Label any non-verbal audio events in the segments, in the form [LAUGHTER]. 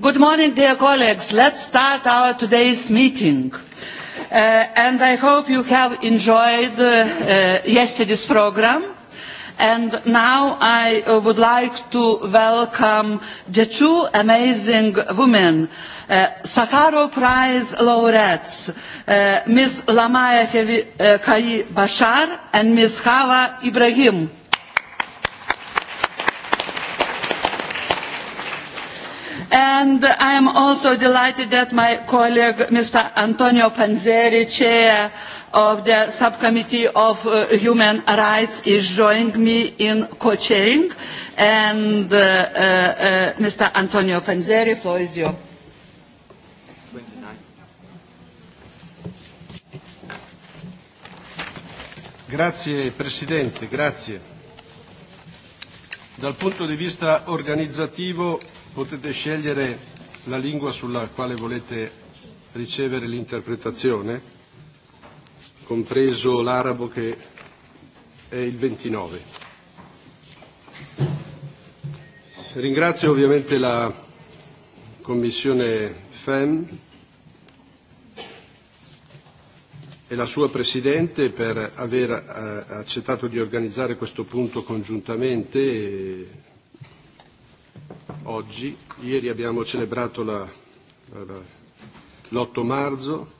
Good morning, dear colleagues. Let's start our today's meeting. Uh, and I hope you have enjoyed uh, uh, yesterday's program. And now I uh, would like to welcome the two amazing women, uh, Sakharov Prize laureates, uh, Ms. Lamaya uh, Kai Bashar and Ms. Hava Ibrahim. And I am also delighted that my colleague, Mr. Antonio Panzeri, Chair of the Subcommittee of uh, Human Rights, is joining me in co-chairing. And uh, uh, uh, Mr. Antonio Panzeri, floor is yours. Grazie Presidente, grazie. Dal punto di vista organizzativo potete scegliere la lingua sulla quale volete ricevere l'interpretazione, compreso l'arabo che è il 29. Ringrazio ovviamente la Commissione FEM e la sua Presidente per aver eh, accettato di organizzare questo punto congiuntamente e oggi. Ieri abbiamo celebrato la, la, l'8 marzo.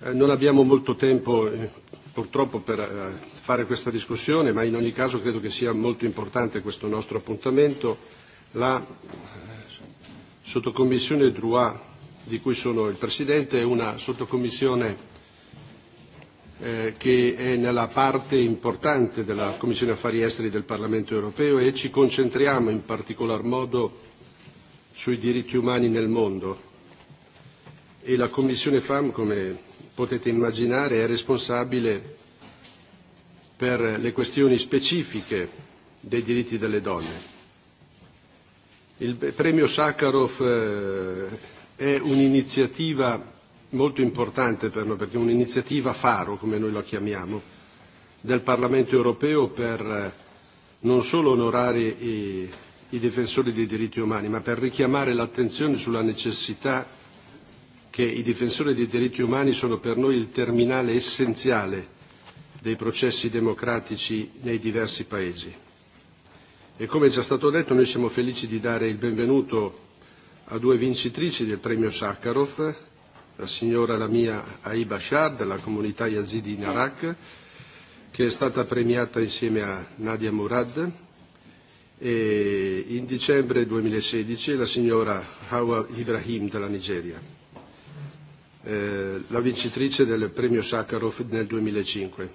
Eh, non abbiamo molto tempo eh, purtroppo per eh, fare questa discussione, ma in ogni caso credo che sia molto importante questo nostro appuntamento. La eh, sottocommissione Droit, di cui sono il Presidente, è una sottocommissione eh, che è nella parte importante della Commissione Affari Esteri del Parlamento europeo e ci concentriamo in particolar modo sui diritti umani nel mondo. E la Commissione FAM, come potete immaginare, è responsabile per le questioni specifiche dei diritti delle donne. Il premio Sakharov eh, è un'iniziativa molto importante per noi perché è un'iniziativa faro, come noi la chiamiamo, del Parlamento europeo per eh, non solo onorare i, i difensori dei diritti umani, ma per richiamare l'attenzione sulla necessità che i difensori dei diritti umani sono per noi il terminale essenziale dei processi democratici nei diversi paesi. E come è già stato detto, noi siamo felici di dare il benvenuto a due vincitrici del premio Sakharov, la signora Lamia Aiba Bashar della comunità yazidi in Iraq, che è stata premiata insieme a Nadia Murad. E in dicembre 2016 la signora Hawa Ibrahim della Nigeria, eh, la vincitrice del premio Sakharov nel 2005.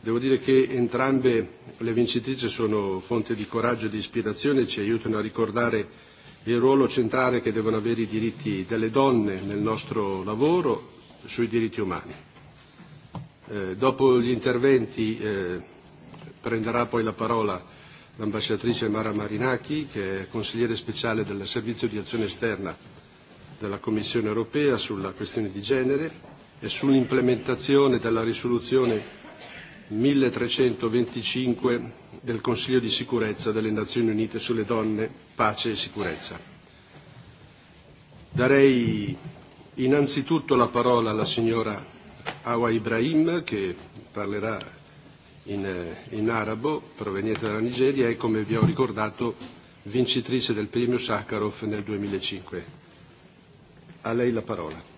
Devo dire che entrambe le vincitrici sono fonte di coraggio e di ispirazione e ci aiutano a ricordare il ruolo centrale che devono avere i diritti delle donne nel nostro lavoro sui diritti umani. Eh, dopo gli interventi eh, prenderà poi la parola l'ambasciatrice Mara Marinaki, che è consigliere speciale del Servizio di azione esterna della Commissione europea sulla questione di genere e sull'implementazione della risoluzione 1325 del Consiglio di sicurezza delle Nazioni Unite sulle donne, pace e sicurezza. Darei innanzitutto la parola alla signora Awa Ibrahim che parlerà in, eh, in arabo, proveniente dalla Nigeria e come vi ho ricordato vincitrice del premio Sakharov nel 2005. E A lei la parola.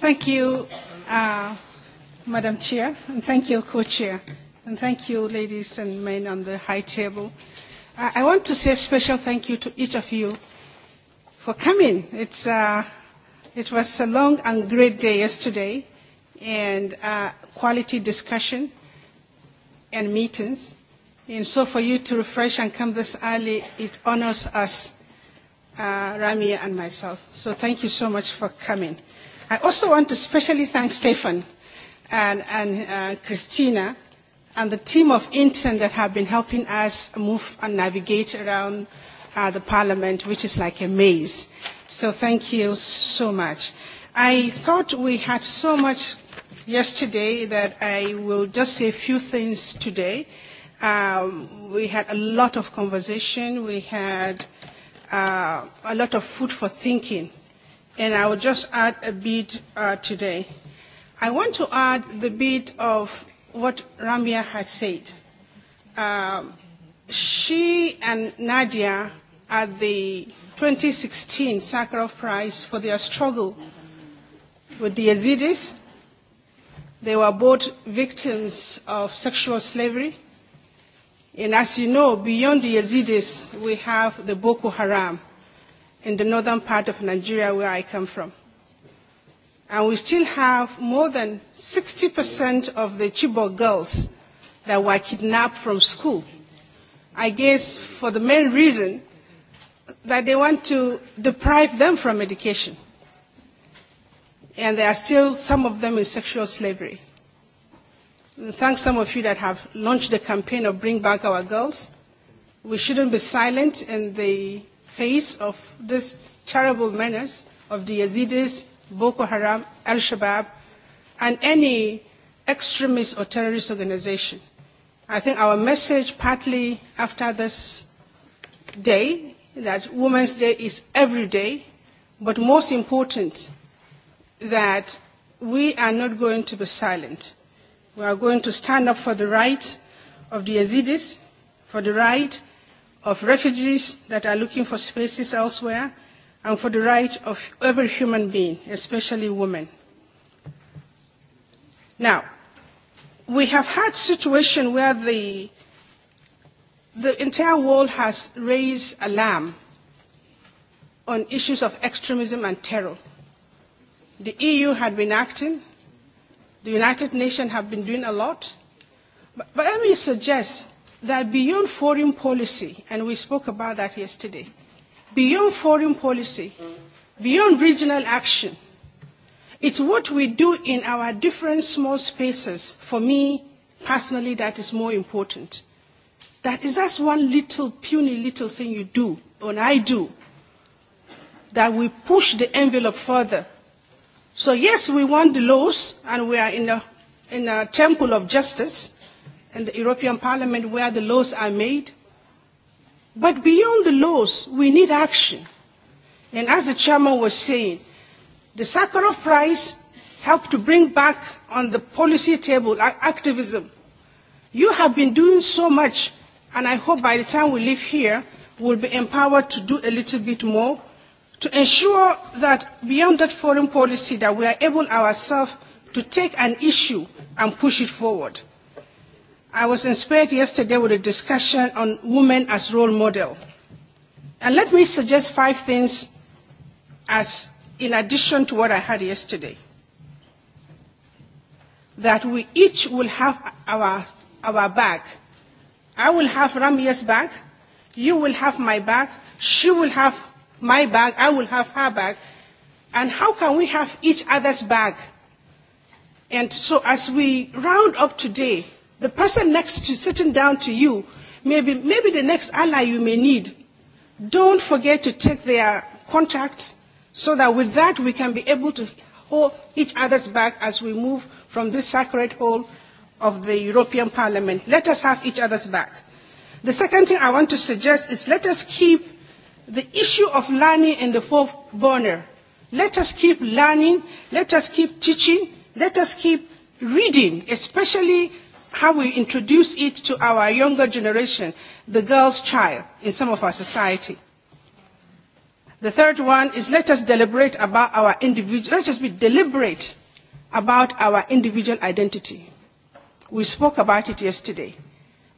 Thank you, uh, Madam Chair, and thank you, Co-Chair, and thank you, ladies and men on the high table. I, I want to say a special thank you to each of you for coming. It's, uh, it was a long and great day yesterday, and uh, quality discussion and meetings. And so for you to refresh and come this early, it honors us, uh, Ramia and myself. So thank you so much for coming. I also want to specially thank Stefan and, and uh, Christina and the team of interns that have been helping us move and navigate around uh, the parliament, which is like a maze. So thank you so much. I thought we had so much yesterday that I will just say a few things today. Um, we had a lot of conversation. We had uh, a lot of food for thinking and I will just add a bit uh, today. I want to add the bit of what Ramia had said. Um, she and Nadia at the 2016 Sakharov Prize for their struggle with the Yazidis. They were both victims of sexual slavery. And as you know, beyond the Yazidis, we have the Boko Haram in the northern part of Nigeria where I come from. And we still have more than 60% of the Chibok girls that were kidnapped from school. I guess for the main reason that they want to deprive them from education. And there are still some of them in sexual slavery. Thanks some of you that have launched the campaign of Bring Back Our Girls. We shouldn't be silent and the face of this terrible menace of the Yazidis, Boko Haram, Al-Shabaab, and any extremist or terrorist organization. I think our message, partly after this day, that Women's Day is every day, but most important, that we are not going to be silent. We are going to stand up for the rights of the Yazidis, for the right of refugees that are looking for spaces elsewhere, and for the right of every human being, especially women. Now, we have had situation where the, the entire world has raised alarm on issues of extremism and terror. The EU had been acting. The United Nations have been doing a lot. But, but let me suggest that beyond foreign policy, and we spoke about that yesterday, beyond foreign policy, beyond regional action, it's what we do in our different small spaces, for me personally, that is more important. That is just one little, puny little thing you do, and I do, that we push the envelope further. So yes, we want the laws, and we are in a, in a temple of justice, and the European Parliament where the laws are made. But beyond the laws, we need action. And as the chairman was saying, the Sakharov Prize helped to bring back on the policy table activism. You have been doing so much, and I hope by the time we leave here, we'll be empowered to do a little bit more to ensure that beyond that foreign policy that we are able ourselves to take an issue and push it forward. I was inspired yesterday with a discussion on women as role model. And let me suggest five things as in addition to what I had yesterday. That we each will have our, our bag. I will have Ramya's bag, you will have my bag, she will have my bag, I will have her bag. And how can we have each other's bag? And so as we round up today, The person next to sitting down to you, maybe, maybe the next ally you may need. Don't forget to take their contacts so that with that we can be able to hold each other's back as we move from this sacred hall of the European Parliament. Let us have each other's back. The second thing I want to suggest is let us keep the issue of learning in the fourth burner. Let us keep learning, let us keep teaching, let us keep reading, especially how we introduce it to our younger generation, the girl's child, in some of our society. The third one is let us deliberate about our individual, let us be deliberate about our individual identity. We spoke about it yesterday.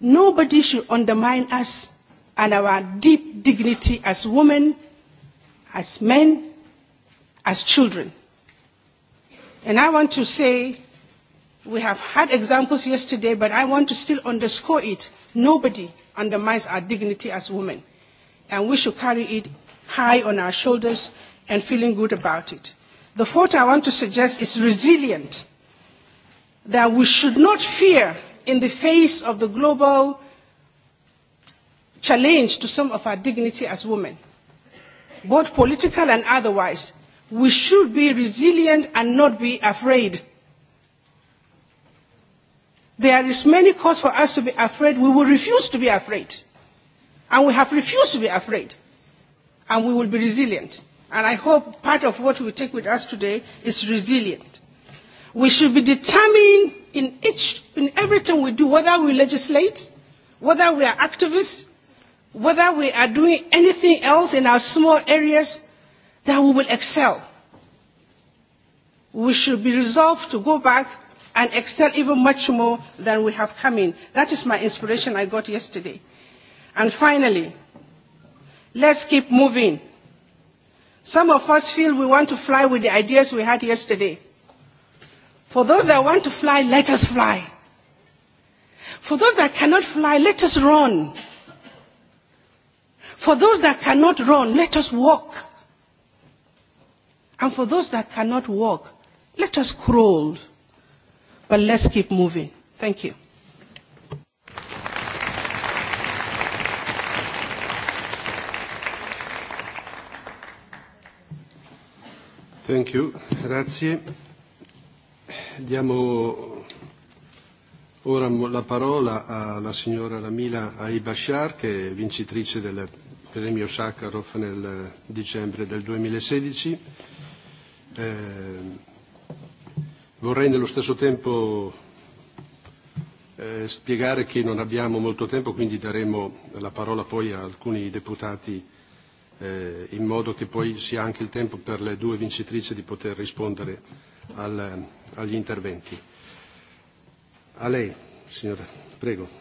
Nobody should undermine us and our deep dignity as women, as men, as children. And I want to say We have had examples yesterday, but I want to still underscore it. Nobody undermines our dignity as women, and we should carry it high on our shoulders and feeling good about it. The fourth I want to suggest is resilient, that we should not fear in the face of the global challenge to some of our dignity as women, both political and otherwise. We should be resilient and not be afraid There is many cause for us to be afraid. We will refuse to be afraid. And we have refused to be afraid. And we will be resilient. And I hope part of what we take with us today is resilient. We should be determined in, each, in everything we do, whether we legislate, whether we are activists, whether we are doing anything else in our small areas, that we will excel. We should be resolved to go back and excel even much more than we have come in. That is my inspiration I got yesterday. And finally, let's keep moving. Some of us feel we want to fly with the ideas we had yesterday. For those that want to fly, let us fly. For those that cannot fly, let us run. For those that cannot run, let us walk. And for those that cannot walk, let us crawl. But let's keep moving. Thank you. Thank you. Grazie. Diamo ora la parola alla signora Lamila Aibashar, che è vincitrice del premio Sakharov nel dicembre del 2016. Eh, Vorrei nello stesso tempo eh, spiegare che non abbiamo molto tempo, quindi daremo la parola poi a alcuni deputati eh, in modo che poi sia anche il tempo per le due vincitrici di poter rispondere al, agli interventi. A lei, signora, prego.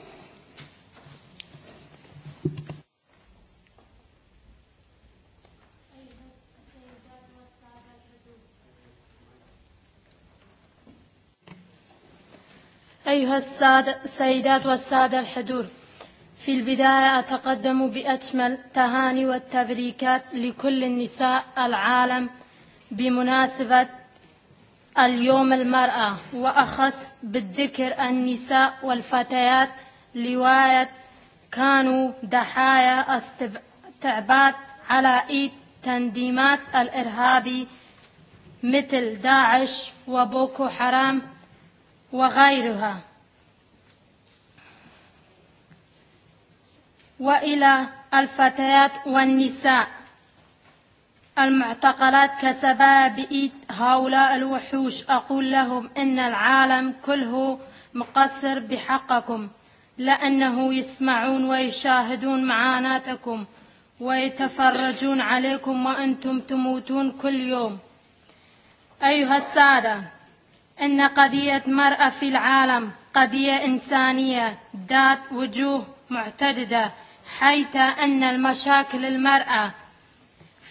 أيها السيدات والسادة الحضور في البداية أتقدم بأجمل تهاني والتبريكات لكل النساء العالم بمناسبة اليوم المرأة وأخص بالذكر النساء والفتيات لواية كانوا ضحايا استعباد على إيد تنظيمات الإرهابي مثل داعش وبوكو حرام وغيرها وإلى الفتيات والنساء المعتقلات كسبابئ هؤلاء الوحوش أقول لهم إن العالم كله مقصر بحقكم لأنه يسمعون ويشاهدون معاناتكم ويتفرجون عليكم وأنتم تموتون كل يوم أيها السادة أن قضية مرأة في العالم قضية إنسانية ذات وجوه معتددة حيث أن المشاكل المرأة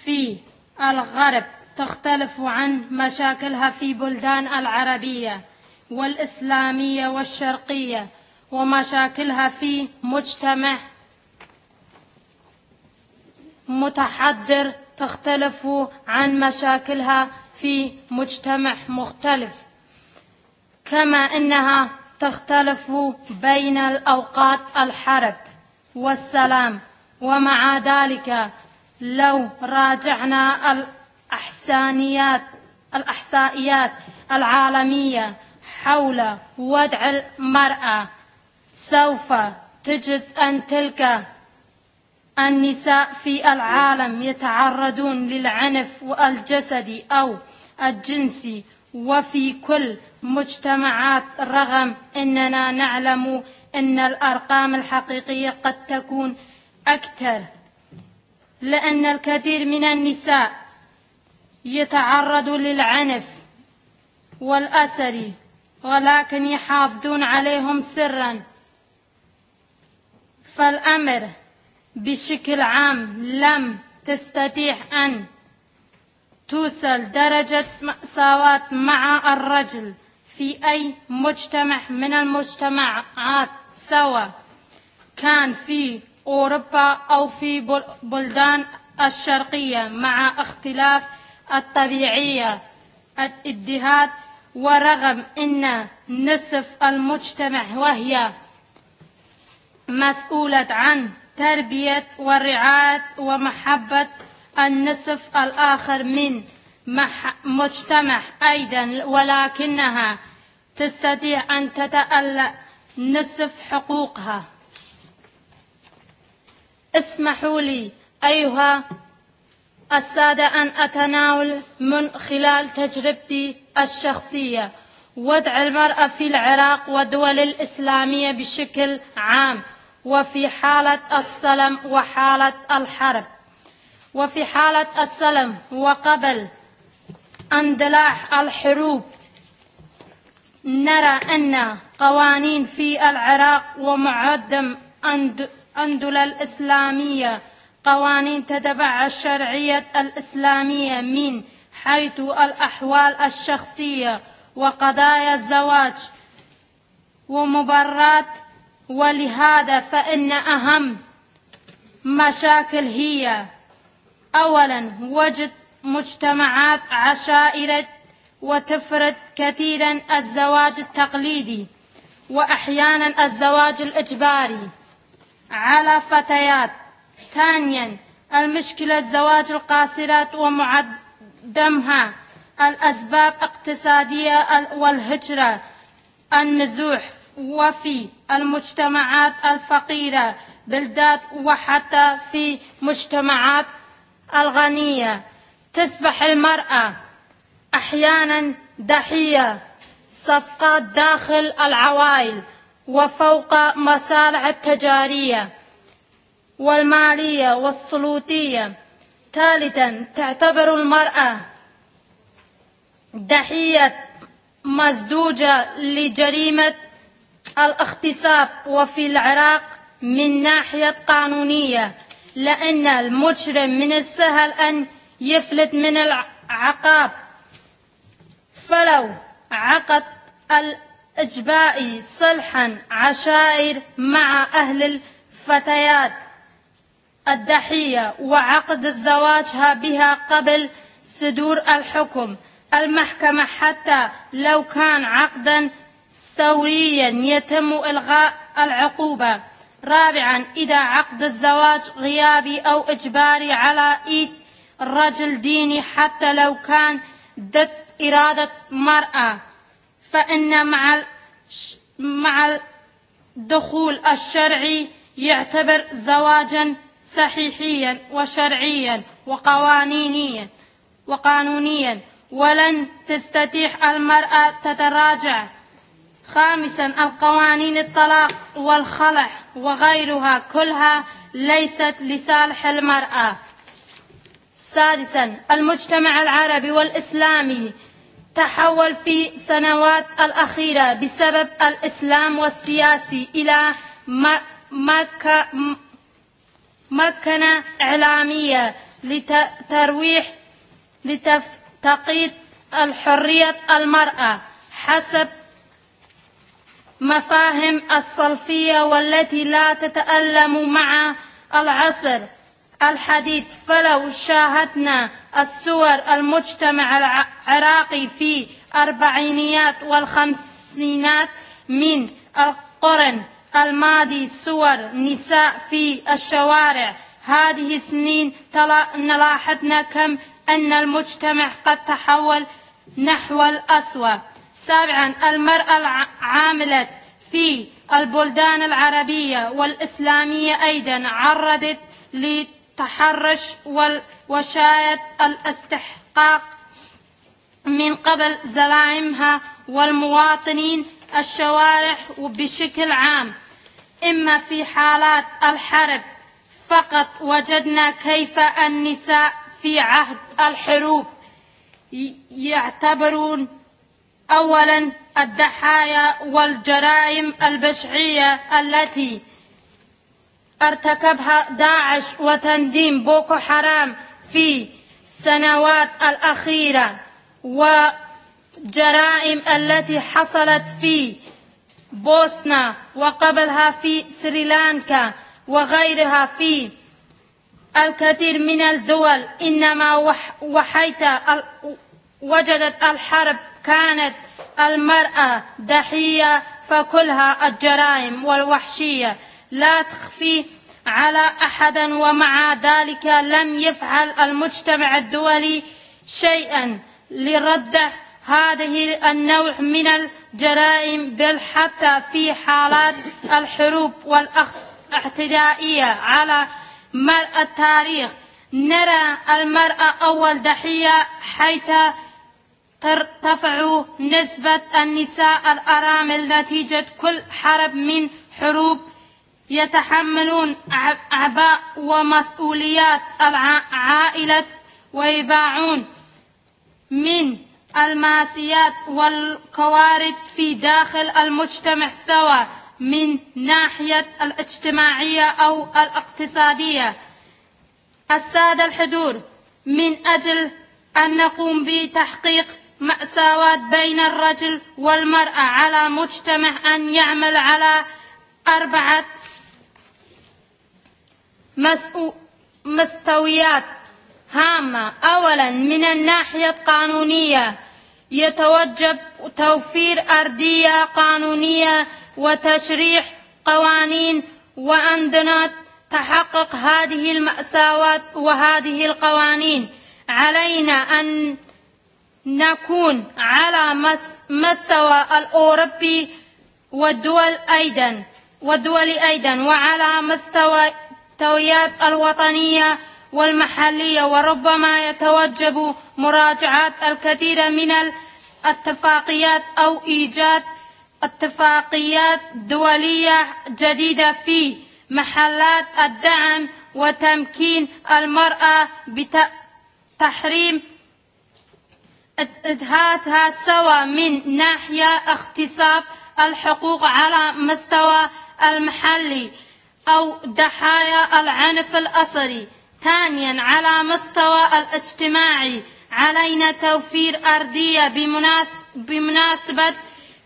في الغرب تختلف عن مشاكلها في بلدان العربية والإسلامية والشرقية ومشاكلها في مجتمع متحضر تختلف عن مشاكلها في مجتمع مختلف كما أنها تختلف بين الأوقات الحرب والسلام ومع ذلك لو راجعنا الأحسانيات الأحصائيات العالمية حول وضع المرأة سوف تجد أن تلك النساء في العالم يتعرضون للعنف الجسدي أو الجنسي وفي كل مجتمعات رغم أننا نعلم أن الأرقام الحقيقية قد تكون أكثر لأن الكثير من النساء يتعرض للعنف والأسر ولكن يحافظون عليهم سرا فالأمر بشكل عام لم تستطيع أن توصل درجة مأساوات مع الرجل في أي مجتمع من المجتمعات سواء كان في أوروبا أو في بلدان الشرقية مع اختلاف الطبيعية الإدهاد ورغم أن نصف المجتمع وهي مسؤولة عن تربية ورعاية ومحبة النصف الآخر من مجتمع أيضا ولكنها تستطيع أن تتألى نصف حقوقها اسمحوا لي أيها السادة أن أتناول من خلال تجربتي الشخصية وضع المرأة في العراق والدول الإسلامية بشكل عام وفي حالة السلم وحالة الحرب وفي حالة السلم وقبل اندلاع الحروب نرى أن قوانين في العراق ومعدم أندلة الإسلامية قوانين تتبع الشرعية الإسلامية من حيث الأحوال الشخصية وقضايا الزواج ومبرات ولهذا فإن أهم مشاكل هي أولا وجد مجتمعات عشائرة وتفرض كثيرا الزواج التقليدي وأحيانا الزواج الإجباري على فتيات ثانيا المشكلة الزواج القاصرات ومعدمها الأسباب اقتصادية والهجرة النزوح وفي المجتمعات الفقيرة بلدات وحتى في مجتمعات الغنية تصبح المرأة أحيانا ضحية صفقات داخل العوائل وفوق مصالح التجارية والمالية والسلوطية ثالثا تعتبر المرأة ضحية مزدوجة لجريمة الاغتصاب وفي العراق من ناحية قانونية لأن المجرم من السهل أن يفلت من العقاب فلو عقد الإجبائي صلحا عشائر مع أهل الفتيات الضحية وعقد الزواجها بها قبل صدور الحكم المحكمة حتى لو كان عقدا ثوريا يتم إلغاء العقوبة رابعا إذا عقد الزواج غيابي أو إجباري على إيد الرجل ديني حتى لو كان ضد إرادة مرأة فإن مع مع الدخول الشرعي يعتبر زواجا صحيحيا وشرعيا وقوانينيا وقانونيا ولن تستطيع المرأة تتراجع خامسا القوانين الطلاق والخلع وغيرها كلها ليست لصالح المرأة سادسا المجتمع العربي والإسلامي تحول في سنوات الأخيرة بسبب الإسلام والسياسي إلى مكنة إعلامية لترويح لتفتقد الحرية المرأة حسب مفاهيم الصلفية والتي لا تتألم مع العصر الحديث فلو شاهدنا الصور المجتمع العراقي في أربعينيات والخمسينات من القرن الماضي صور نساء في الشوارع هذه السنين لاحظنا كم أن المجتمع قد تحول نحو الأسوأ سابعا المرأة العاملة في البلدان العربية والإسلامية أيضا عرضت للتحرش وشاية الاستحقاق من قبل زلائمها والمواطنين الشوارع بشكل عام إما في حالات الحرب فقط وجدنا كيف النساء في عهد الحروب يعتبرون أولا الضحايا والجرائم البشعية التي ارتكبها داعش وتنظيم بوكو حرام في السنوات الأخيرة وجرائم التي حصلت في بوسنا وقبلها في سريلانكا وغيرها في الكثير من الدول إنما وحيت وجدت الحرب كانت المرأة ضحية فكلها الجرائم والوحشية لا تخفي على أحد ومع ذلك لم يفعل المجتمع الدولي شيئا لرد هذه النوع من الجرائم بل حتى في حالات الحروب والاعتدائية على مر التاريخ نرى المرأة أول ضحية حيث ترتفع نسبة النساء الأرامل نتيجة كل حرب من حروب يتحملون أعباء ومسؤوليات العائلة ويباعون من المعصيات والكوارث في داخل المجتمع سواء من ناحية الاجتماعية أو الاقتصادية السادة الحضور من أجل أن نقوم بتحقيق مأساوات بين الرجل والمرأة على مجتمع أن يعمل على أربعة مستويات هامة أولا من الناحية القانونية يتوجب توفير أردية قانونية وتشريح قوانين وأنظمة تحقق هذه المأساوات وهذه القوانين علينا أن نكون على مستوى الأوروبي والدول أيضا والدول أيضا وعلى مستوى التويات الوطنية والمحلية وربما يتوجب مراجعة الكثير من الاتفاقيات أو إيجاد اتفاقيات دولية جديدة في محلات الدعم وتمكين المرأة بتحريم إدهاتها سواء من ناحية اغتصاب الحقوق على مستوى المحلي أو ضحايا العنف الأسري ثانيا على مستوى الاجتماعي علينا توفير أرضية بمناسبة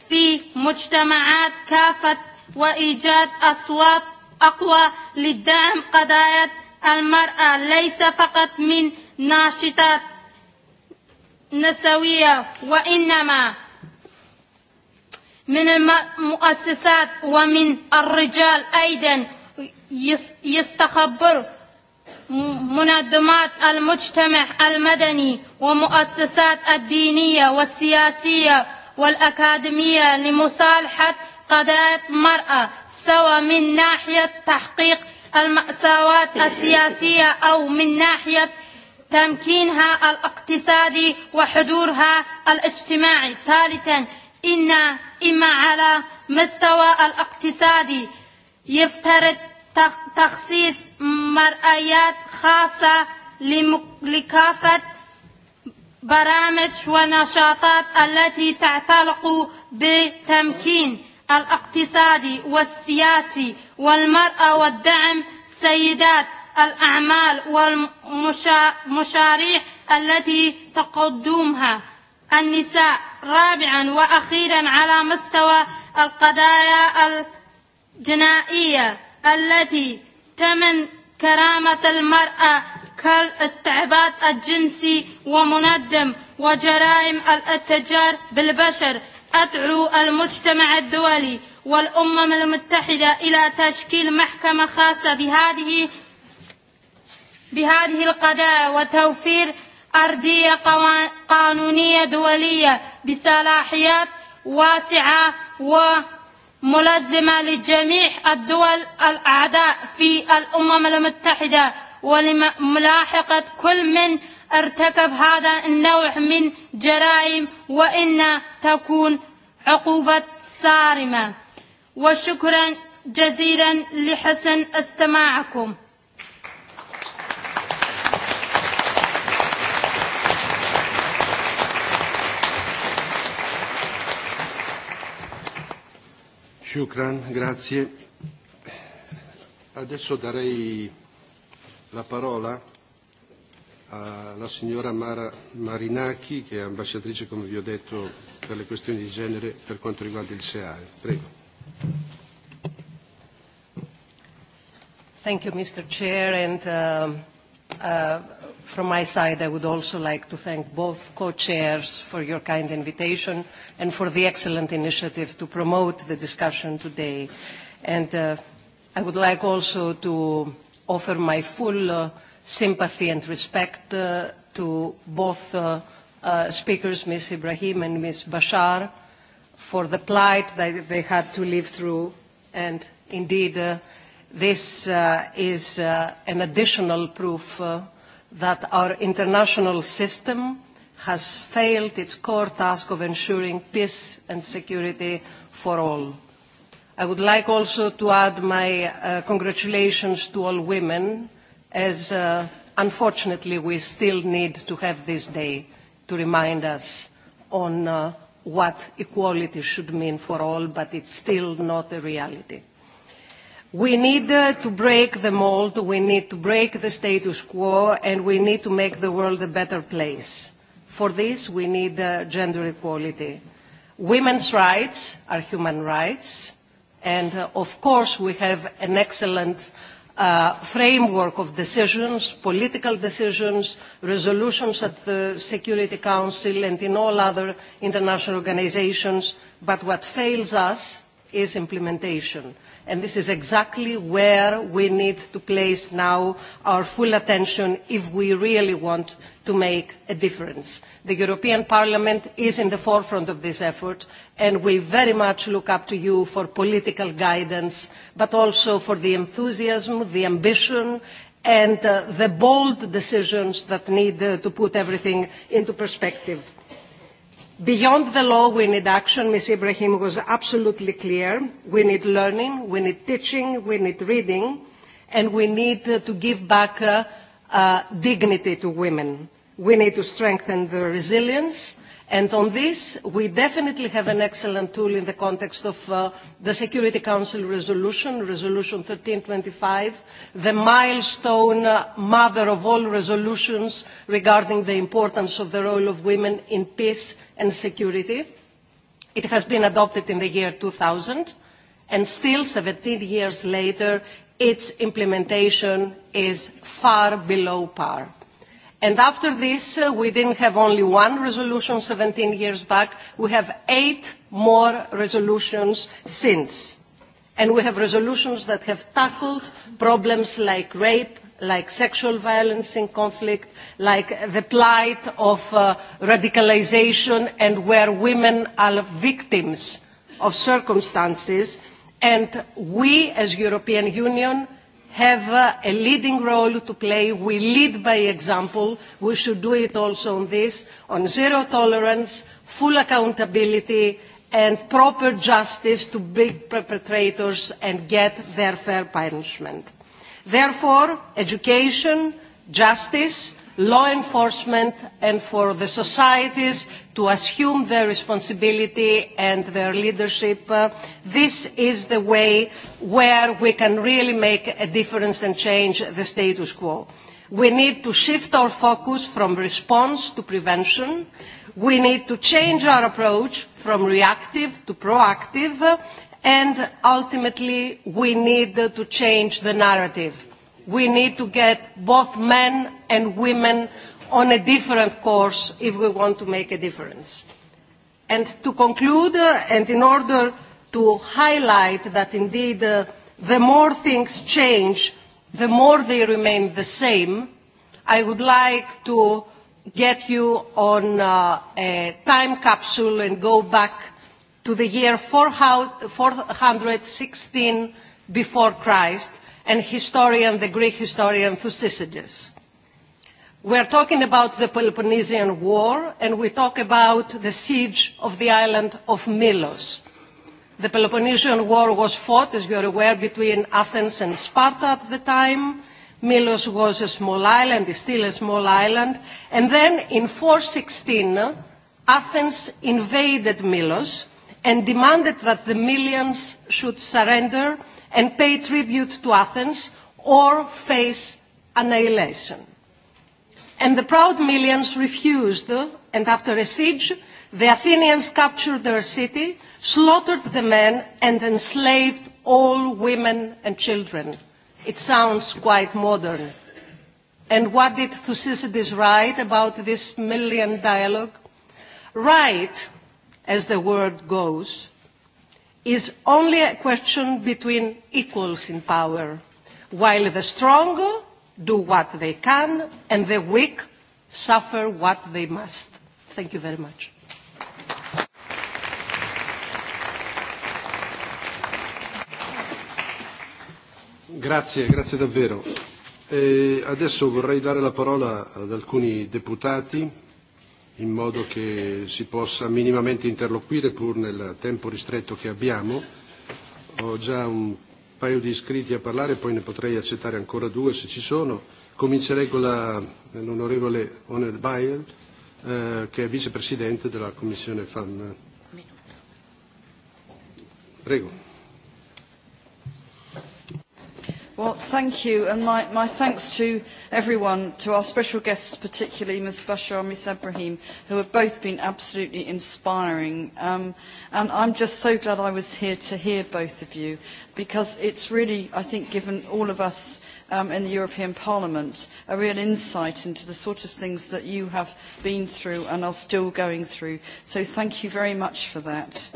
في مجتمعات كافة وإيجاد أصوات أقوى للدعم قضايا المرأة ليس فقط من ناشطات نسوية وإنما من المؤسسات ومن الرجال أيضا يستخبر منظمات المجتمع المدني ومؤسسات الدينية والسياسية والأكاديمية لمصالحة قضايا المرأة سواء من ناحية تحقيق المأساوات السياسية أو من ناحية تمكينها الاقتصادي وحضورها الاجتماعي ثالثا إن إما على مستوى الاقتصادي يفترض تخصيص مرآيات خاصة لكافة برامج ونشاطات التي تعتلق بتمكين الاقتصادي والسياسي والمرأة والدعم سيدات الأعمال والمشاريع التي تقدمها النساء رابعا وأخيرا على مستوى القضايا الجنائية التي تمن كرامة المرأة كالاستعباد الجنسي ومندم وجرائم الاتجار بالبشر أدعو المجتمع الدولي والأمم المتحدة إلى تشكيل محكمة خاصة بهذه بهذه القضايا وتوفير أرضية قانونية دولية بصلاحيات واسعة وملزمة لجميع الدول الأعداء في الأمم المتحدة ولملاحقة كل من ارتكب هذا النوع من جرائم وإن تكون عقوبة صارمة وشكرا جزيلا لحسن استماعكم Shukran, grazie. Adesso darei la parola alla signora Mara Marinacchi, che è ambasciatrice, come vi ho detto, per le questioni di genere per quanto riguarda il SEAE. Prego. Thank you, Mr. Chair, and uh, uh, From my side, I would also like to thank both co-chairs for your kind invitation and for the excellent initiative to promote the discussion today. And uh, I would like also to offer my full uh, sympathy and respect uh, to both uh, uh, speakers, Ms. Ibrahim and Ms. Bashar, for the plight that they had to live through. And indeed, uh, this uh, is uh, an additional proof uh, that our international system has failed its core task of ensuring peace and security for all. I would like also to add my uh, congratulations to all women, as uh, unfortunately we still need to have this day to remind us on uh, what equality should mean for all, but it's still not a reality. We need uh, to break the mold, we need to break the status quo, and we need to make the world a better place. For this, we need uh, gender equality. Women's rights are human rights, and uh, of course we have an excellent uh, framework of decisions, political decisions, resolutions at the Security Council and in all other international organizations, but what fails us is implementation. And this is exactly where we need to place now our full attention if we really want to make a difference. The European Parliament is in the forefront of this effort, and we very much look up to you for political guidance, but also for the enthusiasm, the ambition, and uh, the bold decisions that need uh, to put everything into perspective. Beyond the law, we need action. Ms. Ibrahim was absolutely clear. We need learning, we need teaching, we need reading, and we need uh, to give back uh, uh, dignity to women. We need to strengthen their resilience, And on this, we definitely have an excellent tool in the context of uh, the Security Council resolution, Resolution 1325, the milestone uh, mother of all resolutions regarding the importance of the role of women in peace and security. It has been adopted in the year 2000, and still 17 years later, its implementation is far below par. And after this, uh, we didn't have only one resolution 17 years back. We have eight more resolutions since. And we have resolutions that have tackled problems like rape, like sexual violence in conflict, like the plight of uh, radicalization and where women are victims of circumstances. And we, as European Union, have uh, a leading role to play. We lead by example. We should do it also on this, on zero tolerance, full accountability, and proper justice to big perpetrators and get their fair punishment. Therefore, education, justice, law enforcement and for the societies to assume their responsibility and their leadership. Uh, this is the way where we can really make a difference and change the status quo. We need to shift our focus from response to prevention. We need to change our approach from reactive to proactive. And ultimately, we need to change the narrative we need to get both men and women on a different course if we want to make a difference. And to conclude, uh, and in order to highlight that indeed uh, the more things change, the more they remain the same, I would like to get you on uh, a time capsule and go back to the year 416 before Christ, and historian, the Greek historian Thucydides. We are talking about the Peloponnesian War, and we talk about the siege of the island of Milos. The Peloponnesian War was fought, as you are aware, between Athens and Sparta at the time. Milos was a small island, is still a small island. And then in 416, Athens invaded Milos and demanded that the Millians should surrender – and pay tribute to Athens or face annihilation. And the proud millions refused, and after a siege, the Athenians captured their city, slaughtered the men, and enslaved all women and children. It sounds quite modern. And what did Thucydides write about this million dialogue? Right, as the word goes, is only a question between equals in power, while the strong do what they can and the weak suffer what they must. Thank you very much. Grazie, grazie davvero. E adesso vorrei dare la parola ad alcuni deputati in modo che si possa minimamente interloquire pur nel tempo ristretto che abbiamo. Ho già un paio di iscritti a parlare, poi ne potrei accettare ancora due se ci sono. Comincerei con l'onorevole Onel Bayer, eh, che è vicepresidente della Commissione FAM. Prego. Well, thank you, and my, my thanks to everyone, to our special guests, particularly Ms. Bashar and Ms. Ibrahim, who have both been absolutely inspiring. Um, and I'm just so glad I was here to hear both of you, because it's really, I think, given all of us um, in the European Parliament a real insight into the sort of things that you have been through and are still going through. So thank you very much for that.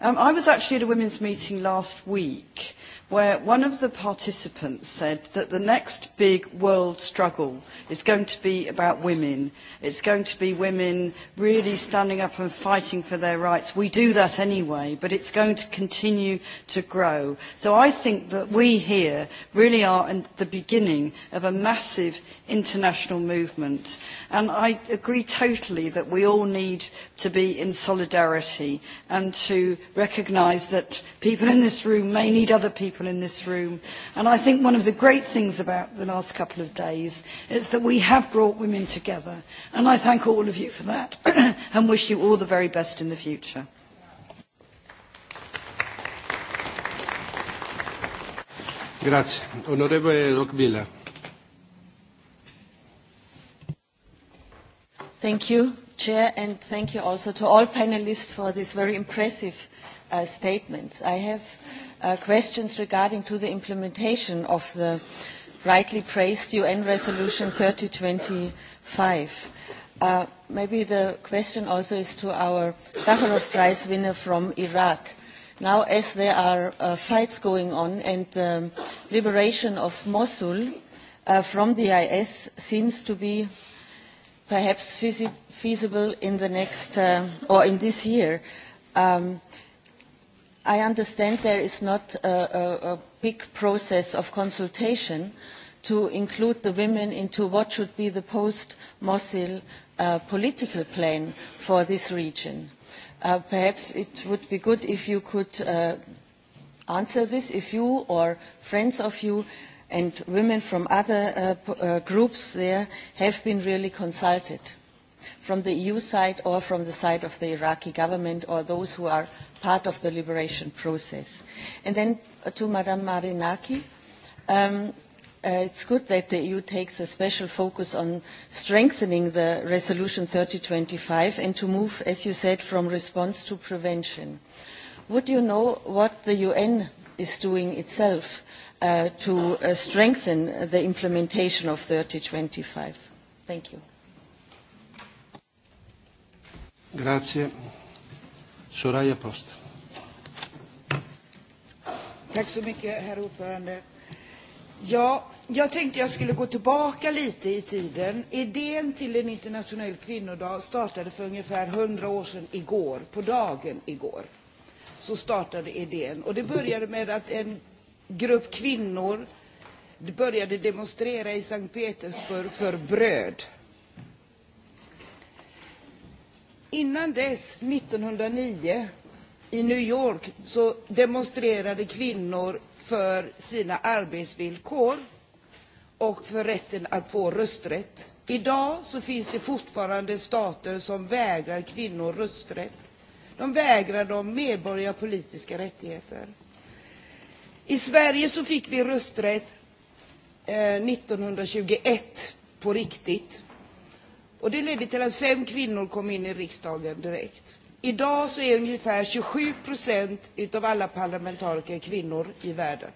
Um, I was actually at a women's meeting last week where one of the participants said that the next big world struggle is going to be about women. It's going to be women really standing up and fighting for their rights. We do that anyway, but it's going to continue to grow. So I think that we here really are at the beginning of a massive international movement. And I agree totally that we all need to be in solidarity and to recognise that people in this room may need other people people in this room. And I think one of the great things about the last couple of days is that we have brought women together. And I thank all of you for that [CLEARS THROAT] and wish you all the very best in the future. Grazie. Onorevole Rockvilla. Thank you, Chair, and thank you also to all panelists for these very impressive uh, statements. I have uh, questions regarding to the implementation of the rightly praised UN Resolution 3025. Uh, maybe the question also is to our Sakharov Prize winner from Iraq. Now, as there are uh, fights going on and the um, liberation of Mosul uh, from the IS seems to be perhaps feasible in the next uh, or in this year, um, I understand there is not a, a, a big process of consultation to include the women into what should be the post-Mosul uh, political plan for this region. Uh, perhaps it would be good if you could uh, answer this, if you or friends of you and women from other uh, uh, groups there have been really consulted from the EU side or from the side of the Iraqi government or those who are part of the liberation process. And then uh, to Madame Marinaki, um, uh, it's good that the EU takes a special focus on strengthening the Resolution 3025 and to move, as you said, from response to prevention. Would you know what the UN is doing itself uh, to uh, strengthen the implementation of 3025? Thank you. Grazie. Soraya Post. Tack så mycket, herr ordförande. Ja, jag tänkte jag skulle gå tillbaka lite i tiden. Idén till en internationell kvinnodag startade för ungefär 100 år sedan igår, på dagen igår. Så startade idén. Och det började med att en grupp kvinnor började demonstrera i Sankt Petersburg för bröd. Innan dess, 1909, i New York så demonstrerade kvinnor för sina arbetsvillkor och för rätten att få rösträtt. Idag så finns det fortfarande stater som vägrar kvinnor rösträtt. De vägrar dem medborgerliga politiska rättigheter. I Sverige så fick vi rösträtt eh, 1921 på riktigt. Och det ledde till att fem kvinnor kom in i riksdagen direkt. Idag så är ungefär 27 procent av alla parlamentariker kvinnor i världen.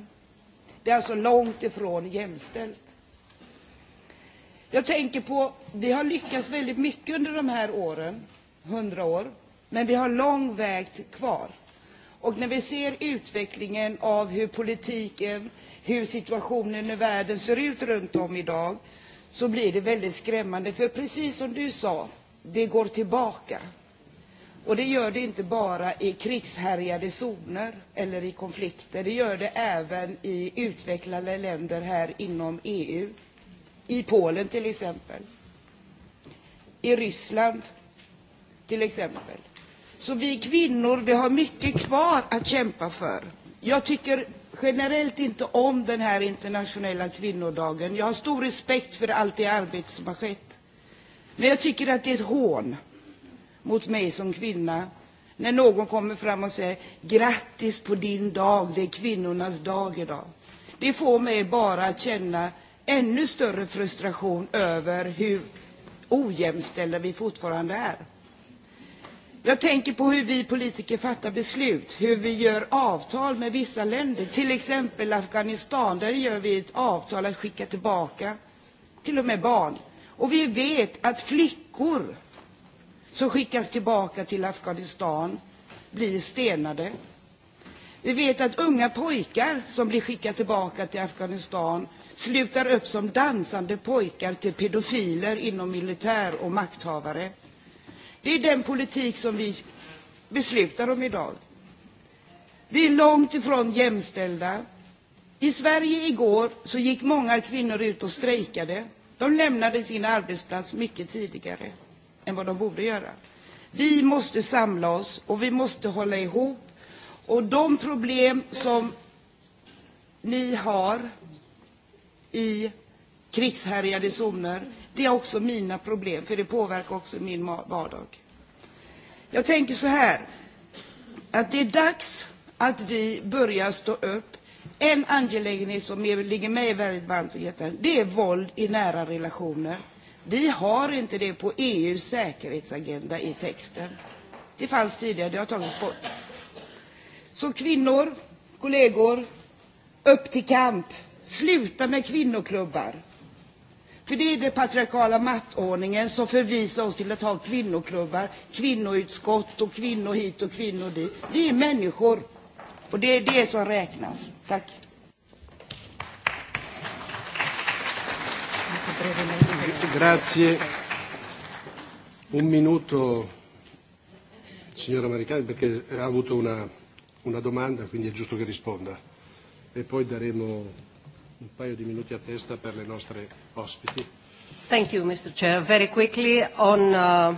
Det är alltså långt ifrån jämställt. Jag tänker på, vi har lyckats väldigt mycket under de här åren, 100 år, men vi har lång väg kvar. Och när vi ser utvecklingen av hur politiken, hur situationen i världen ser ut runt om idag, så blir det väldigt skrämmande. För precis som du sa, det går tillbaka. Och det gör det inte bara i krigshärjade zoner eller i konflikter. Det gör det även i utvecklade länder här inom EU. I Polen till exempel. I Ryssland till exempel. Så vi kvinnor, vi har mycket kvar att kämpa för. Jag tycker generellt inte om den här internationella kvinnodagen. Jag har stor respekt för allt det arbete som har skett. Men jag tycker att det är ett hån mot mig som kvinna när någon kommer fram och säger grattis på din dag, det är kvinnornas dag idag. Det får mig bara att känna ännu större frustration över hur ojämställda vi fortfarande är. Jag tänker på hur vi politiker fattar beslut, hur vi gör avtal med vissa länder, till exempel Afghanistan. Där gör vi ett avtal att skicka tillbaka till och med barn. Och vi vet att flickor som skickas tillbaka till Afghanistan blir stenade. Vi vet att unga pojkar som blir skickade tillbaka till Afghanistan slutar upp som dansande pojkar till pedofiler inom militär och makthavare. Det är den politik som vi beslutar om idag. Vi är långt ifrån jämställda. I Sverige igår så gick många kvinnor ut och strejkade. De lämnade sin arbetsplats mycket tidigare än vad de borde göra. Vi måste samla oss och vi måste hålla ihop. Och de problem som ni har i krigshärjade zoner Det är också mina problem, för det påverkar också min vardag. Jag tänker så här, att det är dags att vi börjar stå upp. En angelägenhet som ligger mig väldigt varmt om hjärtat, det är våld i nära relationer. Vi har inte det på EUs säkerhetsagenda i texten. Det fanns tidigare, det har tagits bort. Så kvinnor, kollegor, upp till kamp! Sluta med kvinnoklubbar! För det är den patriarkala maktordningen som förvisar oss till att ha kvinnoklubbar, kvinnoutskott och kvinnor hit och kvinnor dit. Vi är människor. Och det är det som räknas. Tack. Grazie. Un minuto, signora Maricani, perché ha avuto una, una domanda, quindi è giusto che risponda. E poi daremo un paio di minuti a testa per le nostre ospiti. Thank you, Mr. Chair. Very quickly, on, uh,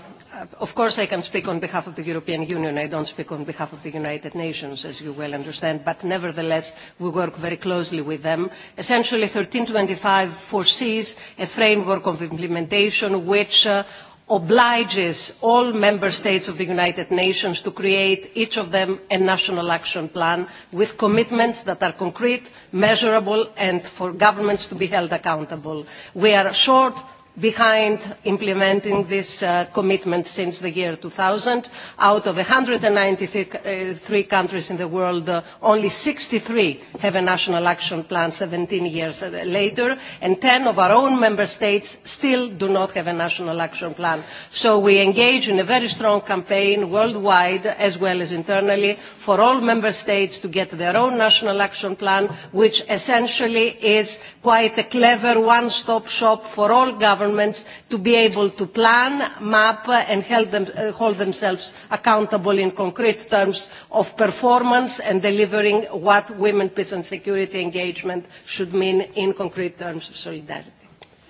of course I can speak on behalf of the European Union. I don't speak on behalf of the United Nations, as you well understand, but nevertheless we work very closely with them. Essentially, 1325 foresees a framework of implementation which uh, obliges all member states of the United Nations to create each of them a national action plan with commitments that are concrete, measurable and for governments to be held accountable. We are short behind implementing this uh, commitment since the year 2000. Out of 193 countries in the world, uh, only 63 have a national action plan 17 years uh, later, and 10 of our own member states still do not have a national action plan. So we engage in a very strong campaign worldwide as well as internally for all member states to get their own national action plan, which essentially is quite a clever one-stop shop for all governments governments to be able to plan, map and help them, uh, hold themselves accountable in concrete terms of performance and delivering what women, peace and security engagement should mean in concrete terms of solidarity.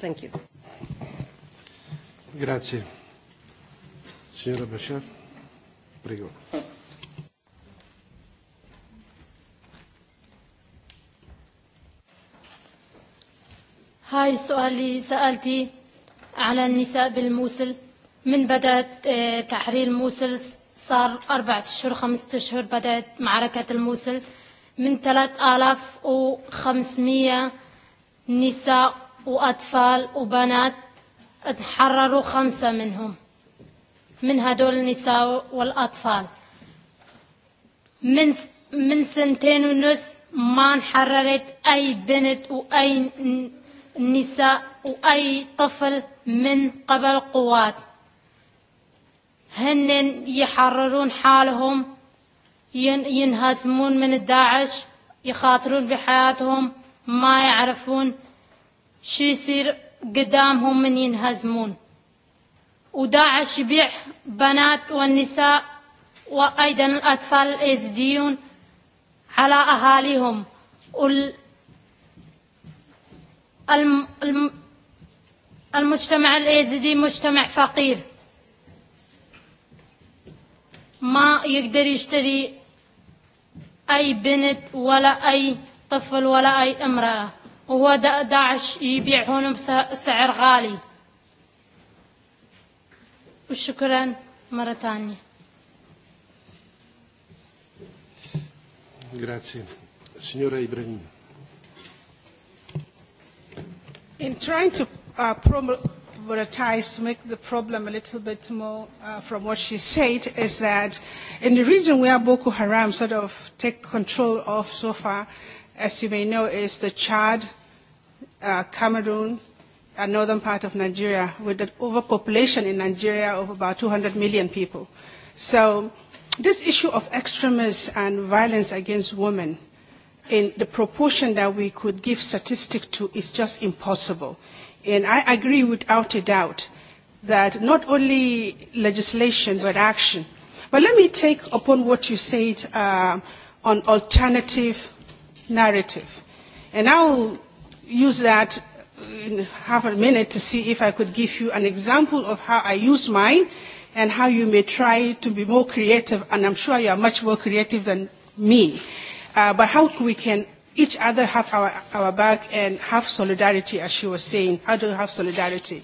Thank you. Grazie. Signora Bashar, prego. هاي سؤالي سألتي على النساء بالموصل من بدأت تحرير موصل صار أربعة أشهر خمسة أشهر بدأت معركة الموصل من 3500 نساء وأطفال وبنات تحرروا خمسة منهم من هدول النساء والأطفال من من سنتين ونص ما انحررت أي بنت وأي نساء وأي طفل من قبل قوات هن يحررون حالهم ينهزمون من الداعش يخاطرون بحياتهم ما يعرفون شو يصير قدامهم من ينهزمون وداعش يبيع بنات والنساء وأيضا الأطفال الإزديون على أهاليهم والم... الم... المجتمع الأيزدي مجتمع فقير ما يقدر يشتري أي بنت ولا أي طفل ولا أي امرأة وهو داعش يبيعهم بسعر غالي وشكرا مرة ثانية Grazie. Signora Ibrahim. In trying to uh, problematize, to make the problem a little bit more uh, from what she said, is that in the region where Boko Haram sort of take control of so far, as you may know, is the Chad, uh, Cameroon, and uh, northern part of Nigeria, with an overpopulation in Nigeria of about 200 million people. So this issue of extremism and violence against women in the proportion that we could give statistics to is just impossible. And I agree without a doubt that not only legislation but action. But let me take upon what you said uh, on alternative narrative. And I will use that in half a minute to see if I could give you an example of how I use mine and how you may try to be more creative. And I'm sure you are much more creative than me. Uh, but how we can each other have our, our back and have solidarity, as she was saying. How do we have solidarity?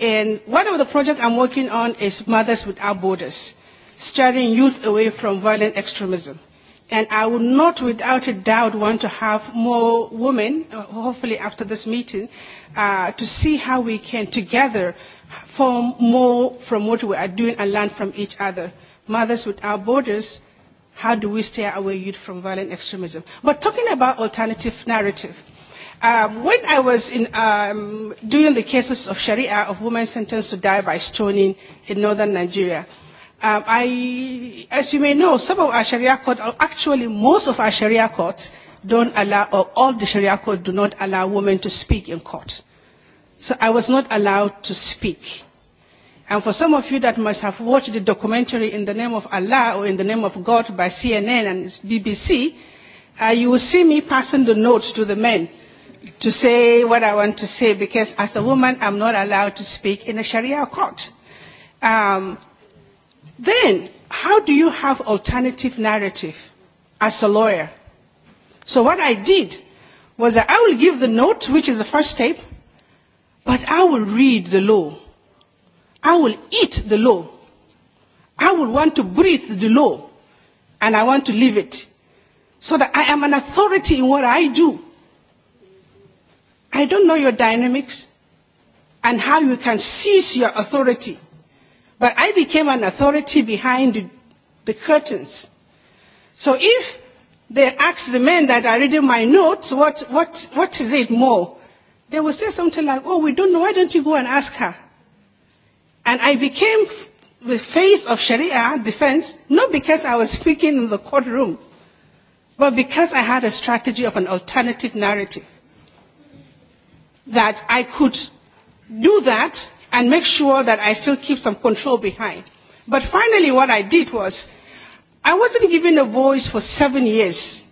And one of the projects I'm working on is Mothers Without Borders, steering youth away from violent extremism. And I would not, without a doubt, want to have more women, uh, hopefully after this meeting, uh, to see how we can together form more from what we are doing and learn from each other. Mothers Without Borders How do we steer our youth from violent extremism? But talking about alternative narrative, um, when I was in, um, doing the cases of Sharia of women sentenced to die by stoning in northern Nigeria, um, I, as you may know, some of our Sharia court, or actually most of our Sharia courts, don't allow, or all the Sharia court do not allow women to speak in court. So I was not allowed to speak And for some of you that must have watched the documentary In the Name of Allah or In the Name of God by CNN and BBC, uh, you will see me passing the notes to the men to say what I want to say because as a woman, I'm not allowed to speak in a Sharia court. Um, then, how do you have alternative narrative as a lawyer? So what I did was that I will give the note, which is the first step, but I will read the law I will eat the law. I will want to breathe the law and I want to live it. So that I am an authority in what I do. I don't know your dynamics and how you can seize your authority. But I became an authority behind the, the curtains. So if they ask the men that are reading my notes, what, what, what is it more? They will say something like, oh, we don't know. Why don't you go and ask her? And I became the face of Sharia defense, not because I was speaking in the courtroom, but because I had a strategy of an alternative narrative. That I could do that and make sure that I still keep some control behind. But finally, what I did was, I wasn't given a voice for seven years.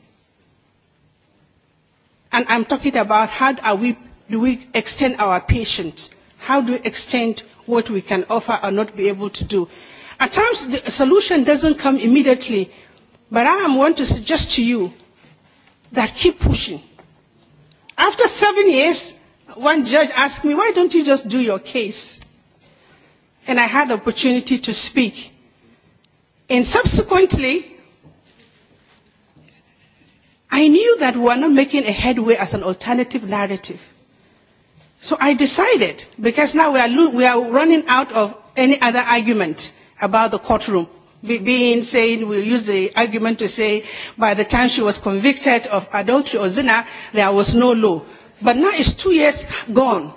And I'm talking about how are we, do we extend our patience? How do we extend what we can offer or not be able to do. At times, the solution doesn't come immediately, but I am want to suggest to you that keep pushing. After seven years, one judge asked me, why don't you just do your case? And I had the opportunity to speak. And subsequently, I knew that we were not making a headway as an alternative narrative. So I decided, because now we are, lo- we are running out of any other argument about the courtroom, be- being saying we use the argument to say by the time she was convicted of adultery or zina, there was no law. But now it's two years gone.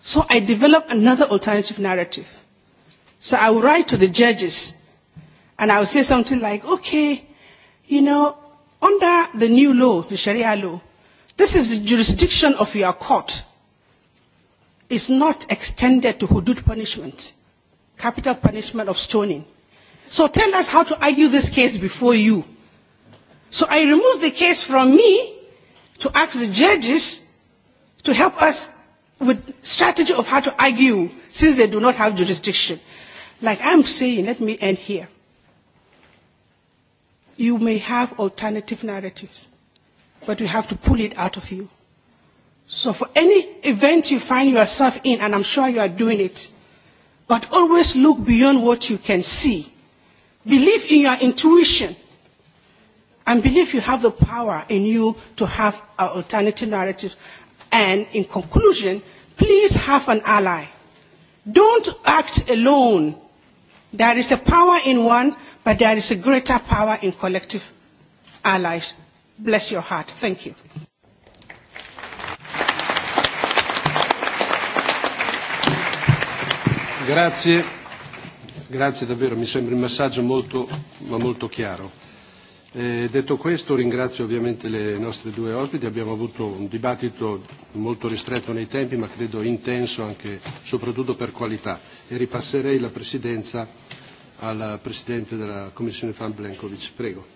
So I developed another alternative narrative. So I would write to the judges and I would say something like, okay, you know, under the new law, the Sharia law, this is the jurisdiction of your court is not extended to hudud punishment, capital punishment of stoning. So tell us how to argue this case before you. So I remove the case from me to ask the judges to help us with strategy of how to argue since they do not have jurisdiction. Like I'm saying, let me end here. You may have alternative narratives, but we have to pull it out of you. So for any event you find yourself in, and I'm sure you are doing it, but always look beyond what you can see. Believe in your intuition and believe you have the power in you to have an alternative narrative. And in conclusion, please have an ally. Don't act alone. There is a power in one, but there is a greater power in collective allies. Bless your heart. Thank you. Grazie, grazie davvero, mi sembra un messaggio molto, ma molto chiaro. Eh, detto questo ringrazio ovviamente le nostre due ospiti, abbiamo avuto un dibattito molto ristretto nei tempi ma credo intenso anche soprattutto per qualità e ripasserei la presidenza al Presidente della Commissione Fan Blenkovic. Prego.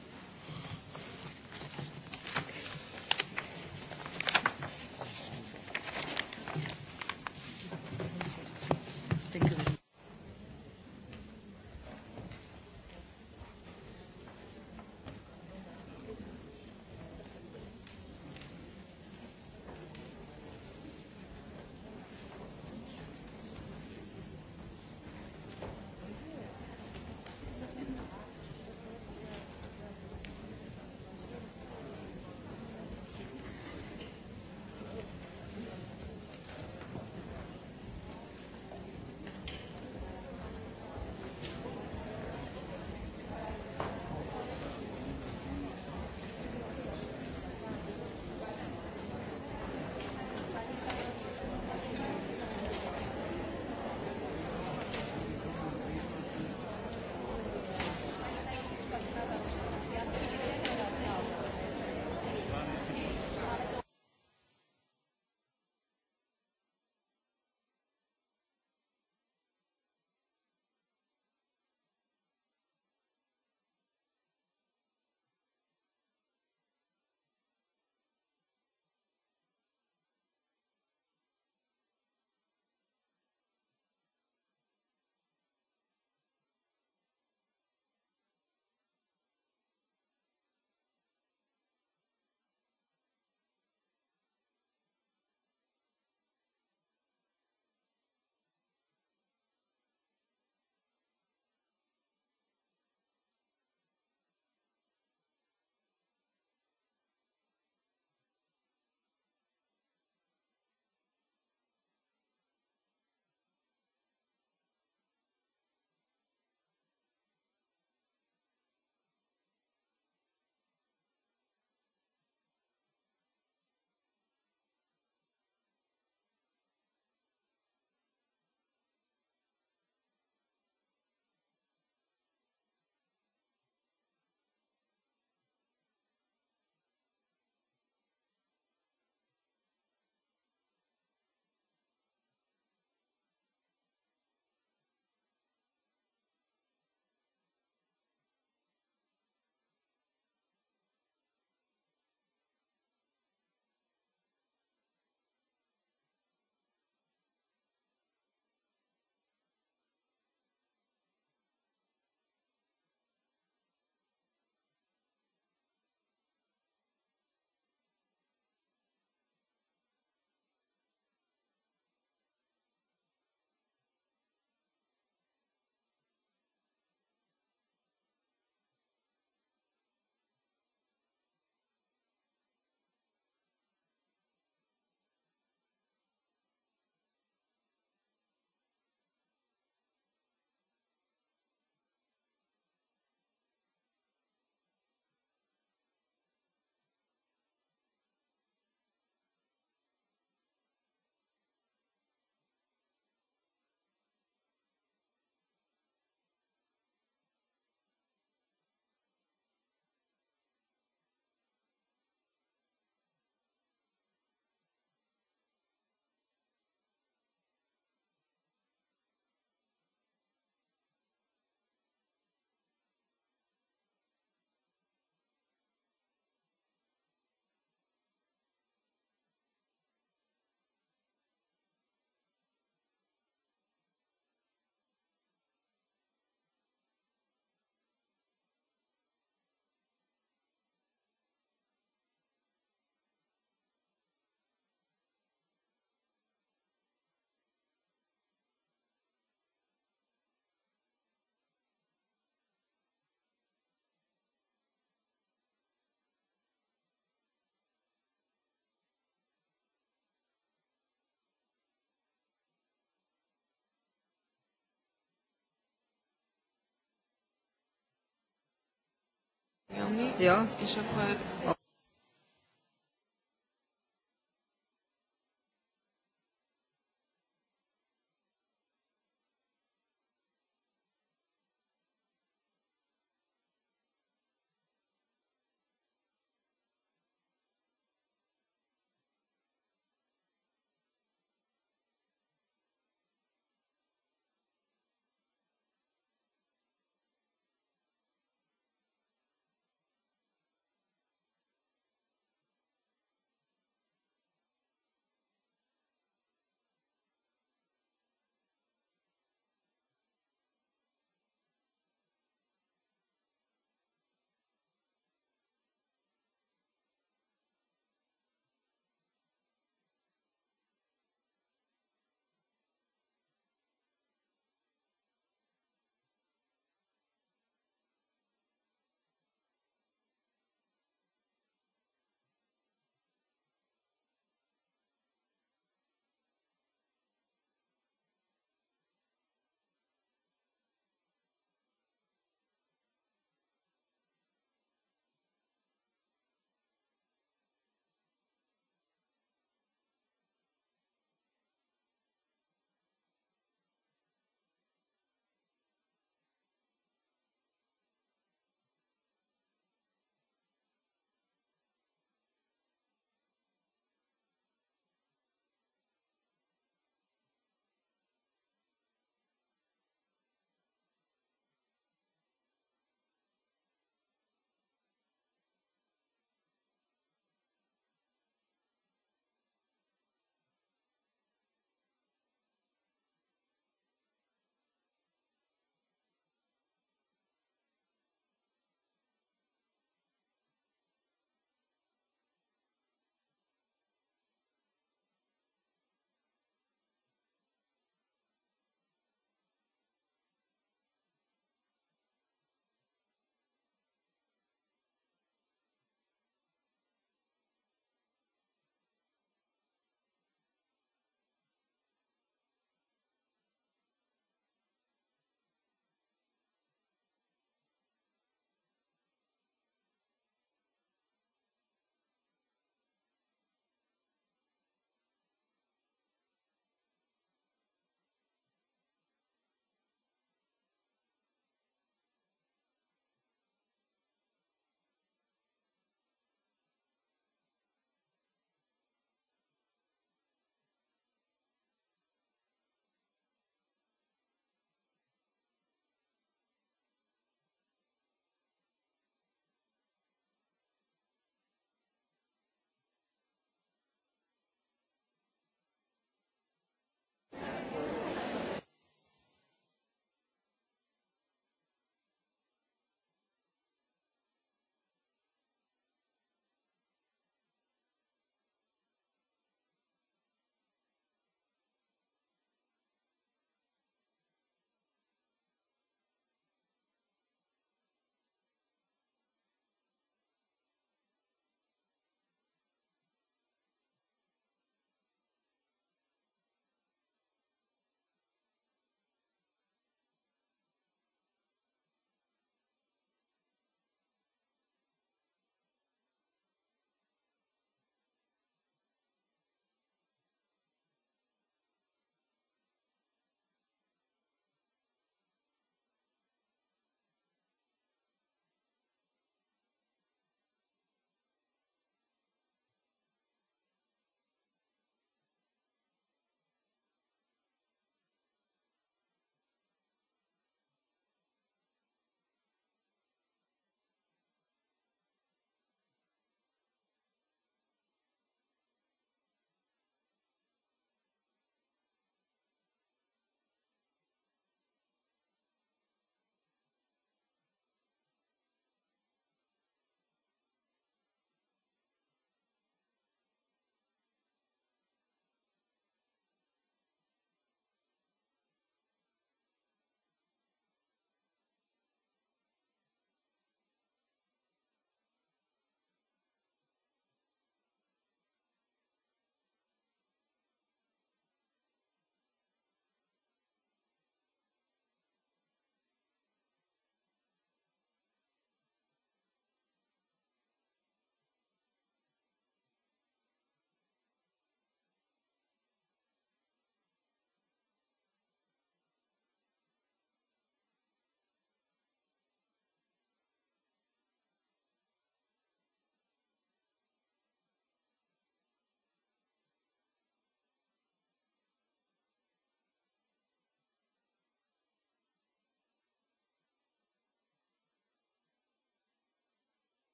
anni. Ja. Ich habe heute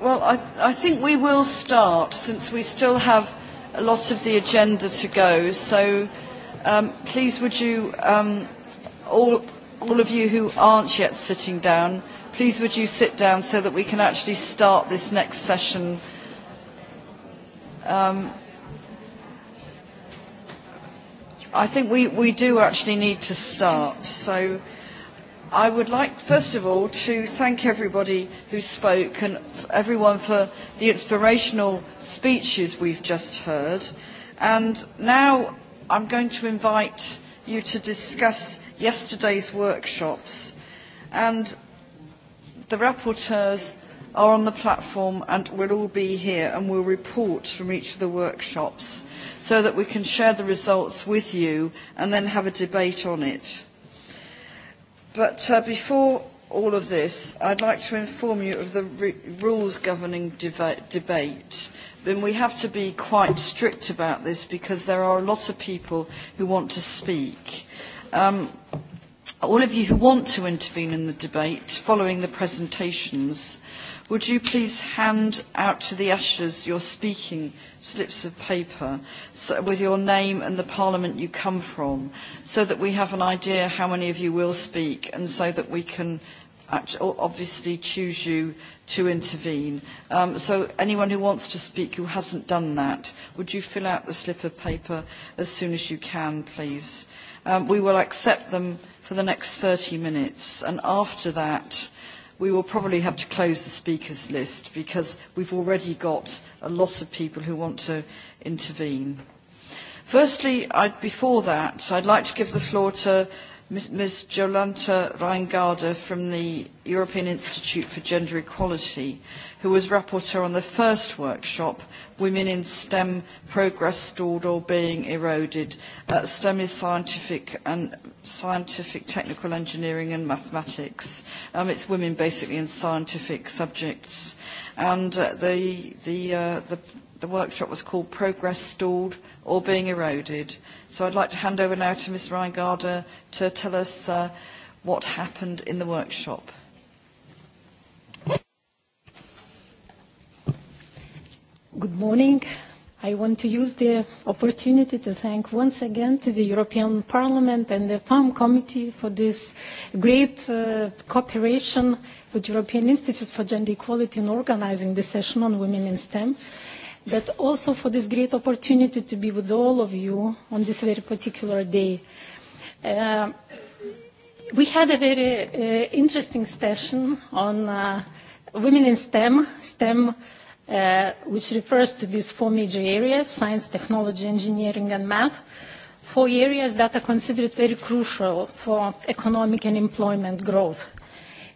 Well, I, I think we will start since we still have a lot of the agenda to go. So um, please would you, um, all, all of you who aren't yet sitting down, please would you sit down so that we can actually start this next session. Um, I think we, we do actually need to start. So. I would like, first of all, to thank everybody who spoke and everyone for the inspirational speeches we've just heard. And now I'm going to invite you to discuss yesterday's workshops. And the rapporteurs are on the platform and we'll all be here and we'll report from each of the workshops so that we can share the results with you and then have a debate on it. But uh, before all of this, I'd like to inform you of the re- rules governing deba- debate. And we have to be quite strict about this because there are a lot of people who want to speak. Um, all of you who want to intervene in the debate following the presentations, uh, Would you please hand out to the ushers your speaking slips of paper so, with your name and the parliament you come from so that we have an idea how many of you will speak and so that we can obviously choose you to intervene. Um, so anyone who wants to speak who hasn't done that, would you fill out the slip of paper as soon as you can, please? Um, we will accept them for the next 30 minutes, and after that, we will probably have to close the speakers list because we've already got a lot of people who want to intervene. Firstly, I, before that, I'd like to give the floor to Ms. Ms. Jolanta Reingarda from the European Institute for Gender Equality, who was rapporteur on the first workshop, Women in STEM, Progress Stalled or Being Eroded. Uh, STEM is scientific and scientific, technical engineering and mathematics. Um, it's women basically in scientific subjects. And uh, the, the, uh, the, the workshop was called Progress Stalled or Being Eroded So I'd like to hand over now to Ms. Reingarder to tell us uh, what happened in the workshop. Good morning. I want to use the opportunity to thank once again to the European Parliament and the FAM Committee for this great uh, cooperation with European Institute for Gender Equality in organizing this session on women in STEM. Uh, but also for this great opportunity to be with all of you on this very particular day. Uh, we had a very uh, interesting session on uh, women in STEM, STEM uh, which refers to these four major areas, science, technology, engineering, and math, four areas that are considered very crucial for economic and employment growth.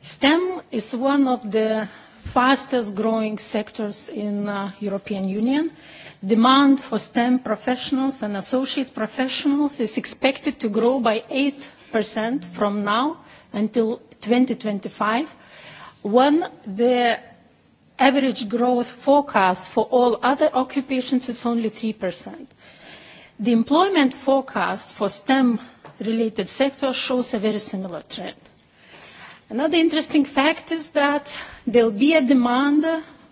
STEM is one of the fastest-growing sectors in uh, European Union. Demand for STEM professionals and associate professionals is expected to grow by 8% from now until 2025, when the average growth forecast for all other occupations is only 3%. The employment forecast for STEM-related sectors shows a very similar trend. Another interesting fact is that there'll be a demand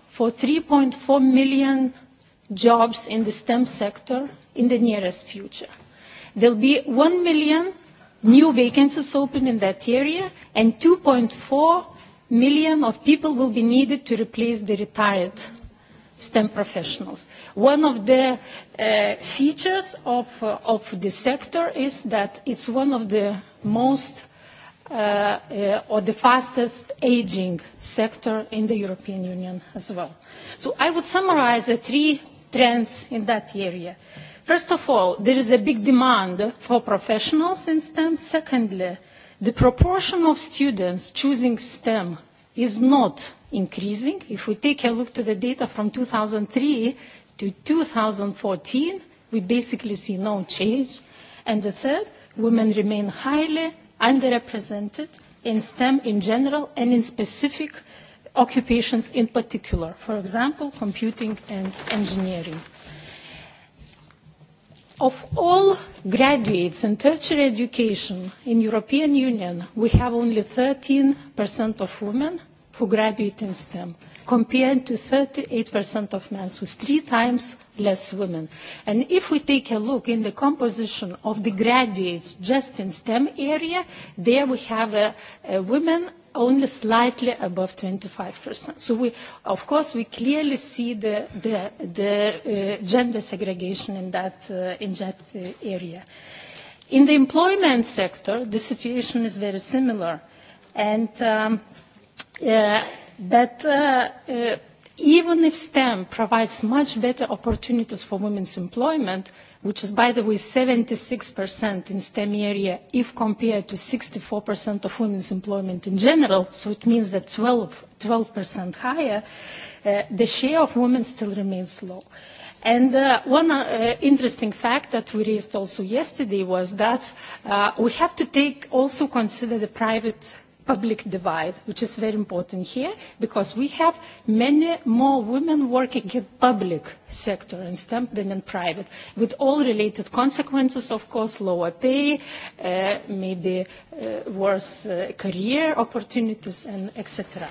for 3.4 million jobs in the STEM sector in the nearest future. There'll be 1 million new vacancies open in that area, and 2.4 million of people will be needed to replace the retired STEM professionals. One of the uh, features of, uh, of the sector is that it's one of the most uh, uh, or the fastest aging sector in the European Union as well. So I would summarize the three trends in that area. First of all, there is a big demand for professionals in STEM. Secondly, the proportion of students choosing STEM is not increasing. If we take a look to the data from 2003 to 2014, we basically see no change. And the third, women remain highly underrepresented in STEM in general and in specific occupations in particular, for example, computing and engineering. Of all graduates in tertiary education in European Union, we have only 13% of women who graduate in STEM compared to 38% of men, so three times less women. And if we take a look in the composition of the graduates just in STEM area, there we have a, a women only slightly above 25%. So we, of course, we clearly see the, the, the uh, gender segregation in that, uh, in that uh, area. In the employment sector, the situation is very similar. And um, uh, But uh, uh, even if STEM provides much better opportunities for women's employment, which is, by the way, 76% in STEM area if compared to 64% of women's employment in general, so it means that 12, 12% higher, uh, the share of women still remains low. And uh, one uh, interesting fact that we raised also yesterday was that uh, we have to take also consider the private public divide, which is very important here, because we have many more women working in public sector in STEM than in private, with all related consequences, of course, lower pay, uh, maybe uh, worse uh, career opportunities, and etc. cetera.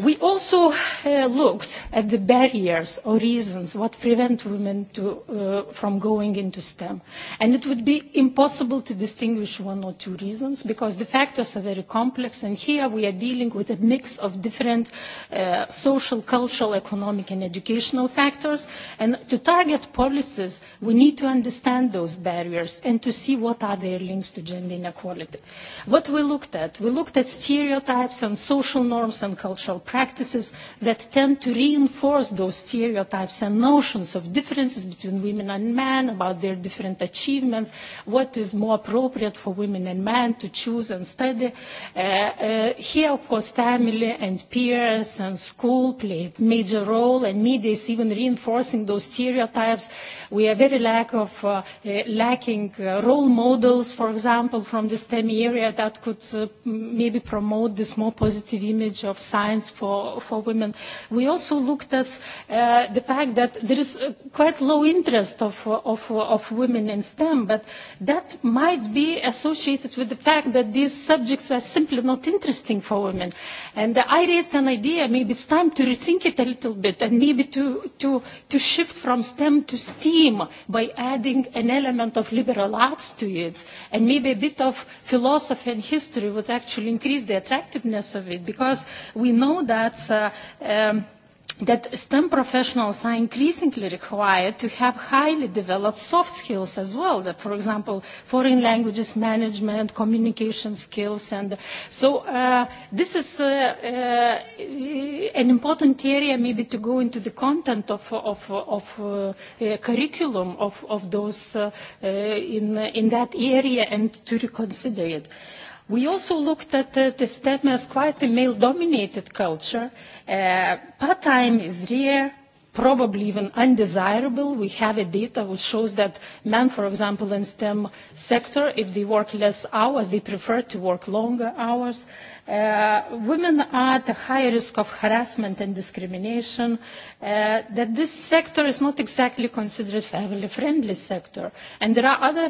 We also uh, looked at the barriers or reasons what prevent women to, uh, from going into STEM. And it would be impossible to distinguish one or two reasons because the factors are very complex. And here we are dealing with a mix of different uh, social, cultural, economic, and educational factors. And to target policies, we need to understand those barriers and to see what are their links to gender inequality. What we looked at, we looked at stereotypes and social norms and cultural practices that tend to reinforce those stereotypes and notions of differences between women and men, about their different achievements, what is more appropriate for women and men to choose and study. Uh, uh, here, of course, family and peers and school play a major role, and media is even reinforcing those stereotypes. We are very lack of, uh, uh, lacking uh, role models, for example, from the STEM area that could uh, maybe promote this more positive image of science violence for, for women. We also looked at uh, the fact that there is uh, quite low interest of, of, of women in STEM, but that might be associated with the fact that these subjects are simply not interesting for women. And I raised an idea, maybe it's time to rethink it a little bit and maybe to, to, to shift from STEM to STEAM by adding an element of liberal arts to it. And maybe a bit of philosophy and history would actually increase the attractiveness of it because we know know that uh, um, that STEM professionals are increasingly required to have highly developed soft skills as well, that, for example, foreign languages management, communication skills. And so uh, this is uh, uh, an important area maybe to go into the content of, of, of uh, uh, curriculum of, of those uh, uh, in, in that area and to reconsider it. Uh, We also looked at uh, the STEM as quite a male-dominated culture. Uh, part-time is rare, probably even undesirable. We have a data which shows that men, for example, in STEM sector, if they work less hours, they prefer to work longer hours. Uh, uh, women are at a high risk of harassment and discrimination, uh, that this sector is not exactly considered family-friendly sector. And there are other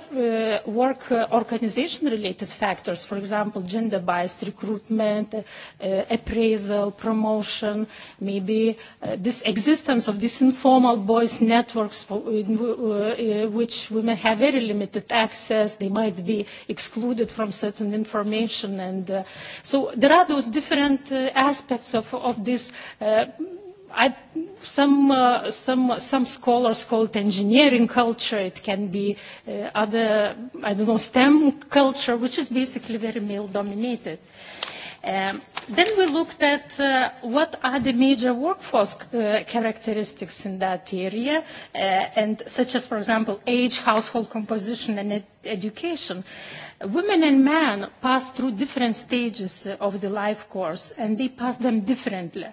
uh, work uh, organization-related factors, for example, gender-biased recruitment, uh, uh, appraisal, promotion, maybe uh, this existence of these informal boys networks for, uh, uh, uh, which women have very limited access. They might be excluded from certain information. And uh, so So there are those different uh, aspects of, of this. Uh, I, some, uh, some, some scholars call it engineering culture. It can be uh, other, I don't know, STEM culture, which is basically very male-dominated. Um, then we looked at uh, what are the major workforce uh, characteristics in that area, uh, and such as, for example, age, household composition, and ed- education. Uh, Women and men pass through different stages of the life course and they pass them differently.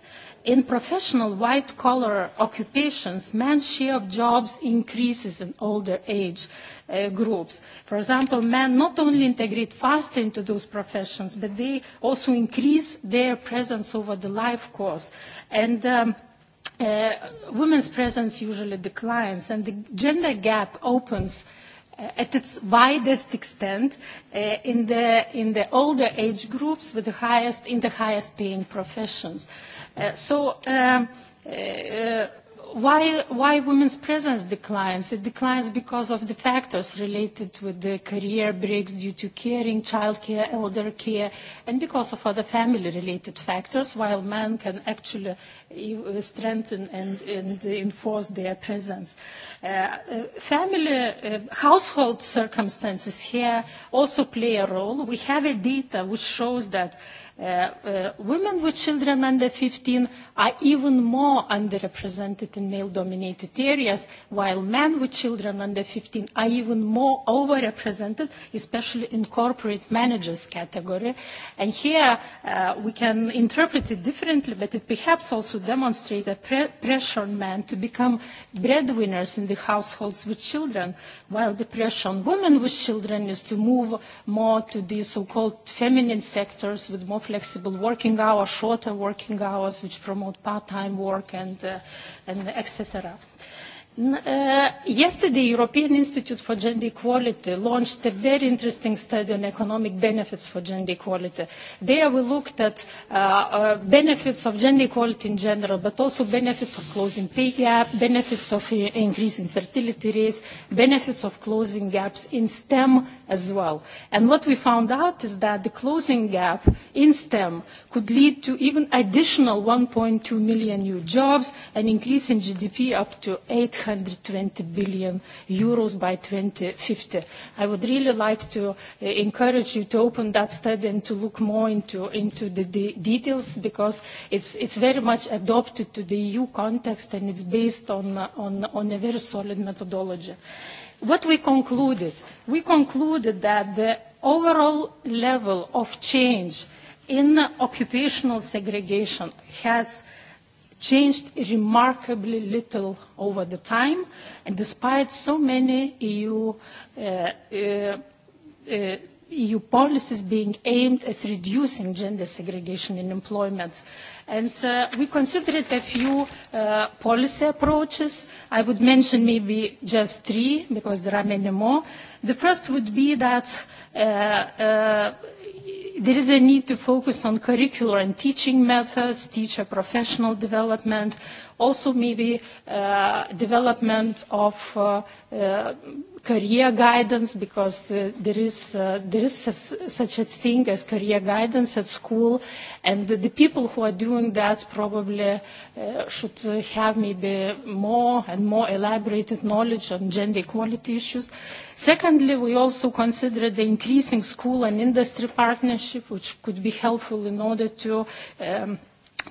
In professional white collar occupations, men's share of jobs increases in older age uh, groups. For example, men not only integrate faster into those professions, but they also increase their presence over the life course. And um, uh, women's presence usually declines and the gender gap opens uh, Uh, at its widest extent uh, in, the, in the older age groups with the highest, in the highest paying professions. Uh, so um, uh, why, why women's presence declines? It declines because of the factors related with the career breaks due to caring, childcare, elder care, and because of other family-related factors, while men can actually e, strengthen and, and enforce their presence. Uh, uh, family, uh, household circumstances here also play a role. We have a data which shows that uh, Uh, uh, women with children under 15 are even more underrepresented in male-dominated areas, while men with children under 15 are even more overrepresented, especially in corporate managers category. And here uh, we can interpret it differently, but it perhaps also demonstrates a pre pressure on men to become breadwinners in the households with children, while the pressure on women with children is to move more to the so-called feminine sectors with more flexible working hours, shorter working hours, which promote part-time work and, uh, and et cetera. Uh, yesterday, European Institute for Gender Equality launched a very interesting study on economic benefits for gender equality. There we looked at uh, uh, benefits of gender equality in general, but also benefits of closing pay gap, benefits of uh, increasing fertility rates, benefits of closing gaps in STEM as well. And what we found out is that the closing gap in STEM could lead to even additional 1.2 million new jobs, an increase in GDP up to 800 820 billion euros by 2050. I would really like to uh, encourage you to open that study and to look more into, into the de details because it's, it's very much adopted to the EU context and it's based on, uh, on, on a very solid methodology. What we concluded? We concluded that the overall level of change in occupational segregation has changed remarkably little over the time, and despite so many EU, uh, uh, uh, EU policies being aimed at reducing gender segregation in employment. And uh, we considered a few uh, policy approaches. I would mention maybe just three, because there are many more. The first would be that uh, uh, there is a need to focus on curricular and teaching methods, teacher professional development, also maybe uh, development of uh, uh, career guidance because uh, there is, uh, there is a, such a thing as career guidance at school and the, the people who are doing that probably uh, should have maybe more and more elaborated knowledge on gender equality issues. Secondly, we also consider the increasing school and industry partnerships scholarship, which could be helpful in order to um,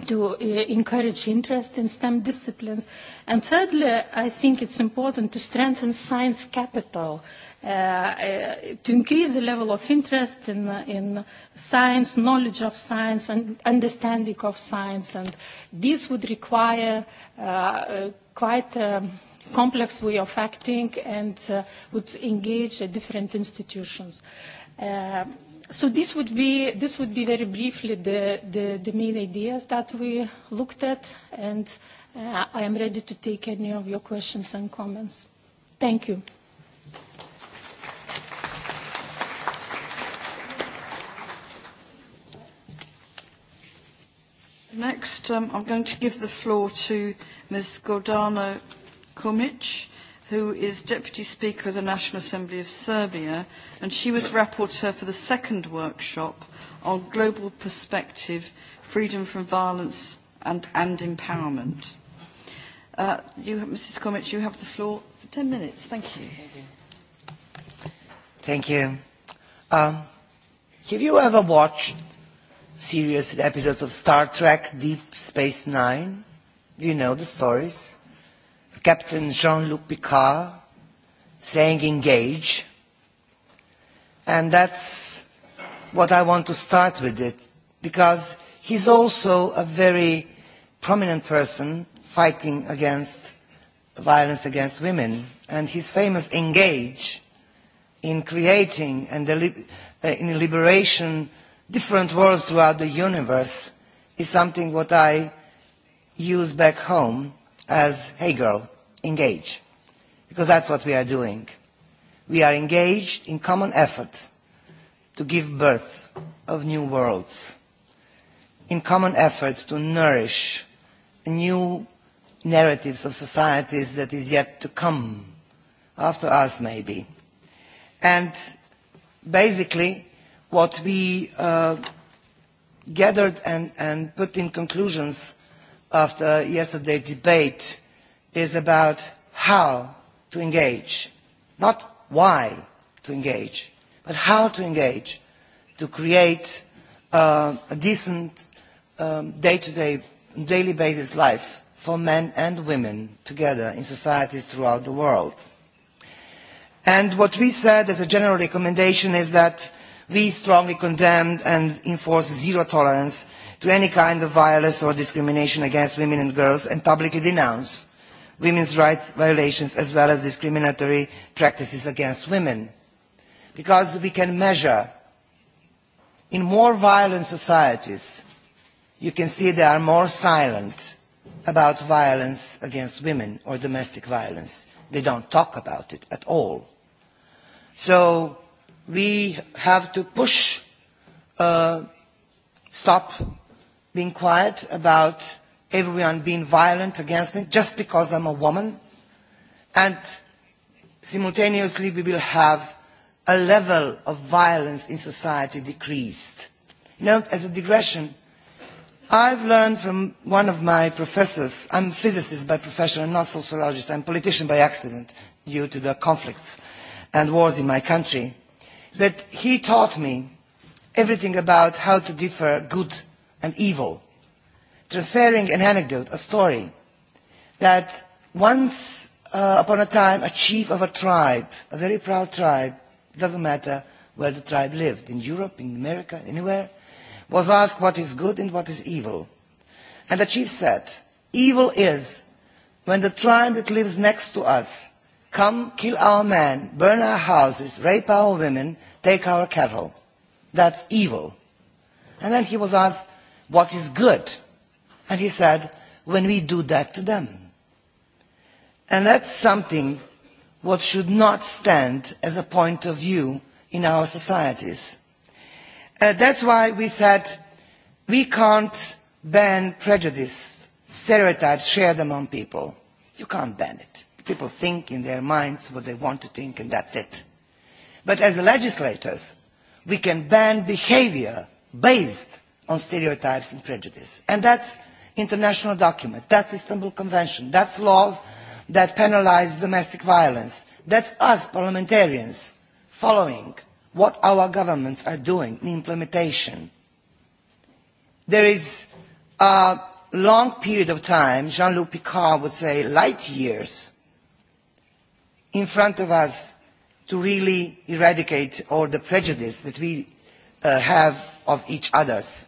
to uh, encourage interest in STEM disciplines. And thirdly, I think it's important to strengthen science capital, uh, uh, to increase the level of interest in, uh, in science, knowledge of science, and understanding of science. And this would require uh, uh, quite a um, complex way of acting and uh, would engage uh, different institutions. Uh, so this would be this would be very briefly the, the, the main ideas that we looked at, and uh, I am ready to take any of your questions and comments. Thank you. Next, um, I'm going to give the floor to Ms. Gordana Komic who is Deputy Speaker of the National Assembly of Serbia, and she was rapporteur for the second workshop on global perspective, freedom from violence and, and empowerment. Uh, you, Mrs. Comich, you have the floor for 10 minutes. Thank you. Thank you. Um, have you ever watched series episodes of Star Trek Deep Space Nine? Do you know the stories? Captain Jean-Luc Picard saying engage. And that's what I want to start with it, because he's also a very prominent person fighting against violence against women. And his famous engage in creating and uh, in liberation different worlds throughout the universe is something what I use back home as, hey girl, engage, because that's what we are doing. We are engaged in common effort to give birth of new worlds, in common effort to nourish new narratives of societies that is yet to come, after us maybe. And basically, what we uh, gathered and, and put in conclusions after yesterday's debate is about how to engage, not why to engage, but how to engage to create uh, a decent um, day-to-day, -day, daily basis life for men and women together in societies throughout the world. And what we said as a general recommendation is that we strongly condemn and enforce zero tolerance to any kind of violence or discrimination against women and girls and publicly denounce women's rights violations as well as discriminatory practices against women. Because we can measure in more violent societies, you can see they are more silent about violence against women or domestic violence. They don't talk about it at all. So we have to push, uh, stop being quiet about everyone being violent against me just because I'm a woman. And simultaneously we will have a level of violence in society decreased. You know, as a digression, I've learned from one of my professors, I'm a physicist by profession, I'm not sociologist, I'm a politician by accident due to the conflicts and wars in my country, that he taught me everything about how to differ good and evil transferring an anecdote, a story, that once uh, upon a time a chief of a tribe, a very proud tribe, doesn't matter where the tribe lived, in Europe, in America, anywhere, was asked what is good and what is evil. And the chief said, evil is when the tribe that lives next to us come kill our men, burn our houses, rape our women, take our cattle. That's evil. And then he was asked, what is good? And he said, when we do that to them. And that's something what should not stand as a point of view in our societies. Uh, that's why we said we can't ban prejudice, stereotypes shared among people. You can't ban it. People think in their minds what they want to think and that's it. But as legislators, we can ban behavior based on stereotypes and prejudice. And that's international document. That's the Istanbul Convention. That's laws that penalize domestic violence. That's us parliamentarians following what our governments are doing in implementation. There is a long period of time, Jean-Luc Picard would say light years, in front of us to really eradicate all the prejudice that we uh, have of each other's.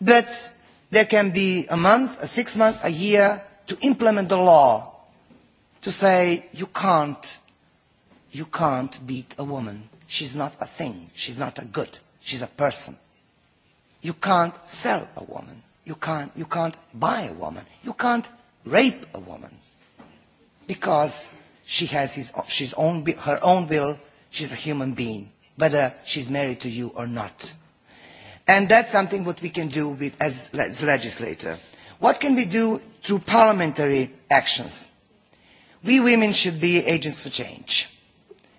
But There can be a month, six months, a year to implement the law, to say you can't, you can't beat a woman. She's not a thing. She's not a good. She's a person. You can't sell a woman. You can't, you can't buy a woman. You can't rape a woman because she has his, she's own, her own will. She's a human being, whether she's married to you or not. And that's something what we can do with, as, as legislator. What can we do through parliamentary actions? We women should be agents for change.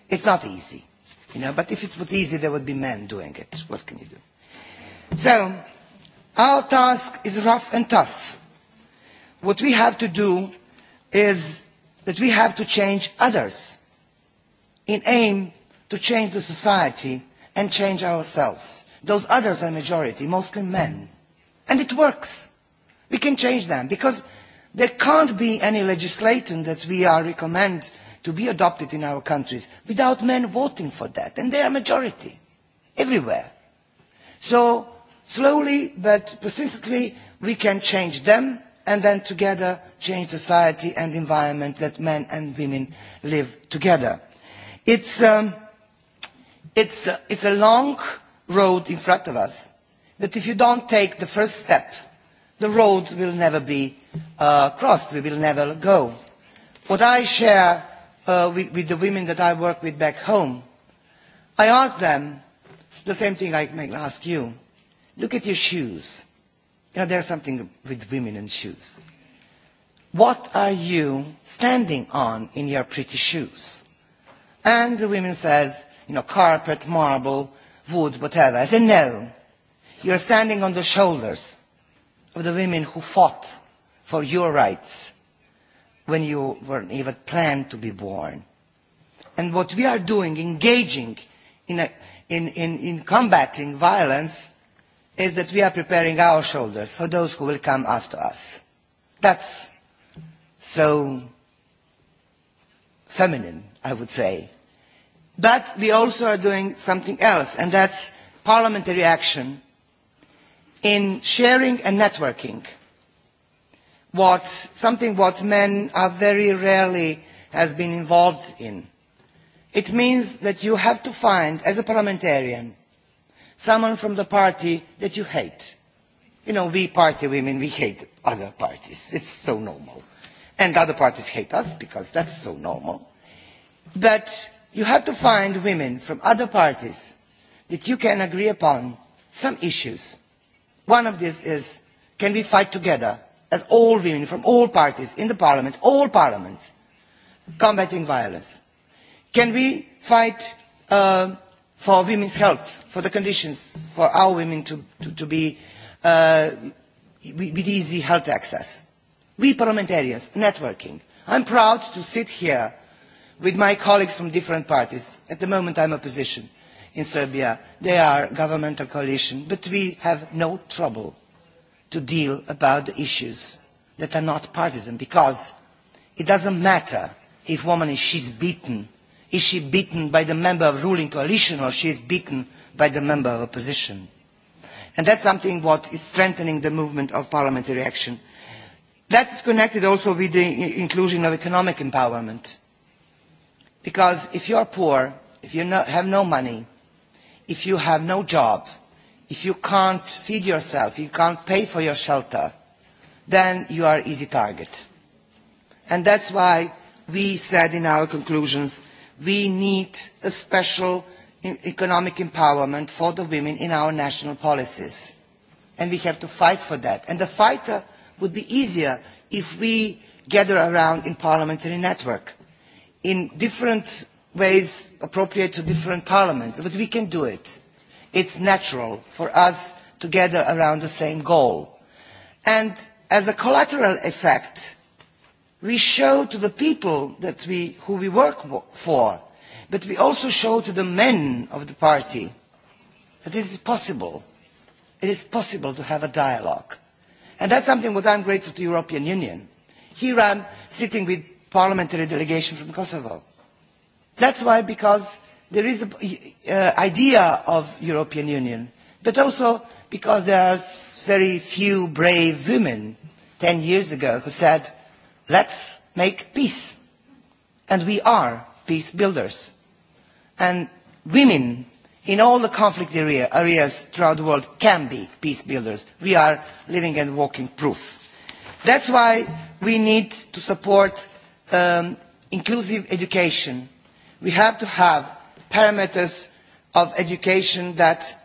It's not easy, you know, but if it was easy, there would be men doing it. What can you do? So, our task is rough and tough. What we have to do is that we have to change others in aim to change the society and change ourselves. Those others are majority, mostly men. And it works. We can change them because there can't be any legislation that we are recommend to be adopted in our countries without men voting for that. And they are majority everywhere. So slowly but persistently we can change them and then together change society and environment that men and women live together. It's, um, it's, uh, it's a long road in front of us. But if you don't take the first step, the road will never be uh, crossed, we will never go. What I share uh, with, with the women that I work with back home, I ask them the same thing I may ask you. Look at your shoes. You know, there's something with women and shoes. What are you standing on in your pretty shoes? And the women says, you know, carpet, marble, wood, whatever. I said, no. You're standing on the shoulders of the women who fought for your rights when you weren't even planned to be born. And what we are doing, engaging in, a, in, in, in combating violence, is that we are preparing our shoulders for those who will come after us. That's so feminine, I would say. But we also are doing something else, and that's parliamentary action in sharing and networking. What, something what men are very rarely has been involved in. It means that you have to find, as a parliamentarian, someone from the party that you hate. You know, we party women, we hate other parties. It's so normal. And other parties hate us because that's so normal. But you have to find women from other parties that you can agree upon some issues. One of these is, can we fight together as all women from all parties in the parliament, all parliaments, combating violence? Can we fight uh, for women's health, for the conditions for our women to, to, to be uh, with easy health access? We parliamentarians, networking. I'm proud to sit here with my colleagues from different parties. At the moment I'm opposition in Serbia. They are governmental coalition, but we have no trouble to deal about the issues that are not partisan because it doesn't matter if woman is she's beaten. Is she beaten by the member of ruling coalition or she is beaten by the member of opposition? And that's something what is strengthening the movement of parliamentary action. That's connected also with the inclusion of economic empowerment Because if you're poor, if you no, have no money, if you have no job, if you can't feed yourself, you can't pay for your shelter, then you are easy target. And that's why we said in our conclusions we need a special e-, economic empowerment for the women in our national policies. And we have to fight for that. And the fight would be easier if we gather around in parliamentary network in different ways appropriate to different parliaments, but we can do it. It's natural for us to gather around the same goal. And as a collateral effect, we show to the people that we, who we work for, but we also show to the men of the party that this is possible. It is possible to have a dialogue. And that's something what I'm grateful to the European Union. Here I'm sitting with parliamentary delegation from Kosovo. That's why, because there is an uh, idea of European Union, but also because there are very few brave women 10 years ago who said, let's make peace. And we are peace builders. And women in all the conflict area, areas throughout the world can be peace builders. We are living and walking proof. That's why we need to support um, inclusive education. We have to have parameters of education that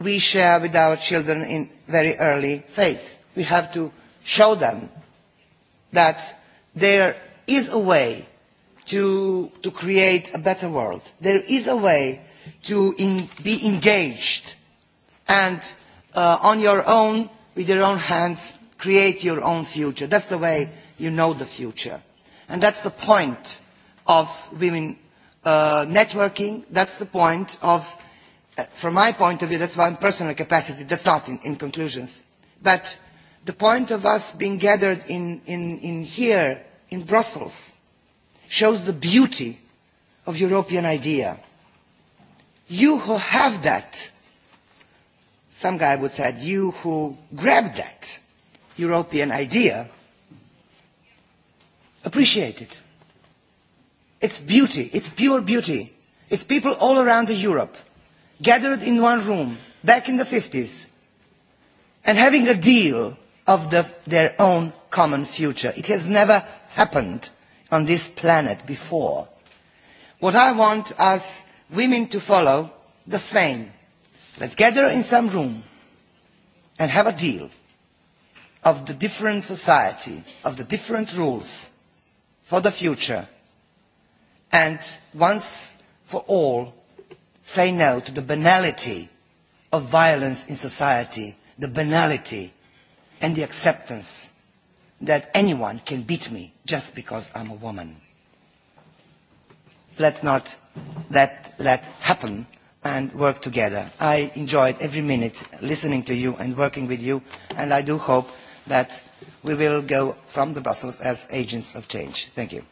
we share with our children in very early phase. We have to show them that there is a way to, to create a better world. There is a way to in, be engaged and uh, on your own, with your own hands, create your own future. That's the way you know the future. And that's the point of women uh, networking. That's the point of, uh, from my point of view, that's one personal capacity. That's not in, in conclusions. But the point of us being gathered in, in, in here, in Brussels, shows the beauty of European idea. You who have that, some guy would say, you who grab that European idea, Appreciate it. It's beauty. It's pure beauty. It's people all around the Europe gathered in one room back in the 50s and having a deal of the, their own common future. It has never happened on this planet before. What I want us women to follow, the same. Let's gather in some room and have a deal of the different society, of the different rules, for the future and once for all say no to the banality of violence in society, the banality and the acceptance that anyone can beat me just because I'm a woman. Let's not let that happen and work together. I enjoyed every minute listening to you and working with you, and I do hope that we will go from the Brussels as agents of change. Thank you.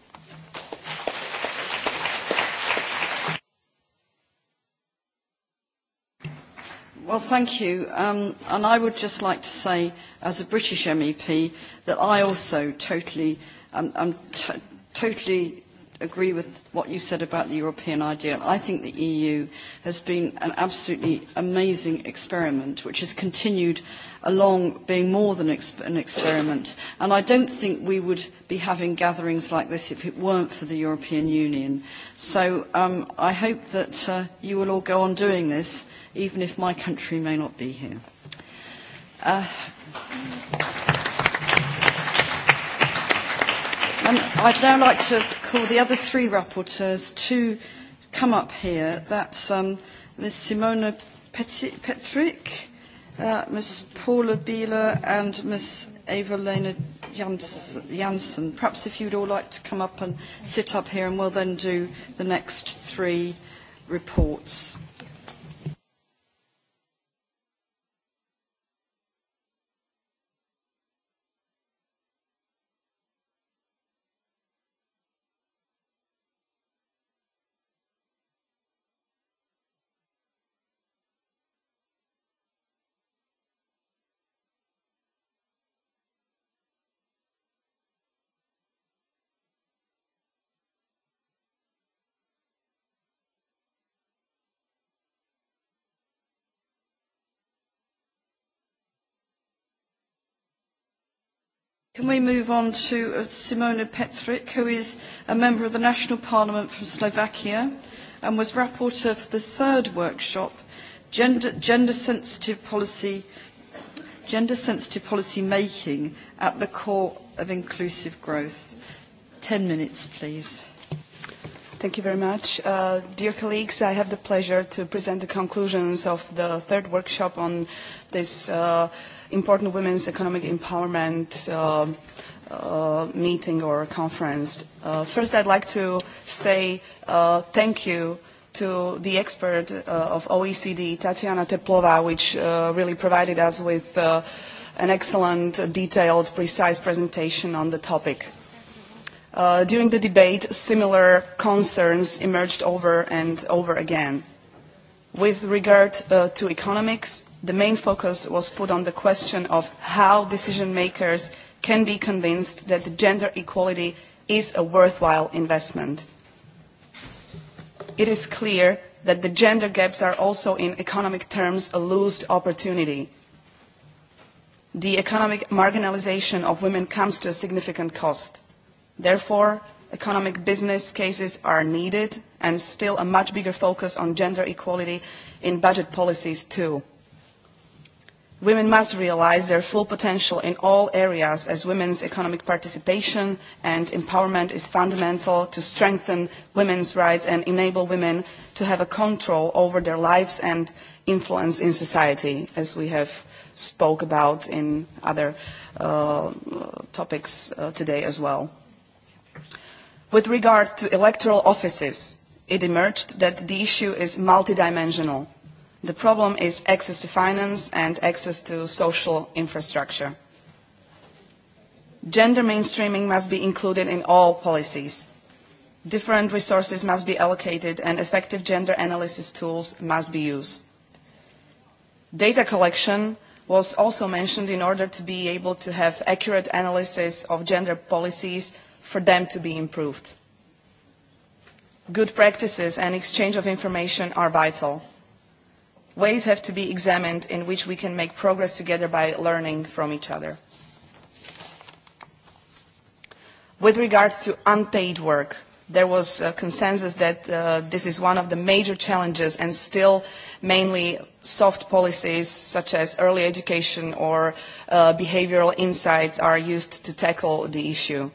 Well, thank you. Um, and I would just like to say, as a British MEP, that I also totally, um, I'm t- totally agree with what you said about the European ideal. I think the EU has been an absolutely amazing experiment, which has continued along being more than ex an experiment. And I don't think we would be having gatherings like this if it weren't for the European Union. So um, I hope that uh, you will all go on doing this, even if my country may not be here. Uh, Um, I'd now like to call the other three rapporteurs to come up here. That's um, Ms. Simona Peti- Petrick, uh, Ms. Paula Bieler, and Ms. Eva-Lena Janssen. Perhaps if you'd all like to come up and sit up here, and we'll then do the next three reports. Can we move on to uh, Simona Petric, who is a member of the National Parliament from Slovakia and was rapporteur for the third workshop, Gender, gender Sensitive Policy Gender Sensitive Policy Making at the Core of Inclusive Growth. Ten minutes, please. Thank you very much. Uh, dear colleagues, I have the pleasure to present the conclusions of the third workshop on this uh, important women's economic empowerment uh, uh, meeting or conference. Uh, first, I'd like to say uh, thank you to the expert uh, of OECD, Tatiana Teplova, which uh, really provided us with uh, an excellent, detailed, precise presentation on the topic. Uh, during the debate, similar concerns emerged over and over again. With regard uh, to economics, the main focus was put on the question of how decision makers can be convinced that gender equality is a worthwhile investment. It is clear that the gender gaps are also in economic terms a loosed opportunity. The economic marginalization of women comes to a significant cost. Therefore, economic business cases are needed and still a much bigger focus on gender equality in budget policies too. Women must realize their full potential in all areas as women's economic participation and empowerment is fundamental to strengthen women's rights and enable women to have a control over their lives and influence in society, as we have spoke about in other uh, topics uh, today as well. With regard to electoral offices, it emerged that the issue is multidimensional The problem is access to finance and access to social infrastructure. Gender mainstreaming must be included in all policies. Different resources must be allocated and effective gender analysis tools must be used. Data collection was also mentioned in order to be able to have accurate analysis of gender policies for them to be improved. Good practices and exchange of information are vital. Ways have to be examined in which we can make progress together by learning from each other. With regards to unpaid work, there was a consensus that uh, this is one of the major challenges and still mainly soft policies such as early education or uh, behavioral insights are used to tackle the issue.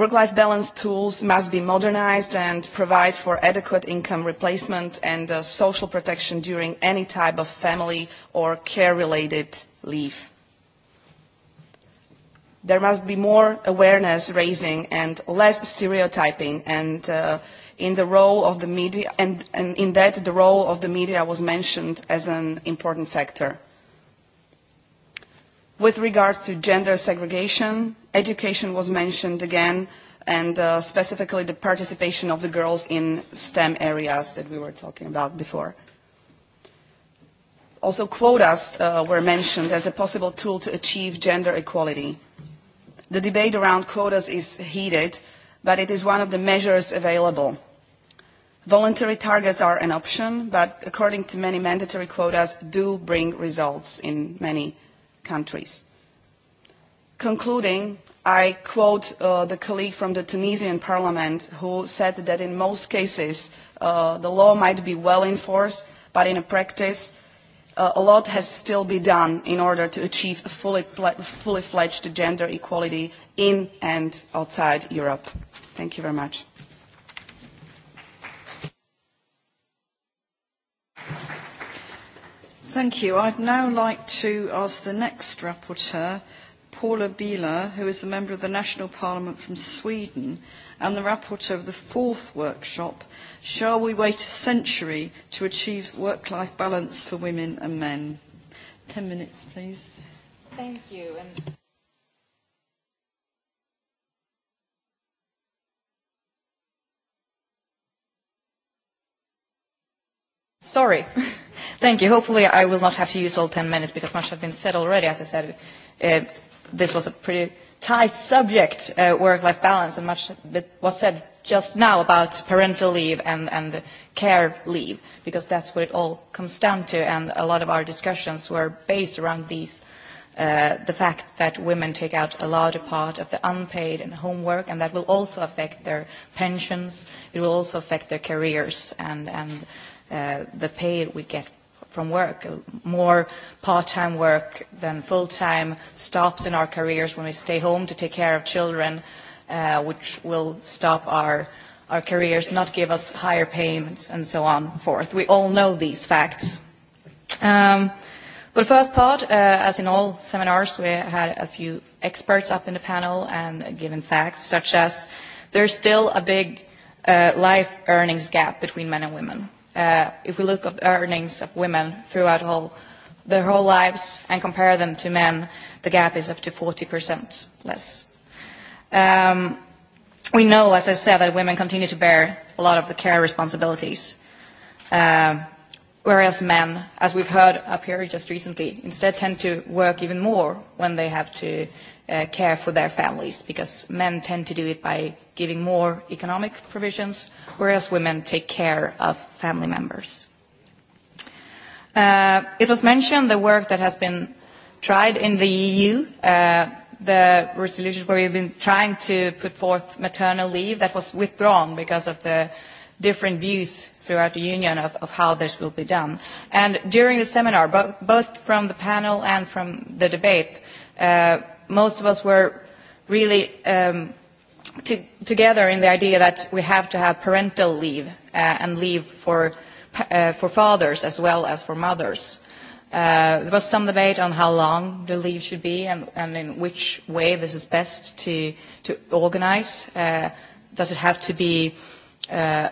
Work-life balance tools must be modernized and provide for adequate income replacement and uh, social protection during any type of family or care-related leave. There must be more awareness raising and less stereotyping and uh, in the role of the media and, and in that the role of the media was mentioned as an important factor. With regards to gender segregation, education was mentioned again, and uh, specifically the participation of the girls in STEM areas that we were talking about before. Also, quotas uh, were mentioned as a possible tool to achieve gender equality. The debate around quotas is heated, but it is one of the measures available. Voluntary targets are an option, but according to many, mandatory quotas do bring results in many areas countries. Concluding, I quote uh, the colleague from the Tunisian parliament who said that in most cases uh, the law might be well enforced, but in practice uh, a lot has still been done in order to achieve fully, fully fledged gender equality in and outside Europe. Thank you very much. Thank you. I'd now like to ask the next rapporteur, Paula Bieler, who is a member of the National Parliament from Sweden and the rapporteur of the fourth workshop, Shall We Wait a Century to Achieve Work-Life Balance for Women and Men? Ten minutes, please. Thank you. And Sorry. [LAUGHS] Thank you. Hopefully, I will not have to use all 10 minutes because much has been said already. As I said, uh, this was a pretty tight subject, uh, work-life balance, and much was said just now about parental leave and, and care leave, because that's what it all comes down to, and a lot of our discussions were based around these, uh, the fact that women take out a larger part of the unpaid and homework, and that will also affect their pensions, it will also affect their careers, and, and uh, the pay we get from work. More part-time work than full-time stops in our careers when we stay home to take care of children, uh, which will stop our, our careers, not give us higher payments, and so on forth. We all know these facts. Um, but first part, uh, as in all seminars, we had a few experts up in the panel and given facts, such as there's still a big uh, life earnings gap between men and women uh, if we look at earnings of women throughout whole, their whole lives and compare them to men, the gap is up to 40% less. Um, we know, as I said, that women continue to bear a lot of the care responsibilities, um, whereas men, as we've heard up here just recently, instead tend to work even more when they have to uh, care for their families because men tend to do it by giving more economic provisions, whereas women take care of family members. Uh, it was mentioned the work that has been tried in the EU, uh, the resolution where we've been trying to put forth maternal leave that was withdrawn because of the different views throughout the union of, of how this will be done. And during the seminar, both, both from the panel and from the debate, uh, most of us were really um, to, together in the idea that we have to have parental leave uh, and leave for, uh, for fathers as well as for mothers. Uh, there was some debate on how long the leave should be and, and in which way this is best to, to organize. Uh, does it have to be uh,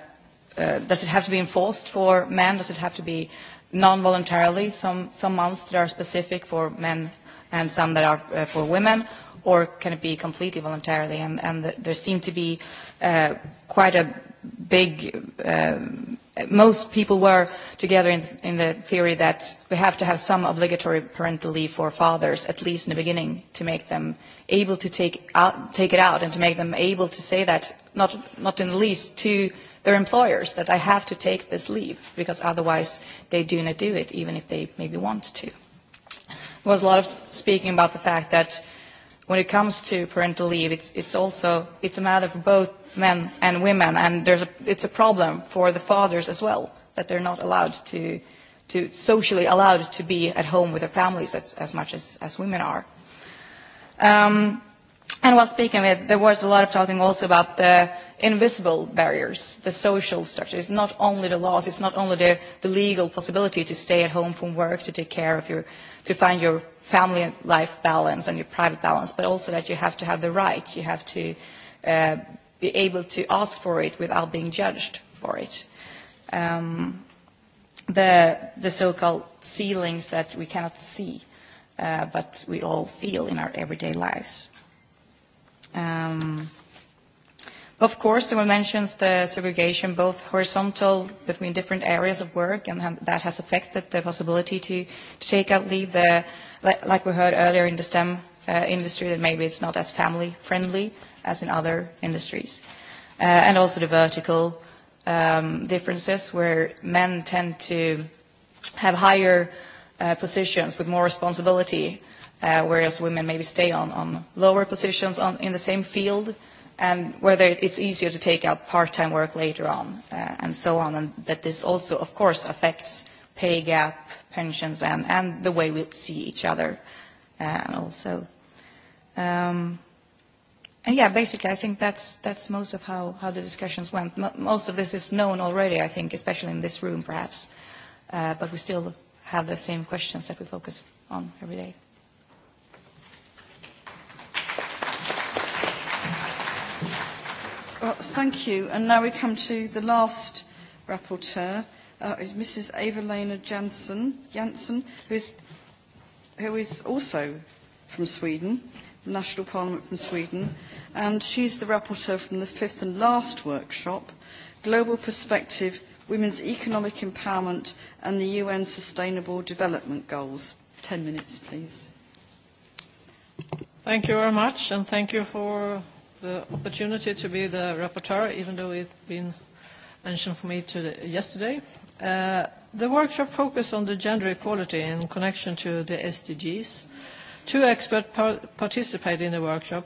uh, does it have to be enforced for men? Does it have to be non-voluntarily? Some, some months that are specific for men and some that are uh, for women, or can it be completely voluntarily? And, and the, there seem to be uh, quite a big, uh, most people were together in, in the theory that we have to have some obligatory parental leave for fathers, at least in the beginning, to make them able to take, out, take it out and to make them able to say that, not, not in the least, to their employers that I have to take this leave because otherwise they do not do it even if they maybe want to was a lot of speaking about the fact that when it comes to parental leave, it's, it's also it's a matter for both men and women, and there's a, it's a problem for the fathers as well that they're not allowed to, to socially allowed to be at home with their families as, as much as, as women are. Um, and while speaking of it, there was a lot of talking also about the invisible barriers, the social structures. It's not only the laws, it's not only the, the legal possibility to stay at home from work to take care of your to find your family life balance and your private balance, but also that you have to have the right. You have to uh, be able to ask for it without being judged for it. Um, the, the so-called ceilings that we cannot see, uh, but we all feel in our everyday lives. Um, Of course, the one mentions the segregation both horizontal between different areas of work, and ha that has affected the possibility to, to take out leave, the, like, like we heard earlier in the STEM uh, industry, that maybe it's not as family friendly as in other industries. Uh, and also the vertical um, differences where men tend to have higher uh, positions with more responsibility, uh, whereas women maybe stay on, on lower positions on, in the same field, uh, and whether it's easier to take out part-time work later on, uh, and so on, and that this also, of course, affects pay gap, pensions, and, and the way we see each other uh, also. Um, and yeah, basically, I think that's, that's most of how, how the discussions went. M most of this is known already, I think, especially in this room, perhaps, uh, but we still have the same questions that we focus on every day. Well, thank you. And now we come to the last rapporteur, uh, is Mrs. Eva-Lena Jansson, Jansson, who is, who is also from Sweden, National Parliament from Sweden, and she's the rapporteur from the fifth and last workshop, Global Perspective, Women's Economic Empowerment and the UN Sustainable Development Goals. Ten minutes, please. Thank you very much, and thank you for the opportunity to be the rapporteur, even though it's been mentioned for me today, yesterday. Uh, the workshop focused on the gender equality in connection to the SDGs. Two experts par participated in the workshop.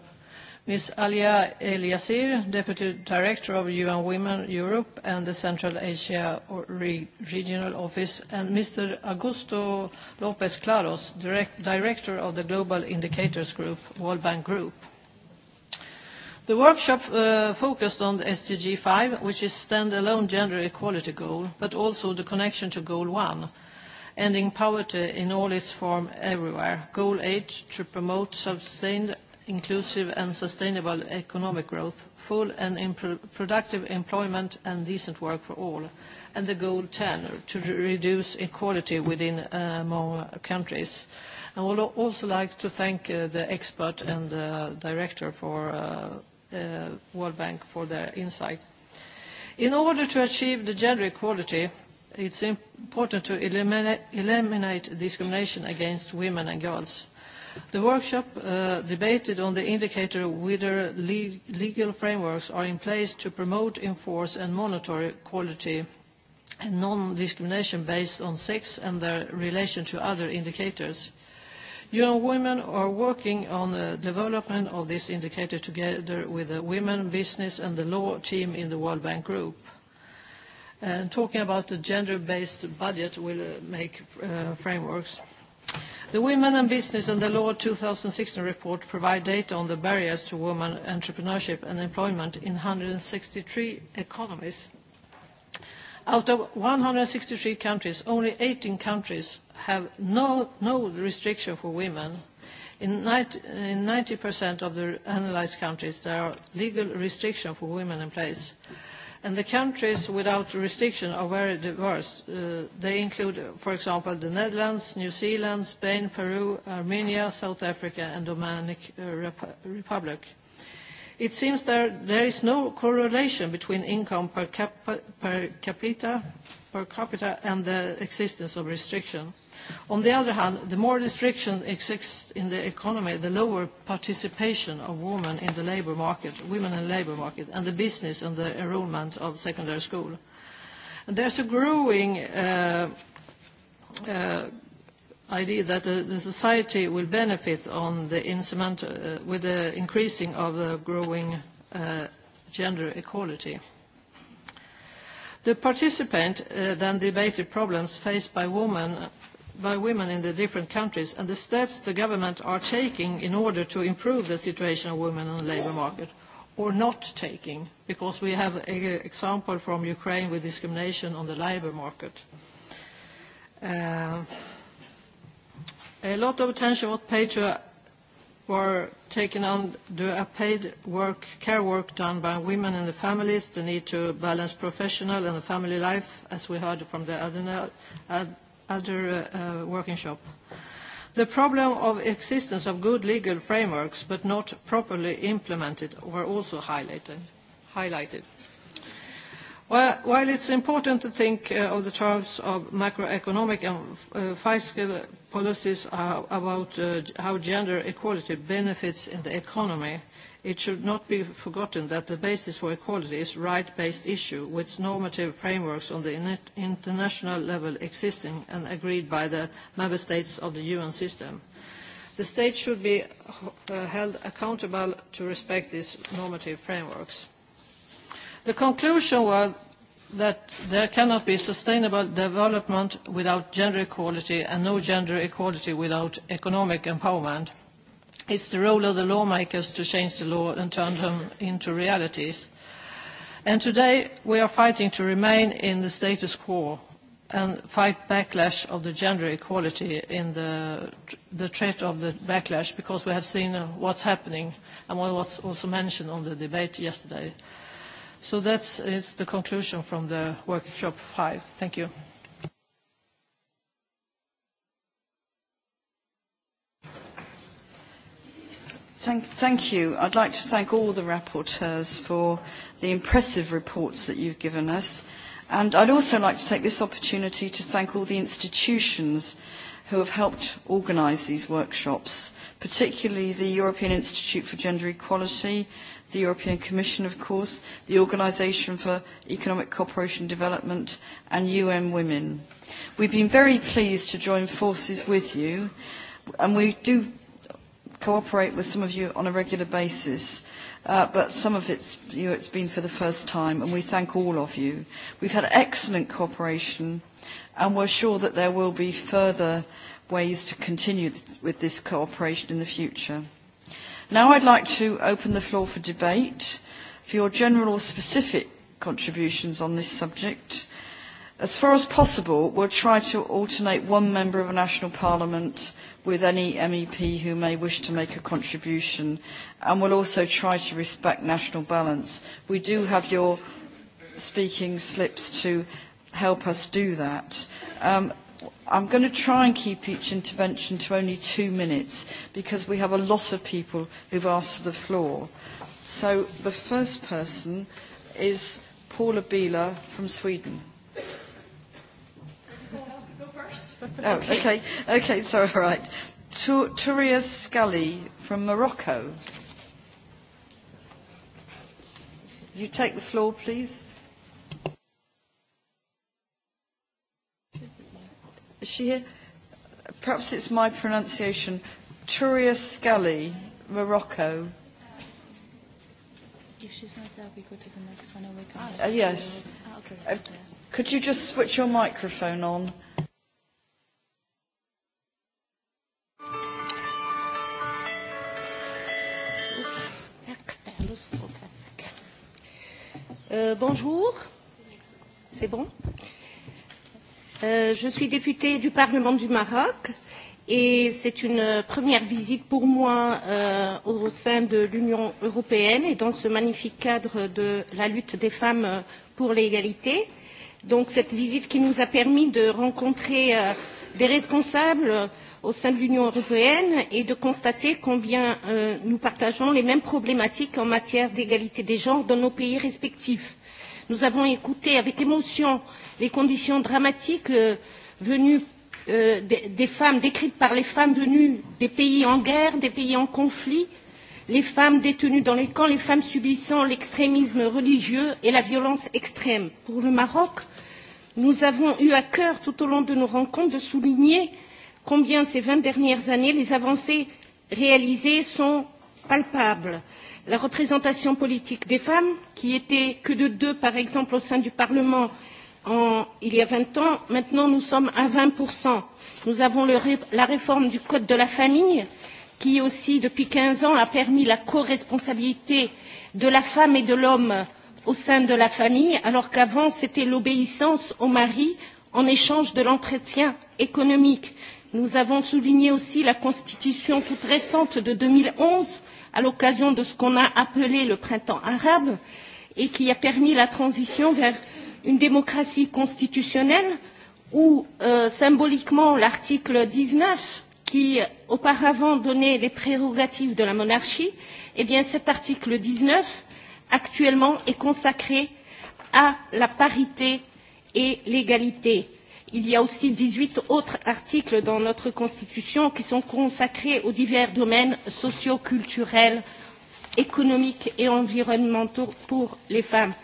Ms. Alia Eliasir, Deputy Director of UN Women Europe and the Central Asia Re Regional Office, and Mr. Augusto López Claros, direct, Director of the Global Indicators Group, World Bank Group. Uh, The workshop uh, focused on the SDG 5, which is standalone gender equality goal, but also the connection to goal 1, ending poverty in all its form everywhere. Goal 8, to promote sustained, inclusive and sustainable economic growth, full and impro productive employment and decent work for all. And the goal 10, to re reduce inequality within uh, among countries. And I would also like to thank uh, the expert and the uh, director for uh, uh, World Bank for their insight. In order to achieve the gender equality, it's important to eliminate, eliminate discrimination against women and girls. The workshop uh, debated on the indicator whether le legal frameworks are in place to promote, enforce and monitor equality and non-discrimination based on sex and their relation to other indicators. Uh, UN Women are working on the development of this indicator together with the Women, Business and the Law team in the World Bank Group. And talking about the gender-based budget will uh, make uh, frameworks. The Women and Business and the Law 2016 report provide data on the barriers to women entrepreneurship and employment in 163 economies. Out of 163 countries, only 18 countries have no, no restriction for women. In 90% of the analyzed countries, there are legal restriction for women in place. And the countries without restriction are very diverse. Uh, they include, for example, the Netherlands, New Zealand, Spain, Peru, Armenia, South Africa, and Dominican uh, Rep- Republic. It seems there, there is no correlation between income per, cap- per, capita, per capita and the existence of restriction. On the other hand, the more restrictions exist in the economy, the lower participation of women in the labor market, women in labor market, and the business and the enrollment of secondary school. And there's a growing uh, uh, idea that the, the society will benefit on the instrument uh, with the increasing of the growing uh, gender equality. The participant uh, then debated problems faced by women by women in the different countries and the steps the government are taking in order to improve the situation of women on the labor market or not taking, because we have an example from Ukraine with discrimination on the labor market. Uh, a lot of attention was paid to were taken on the unpaid work, care work done by women and the families, the need to balance professional and the family life, as we heard from the other uh, uh workshop. The problem of existence of good legal frameworks but not properly implemented were also highlighted. highlighted. Well, while it's important to think uh, of the terms of macroeconomic and uh, fiscal policies uh, about uh, how gender equality benefits in the economy, It should not be forgotten that the basis for equality is right-based issue, with normative frameworks on the international level existing and agreed by the member states of the UN system. The states should be uh, held accountable to respect these normative frameworks. The conclusion was that there cannot be sustainable development without gender equality and no gender equality without economic empowerment. It's the role of the lawmakers to change the law and turn them into realities. And today we are fighting to remain in the status quo and fight backlash of the gender equality in the, the threat of the backlash because we have seen uh, what's happening and what was also mentioned on the debate yesterday. So that is the conclusion from the workshop five. Thank you. Thank, thank you. I'd like to thank all the rapporteurs for the impressive reports that you've given us. And I'd also like to take this opportunity to thank all the institutions who have helped organise these workshops, particularly the European Institute for Gender Equality, the European Commission, of course, the Organisation for Economic Cooperation and Development, and UN Women. We've been very pleased to join forces with you, and we do cooperate with some of you on a regular basis, uh, but some of it's, you know, it's been for the first time, and we thank all of you. We've had excellent cooperation, and we're sure that there will be further ways to continue th with this cooperation in the future. Now I'd like to open the floor for debate, for your general or specific contributions on this subject. As far as possible, we'll try to alternate one member of a national parliament with any MEP who may wish to make a contribution, and we'll also try to respect national balance. We do have your speaking slips to help us do that. Um, I'm going to try and keep each intervention to only two minutes because we have a lot of people who've asked for the floor. So the first person is Paula Bieler from Sweden. oh, okay, okay, sorry, all right. Touria Scully from Morocco. You take the floor, please. Is she here? Perhaps it's my pronunciation. Touria Scully, Morocco. If she's not there, we go to the next one. Or we can uh, yes. Ah, okay. uh, could you just switch your microphone on? Euh, bonjour. C'est bon euh, Je suis députée du Parlement du Maroc et c'est une première visite pour moi euh, au sein de l'Union européenne et dans ce magnifique cadre de la lutte des femmes pour l'égalité. Donc cette visite qui nous a permis de rencontrer euh, des responsables euh, au sein de l'Union européenne et de constater combien euh, nous partageons les mêmes problématiques en matière d'égalité des genres dans nos pays respectifs. Nous avons écouté avec émotion les conditions dramatiques euh, venues euh, des, des femmes, décrites par les femmes venues des pays en guerre, des pays en conflit, les femmes détenues dans les camps, les femmes subissant l'extrémisme religieux et la violence extrême. Pour le Maroc, nous avons eu à cœur tout au long de nos rencontres de souligner euh, combien ces vingt dernières années les avancées réalisées sont palpables. La représentation politique des femmes, qui était que de deux par exemple au sein du Parlement en, il y a 20 ans, maintenant nous sommes à 20%. Nous avons le, la réforme du Code de la famille, qui aussi depuis 15 ans a permis la co-responsabilité de la femme et de l'homme au sein de la famille, alors qu'avant c'était l'obéissance au mari en échange de l'entretien économique. Nous avons souligné aussi la constitution toute récente de 2011 à l'occasion de ce qu'on a appelé le printemps arabe et qui a permis la transition vers une démocratie constitutionnelle où euh, symboliquement l'article 19 qui auparavant donnait les prérogatives de la monarchie, eh bien cet article 19 actuellement est consacré à la parité et l'égalité il y a aussi dix huit autres articles dans notre constitution qui sont consacrés aux divers domaines socio culturels économiques et environnementaux pour les femmes.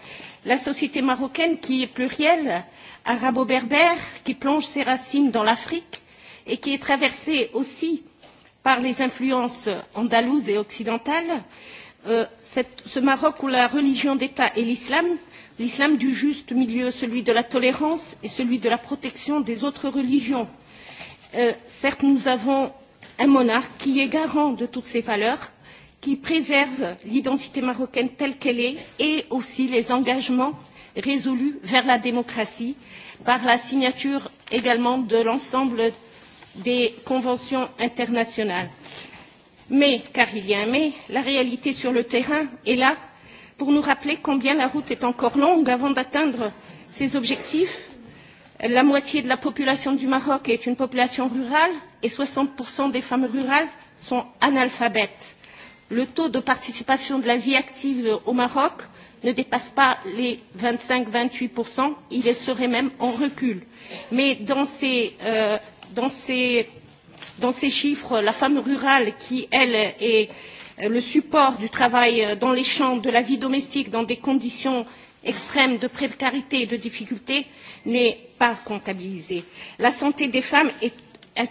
La société marocaine, qui est plurielle, arabo berbère, qui plonge ses racines dans l'Afrique et qui est traversée aussi par les influences andalouses et occidentales, euh, cette, ce Maroc où la religion d'État est l'islam l'islam du juste milieu, celui de la tolérance et celui de la protection des autres religions. Euh, certes, nous avons un monarque qui est garant de toutes ces valeurs, qui préserve l'identité marocaine telle qu'elle est et aussi les engagements résolus vers la démocratie par la signature également de l'ensemble des conventions internationales. Mais, car il y a un mais, la réalité sur le terrain est là pour nous rappeler combien la route est encore longue avant d'atteindre ces objectifs. La moitié de la population du Maroc est une population rurale et 60% des femmes rurales sont analphabètes. Le taux de participation de la vie active au Maroc ne dépasse pas les 25-28%, il serait même en recul. Mais dans ces, euh, dans ces, dans ces chiffres, la femme rurale qui, elle, est, Euh, le support du travail euh, dans les champs de la vie domestique dans des conditions extrêmes de précarité et de difficulté n'est pas comptabilisé. La santé des femmes est, est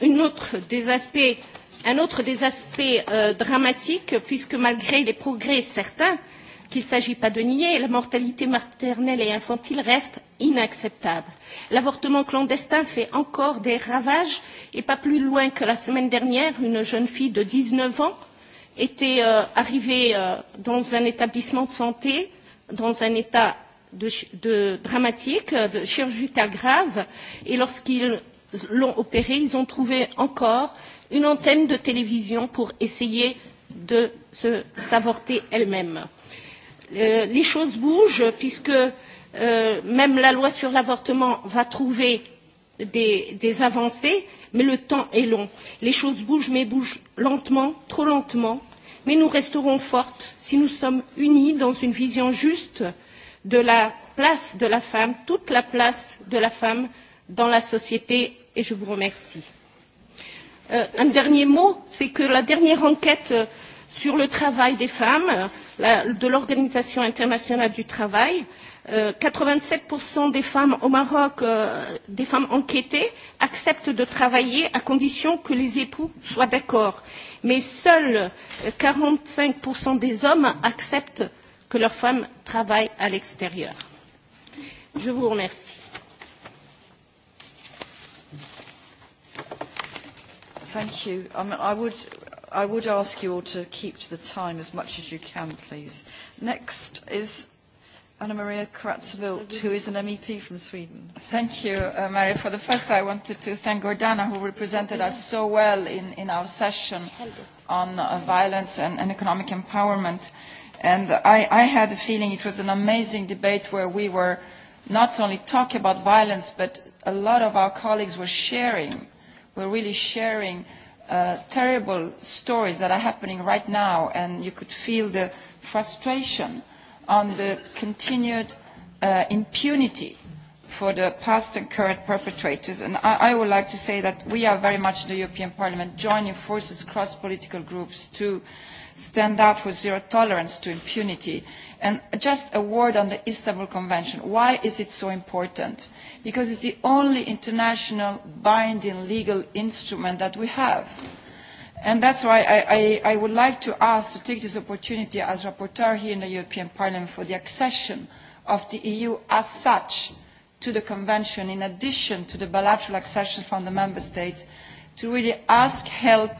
une autre des aspects, un autre des aspects euh, dramatiques puisque malgré les progrès certains, qu'il ne s'agit pas de nier, la mortalité maternelle et infantile reste inacceptable. L'avortement clandestin fait encore des ravages et pas plus loin que la semaine dernière, une jeune fille de 19 ans était euh, arrivé euh, dans un établissement de santé, dans un état de, de dramatique, de chirurgical grave, et lorsqu'ils l'ont opéré, ils ont trouvé encore une antenne de télévision pour essayer de s'avorter elle-même. Euh, les choses bougent puisque euh, même la loi sur l'avortement va trouver des, des avancées, mais le temps est long. Les choses bougent, mais bougent lentement, trop lentement. Mais nous resterons fortes si nous sommes unis dans une vision juste de la place de la femme, toute la place de la femme dans la société. Et je vous remercie. Euh, un dernier mot, c'est que la dernière enquête euh, sur le travail des femmes la, de l'Organisation internationale du travail euh, 87% euh, des femmes au Maroc, euh, des femmes enquêtées, acceptent de travailler à condition que les époux soient d'accord. Mais seuls 45% euh, des hommes acceptent que leurs femmes travaillent à l'extérieur. Je vous remercie. Thank you. Um, I, would, I would ask you all to keep to the time as much as you can, please. Next is Anna Maria Kratzvilt, who is an MEP from Sweden. Thank you, uh, Mary. For the first, I wanted to thank Gordana, who represented us so well in, in our session on uh, violence and, and economic empowerment. And I, I had a feeling it was an amazing debate where we were not only talking about violence, but a lot of our colleagues were sharing, were really sharing uh, terrible stories that are happening right now, and you could feel the frustration on the continued uh, impunity for the past and current perpetrators. And I, I would like to say that we are very much in the European Parliament joining forces across political groups to stand up for zero tolerance to impunity. And just a word on the Istanbul Convention. Why is it so important? Because it's the only international binding legal instrument that we have. Uh, And that's why I, I, I would like to ask to take this opportunity as rapporteur here in the European Parliament for the accession of the EU as such to the Convention, in addition to the bilateral accession from the Member States, to really ask help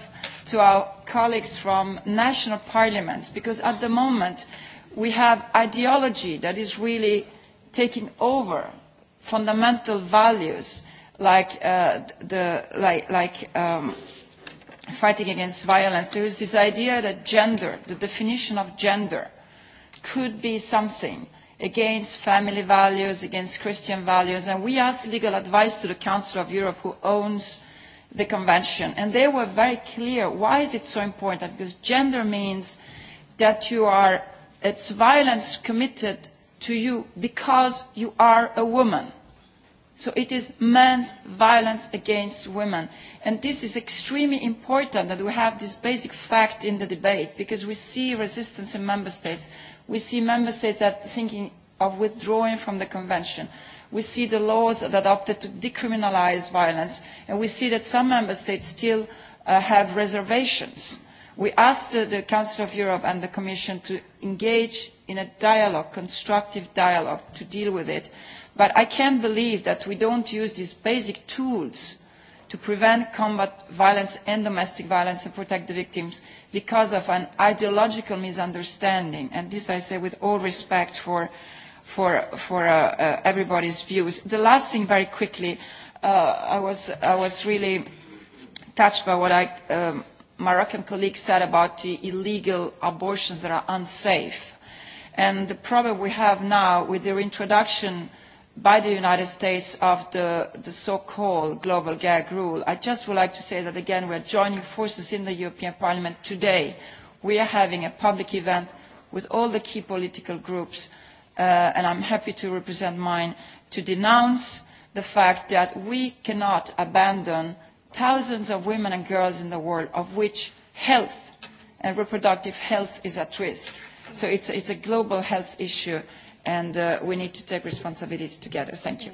to our colleagues from national parliaments, because at the moment we have ideology that is really taking over fundamental values like uh, the like, like um, fighting against violence, there is this idea that gender, the definition of gender, could be something against family values, against Christian values. And we asked legal advice to the Council of Europe, who owns the convention. And they were very clear. Why is it so important? Because gender means that you are, it's violence committed to you because you are a woman So it is men's violence against women. And this is extremely important that we have this basic fact in the debate because we see resistance in member states. We see member states that are thinking of withdrawing from the convention. We see the laws adopted to decriminalize violence, and we see that some member states still uh, have reservations. We asked uh, the Council of Europe and the Commission to engage in a dialogue, constructive dialogue, to deal with it But I can't believe that we don't use these basic tools to prevent, combat violence and domestic violence and protect the victims because of an ideological misunderstanding. And this I say with all respect for, for, for uh, uh, everybody's views. The last thing very quickly, uh, I, was, I was really touched by what I, um, Moroccan colleague said about the illegal abortions that are unsafe. And the problem we have now with the reintroduction uh, by the United States of the, the so-called global gag rule. I just would like to say that again, we're joining forces in the European Parliament today. We are having a public event with all the key political groups, uh, and I'm happy to represent mine, to denounce the fact that we cannot abandon thousands of women and girls in the world of which health and reproductive health is at risk. So it's, it's a global health issue and uh, we need to take responsibility together. Thank you.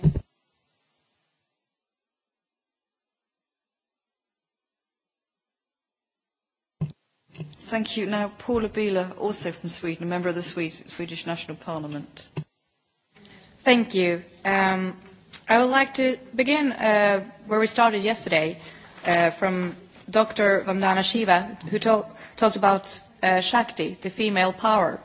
Thank you. Now, Paula Bieler, also from Sweden, a member of the Swed Swedish National Parliament. Thank you. Um, I would like to begin uh, where we started yesterday uh, from Dr. Vandana Shiva, who talked about uh, Shakti, the female power.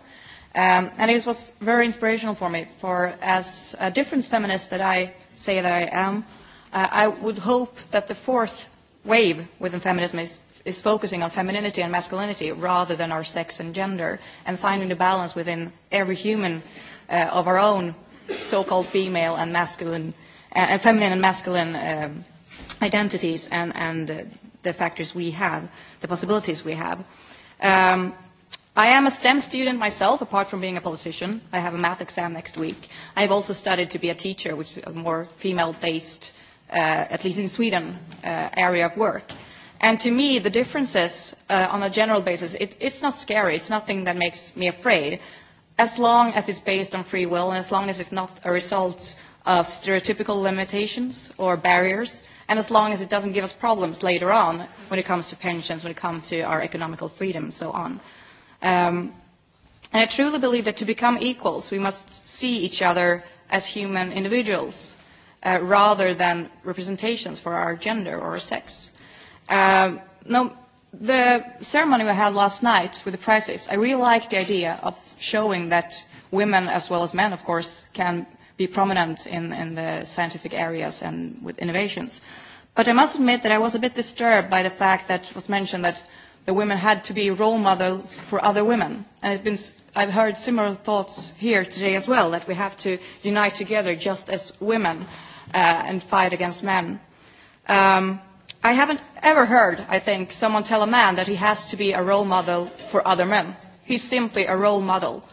Um, and it was very inspirational for me, for as a different feminist that I say that I am, uh, I would hope that the fourth wave within feminism is, is focusing on femininity and masculinity rather than our sex and gender, and finding the balance within every human uh, of our own so-called female and masculine, uh, and feminine and masculine um, identities and, and uh, the factors we have, the possibilities we have. Um, I am a STEM student myself, apart from being a politician. I have a math exam next week. I've also studied to be a teacher, which is a more female-based, uh, at least in Sweden, uh, area of work. And to me, the differences uh, on a general basis, it, it's not scary. It's nothing that makes me afraid, as long as it's based on free will and as long as it's not a result of stereotypical limitations or barriers, and as long as it doesn't give us problems later on when it comes to pensions, when it comes to our economical freedom, and so on. Uh, Um, and I truly believe that to become equals, we must see each other as human individuals uh, rather than representations for our gender or sex. Um, no, the ceremony we had last night with the prizes, I really liked the idea of showing that women, as well as men, of course, can be prominent in, in the scientific areas and with innovations. But I must admit that I was a bit disturbed by the fact that it was mentioned that the women had to be role models for other women. And it's been, I've heard similar thoughts here today as well, that we have to unite together just as women uh, and fight against men. Um, I haven't ever heard, I think, someone tell a man that he has to be a role model for other men. He's simply a role model.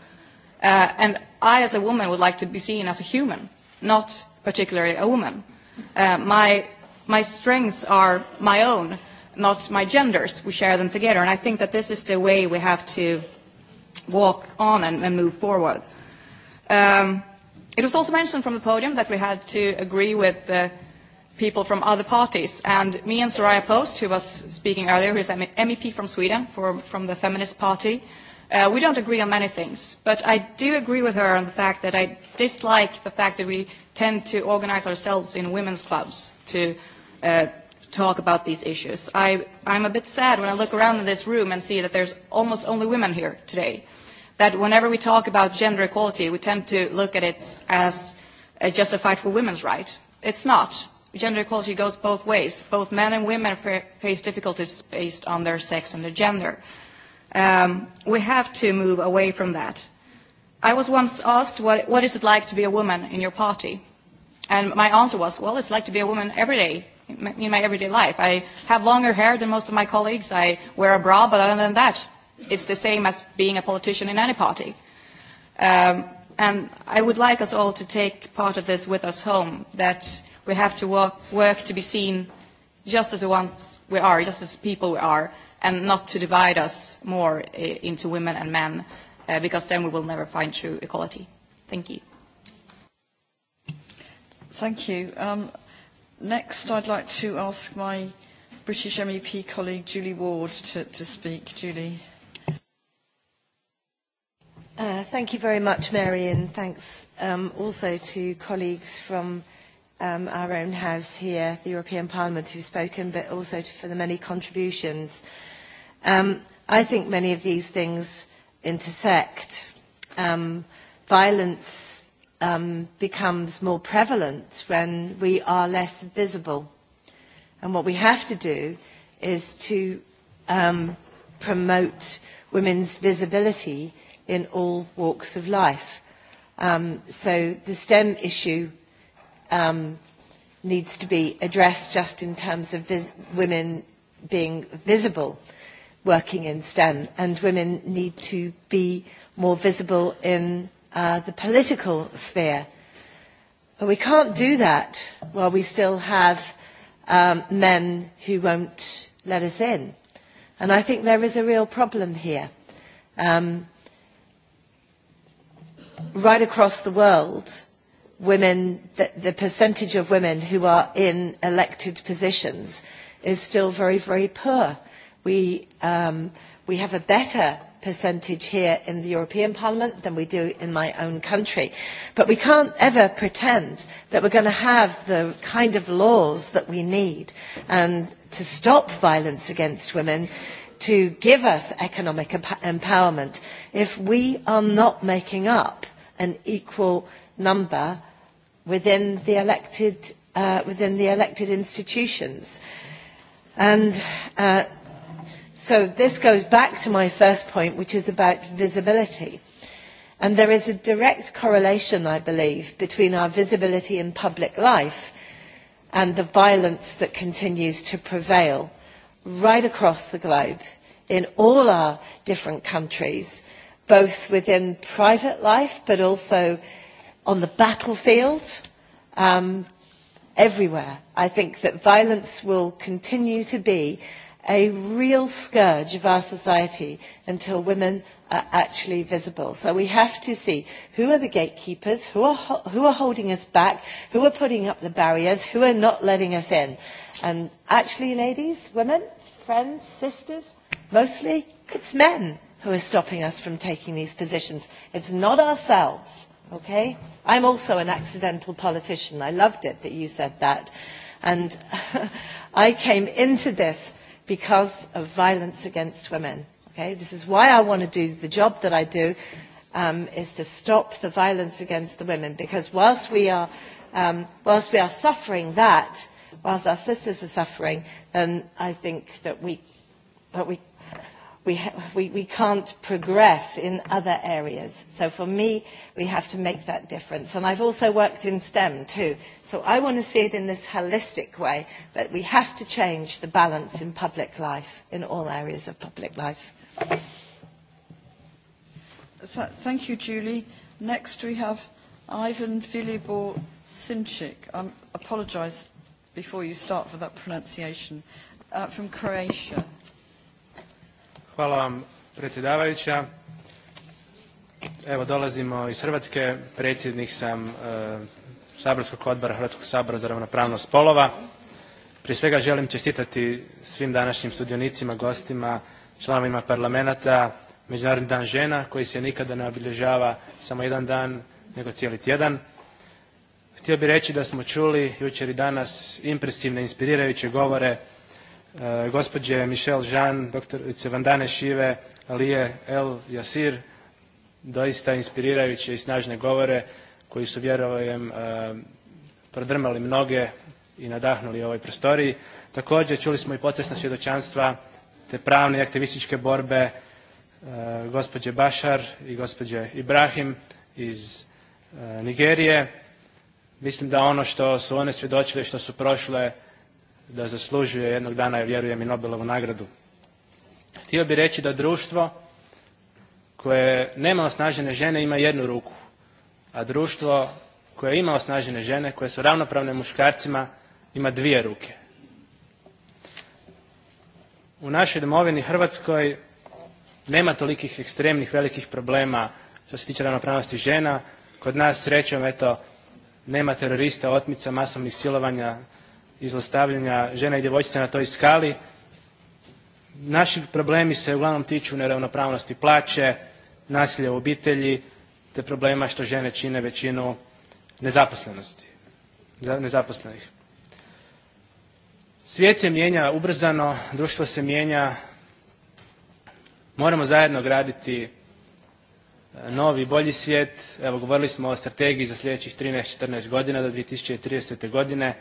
Uh, and I, as a woman, would like to be seen as a human, not particularly a woman. Uh, my, my strengths are my own not my genders. We share them together. And I think that this is the way we have to walk on and, and move forward. Um, it was also mentioned from the podium that we had to agree with the people from other parties. And me and Soraya Post, who was speaking earlier, who is an MEP from Sweden, for, from the Feminist Party, uh, we don't agree on many things. But I do agree with her on the fact that I dislike the fact that we tend to organize ourselves in women's clubs to uh, talk about these issues. I, I'm a bit sad when I look around in this room and see that there's almost only women here today. That whenever we talk about gender equality, we tend to look at it as uh, just a fight for women's rights. It's not. Gender equality goes both ways. Both men and women face difficulties based on their sex and their gender. Um, we have to move away from that. I was once asked, what, what is it like to be a woman in your party? And my answer was, well, it's like to be a woman every day my, in my everyday life. I have longer hair than most of my colleagues. I wear a bra, but other than that, it's the same as being a politician in any party. Um, and I would like us all to take part of this with us home, that we have to work, work to be seen just as the ones we are, just as people we are, and not to divide us more uh, into women and men, uh, because then we will never find true equality. Thank you. Thank you. Um, Next, I'd like to ask my British MEP colleague, Julie Ward, to, to speak. Julie. Uh, thank you very much, Mary, and thanks um, also to colleagues from um, our own house here, the European Parliament, who've spoken, but also to, for the many contributions. Um, I think many of these things intersect. Um, violence um, becomes more prevalent when we are less visible. And what we have to do is to um, promote women's visibility in all walks of life. Um, so the STEM issue um, needs to be addressed just in terms of vis- women being visible working in STEM, and women need to be more visible in uh, the political sphere. But we can't do that while we still have um, men who won't let us in. And I think there is a real problem here. Um, right across the world, women, the, the percentage of women who are in elected positions is still very, very poor. We, um, we have a better percentage here in the European Parliament than we do in my own country. But we can't ever pretend that we're going to have the kind of laws that we need and to stop violence against women, to give us economic emp empowerment, if we are not making up an equal number within the elected, uh, within the elected institutions. And uh, So this goes back to my first point, which is about visibility. And there is a direct correlation, I believe, between our visibility in public life and the violence that continues to prevail right across the globe in all our different countries, both within private life but also on the battlefield, um, everywhere. I think that violence will continue to be a real scourge of our society until women are actually visible. So we have to see who are the gatekeepers, who are, ho- who are holding us back, who are putting up the barriers, who are not letting us in. And actually, ladies, women, friends, sisters, mostly it's men who are stopping us from taking these positions. It's not ourselves, okay? I'm also an accidental politician. I loved it that you said that. And [LAUGHS] I came into this because of violence against women. Okay? This is why I want to do the job that I do, um, is to stop the violence against the women. Because whilst we are, um, whilst we are suffering that, whilst our sisters are suffering, then I think that we, that we we, ha- we, we can't progress in other areas. So for me, we have to make that difference. And I've also worked in STEM too. So I want to see it in this holistic way, but we have to change the balance in public life, in all areas of public life. So, thank you, Julie. Next we have Ivan Vilibor Simchik. I apologise before you start for that pronunciation, uh, from Croatia. Hvala vam predsjedavajuća. Evo dolazimo iz Hrvatske, predsjednik sam e, saborskog odbora Hrvatskog sabora za ravnopravnost spolova. Prije svega želim čestitati svim današnjim sudionicima, gostima, članovima parlamenta, Međunarodni dan žena koji se nikada ne obilježava samo jedan dan, nego cijeli tjedan. Htio bih reći da smo čuli jučer i danas impresivne, inspirirajuće govore Eh, gospođe Michel Jean, dr. Ucevandane Šive, Alije El Jasir, doista inspirirajuće i snažne govore koji su, vjerujem, eh, prodrmali mnoge i nadahnuli ovoj prostoriji. Također čuli smo i potresna svjedočanstva te pravne i aktivističke borbe e, gospođe Bašar i gospođe Ibrahim iz e, Nigerije. Mislim da ono što su one svjedočile, što su prošle, da zaslužuje jednog dana, ja vjerujem, i Nobelovu nagradu. Htio bih reći da društvo koje nema osnažene žene ima jednu ruku, a društvo koje ima osnažene žene, koje su ravnopravne muškarcima, ima dvije ruke. U našoj domovini Hrvatskoj nema tolikih ekstremnih velikih problema što se tiče ravnopravnosti žena. Kod nas srećom eto nema terorista, otmica, masovnih silovanja, i zlostavljanja žena i djevojčica na toj skali. Naši problemi se uglavnom tiču neravnopravnosti plaće, nasilja u obitelji, te problema što žene čine većinu nezaposlenosti, nezaposlenih. Svijet se mijenja ubrzano, društvo se mijenja, moramo zajedno graditi e, novi, bolji svijet. Evo, govorili smo o strategiji za sljedećih 13-14 godina do 2030. godine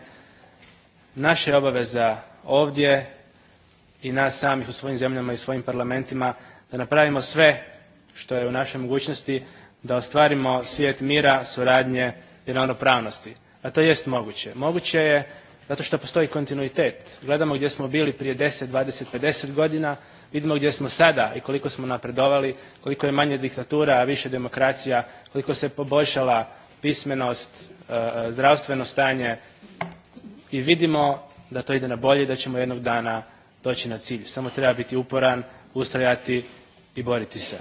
naša je obaveza ovdje i nas samih u svojim zemljama i svojim parlamentima da napravimo sve što je u našoj mogućnosti da ostvarimo svijet mira, suradnje i ravnopravnosti. A to jest moguće. Moguće je zato što postoji kontinuitet. Gledamo gdje smo bili prije 10, 20, 50 godina, vidimo gdje smo sada i koliko smo napredovali, koliko je manje diktatura, a više demokracija, koliko se poboljšala pismenost, e, e, zdravstveno stanje, i vidimo da to ide na bolje i da ćemo jednog dana doći na cilj. Samo treba biti uporan, ustrajati i boriti se.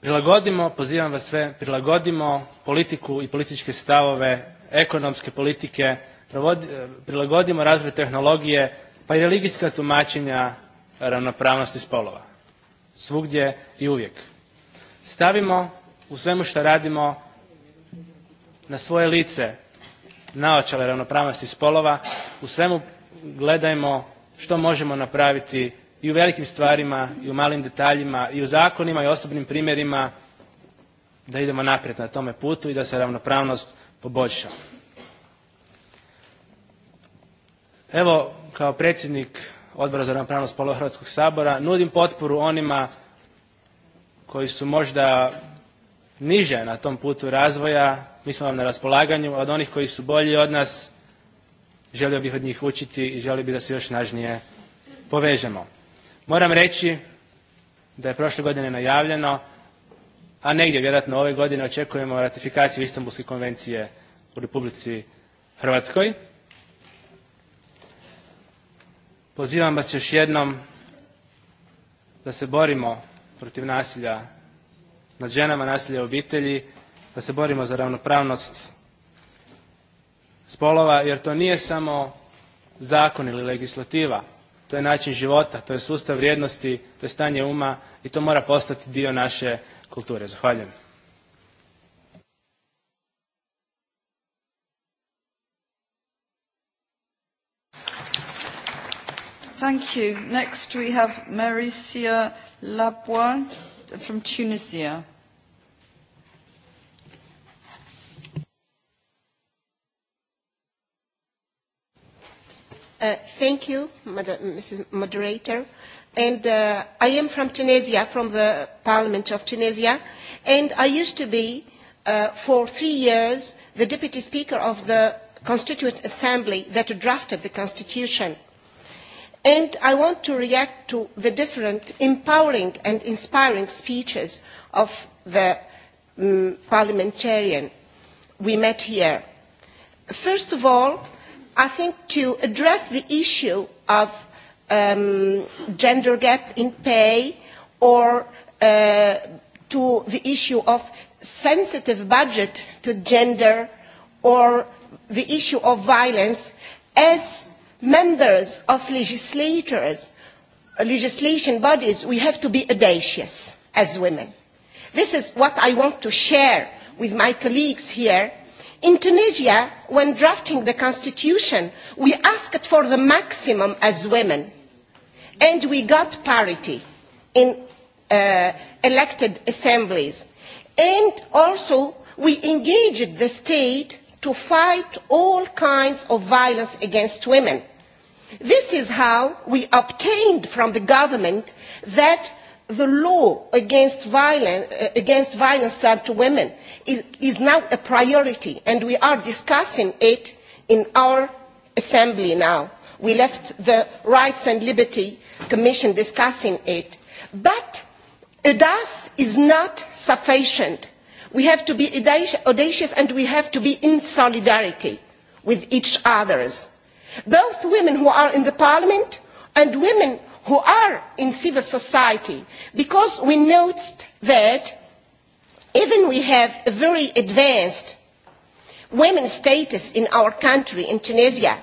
Prilagodimo, pozivam vas sve, prilagodimo politiku i političke stavove, ekonomske politike, provodi, prilagodimo razvoj tehnologije, pa i religijska tumačenja ravnopravnosti spolova. Svugdje i uvijek. Stavimo u svemu što radimo na svoje lice naočale ravnopravnosti spolova. U svemu gledajmo što možemo napraviti i u velikim stvarima i u malim detaljima i u zakonima i osobnim primjerima da idemo naprijed na tome putu i da se ravnopravnost poboljša. Evo, kao predsjednik Odbora za ravnopravnost spolova Hrvatskog sabora nudim potporu onima koji su možda niže na tom putu razvoja mi smo vam na raspolaganju, od onih koji su bolji od nas, želio bih od njih učiti i želio bih da se još snažnije povežemo. Moram reći da je prošle godine najavljeno, a negdje vjerojatno ove godine očekujemo ratifikaciju Istanbulske konvencije u Republici Hrvatskoj. Pozivam vas još jednom da se borimo protiv nasilja nad ženama, nasilja u obitelji, da se borimo za ravnopravnost spolova jer to nije samo zakon ili legislativa, to je način života, to je sustav vrijednosti, to je stanje uma i to mora postati dio naše kulture. Zahvaljujem. Thank you. Next we have Maricia Labouin from Tunisia. Uh, thank you, Madam, Mrs. Moderator. And uh, I am from Tunisia, from the Parliament of Tunisia, and I used to be, uh, for three years, the Deputy Speaker of the Constituent Assembly that drafted the Constitution. And I want to react to the different empowering and inspiring speeches of the um, parliamentarian we met here. First of all, I think to address the issue of um, gender gap in pay or uh, to the issue of sensitive budget to gender or the issue of violence as members of legislators, legislation bodies, we have to be audacious as women. This is what I want to share with my colleagues here In Tunisia, when drafting the constitution, we asked for the maximum as women, and we got parity in uh, elected assemblies. And also, we engaged the state to fight all kinds of violence against women. This is how we obtained from the government that the law against violence, uh, against violence done to women is, is now a priority, and we are discussing it in our assembly now. We left the Rights and Liberty Commission discussing it. But EDAS is not sufficient. We have to be audacious and we have to be in solidarity with each other. Both women who are in the parliament and women who are in civil society because we noticed that even we have a very advanced women's status in our country, in Tunisia,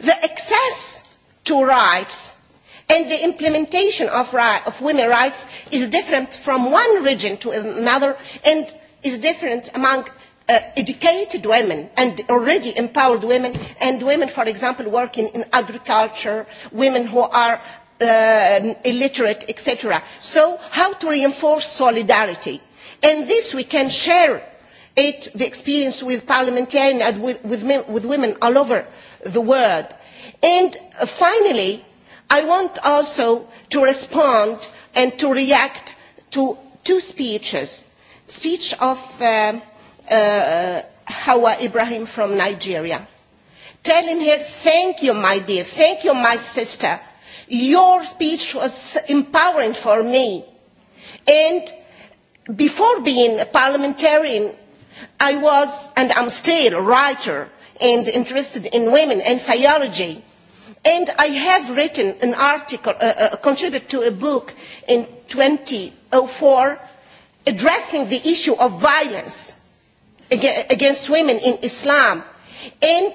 the access to rights and the implementation of, right, of women's rights is different from one region to another and is different among uh, educated women and already empowered women and women, for example, working in agriculture, women who are uh, illiterate, etc. So how to reinforce solidarity? And this we can share it, the experience with parliamentarians and with, with, men, with women all over the world. And uh, finally, I want also to respond and to react to two speeches. Speech of um, uh, Hawa Ibrahim from Nigeria, telling her, thank you, my dear, thank you, my sister, Your speech was empowering for me. And before being a parliamentarian, I was and I'm still a writer and interested in women and theology. And I have written an article, uh, uh, contributed to a book in 2004 addressing the issue of violence against women in Islam. And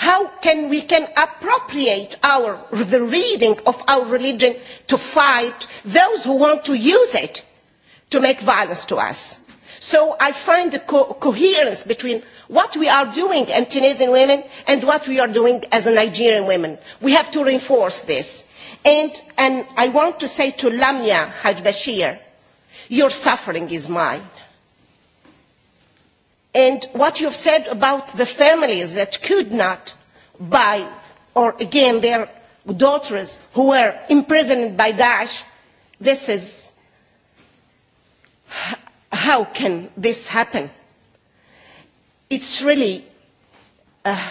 how can we can appropriate our, the reading of our religion to fight those who want to use it to make violence to us? So I find the co- coherence between what we are doing as Tunisian women and what we are doing as Nigerian women. We have to reinforce this. And, and I want to say to Lamia Hajbashir, your suffering is mine and what you have said about the families that could not buy or again their daughters who were imprisoned by Daesh, this is how can this happen? It's really uh,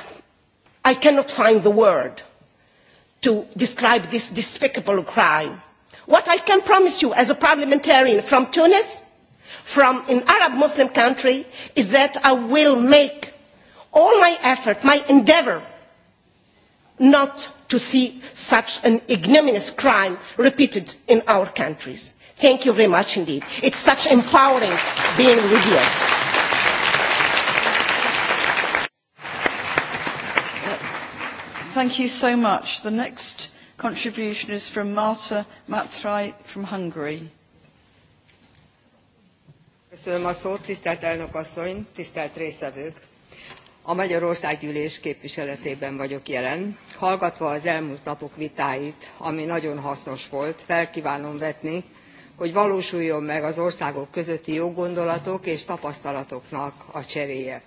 I cannot find the word to describe this despicable crime. What I can promise you as a parliamentarian from Tunis from an Arab Muslim country is that I will make all my effort, my endeavor, not to see such an ignominious crime repeated in our countries. Thank you very much indeed. It's such empowering being with you. Thank you so much. The next contribution is from Marta Matrai from Hungary. Köszönöm a szót, tisztelt elnök asszony, tisztelt résztvevők! A Magyarország gyűlés képviseletében vagyok jelen. Hallgatva az elmúlt napok vitáit, ami nagyon hasznos volt, felkívánom vetni, hogy valósuljon meg az országok közötti jó gondolatok és tapasztalatoknak a cseréje.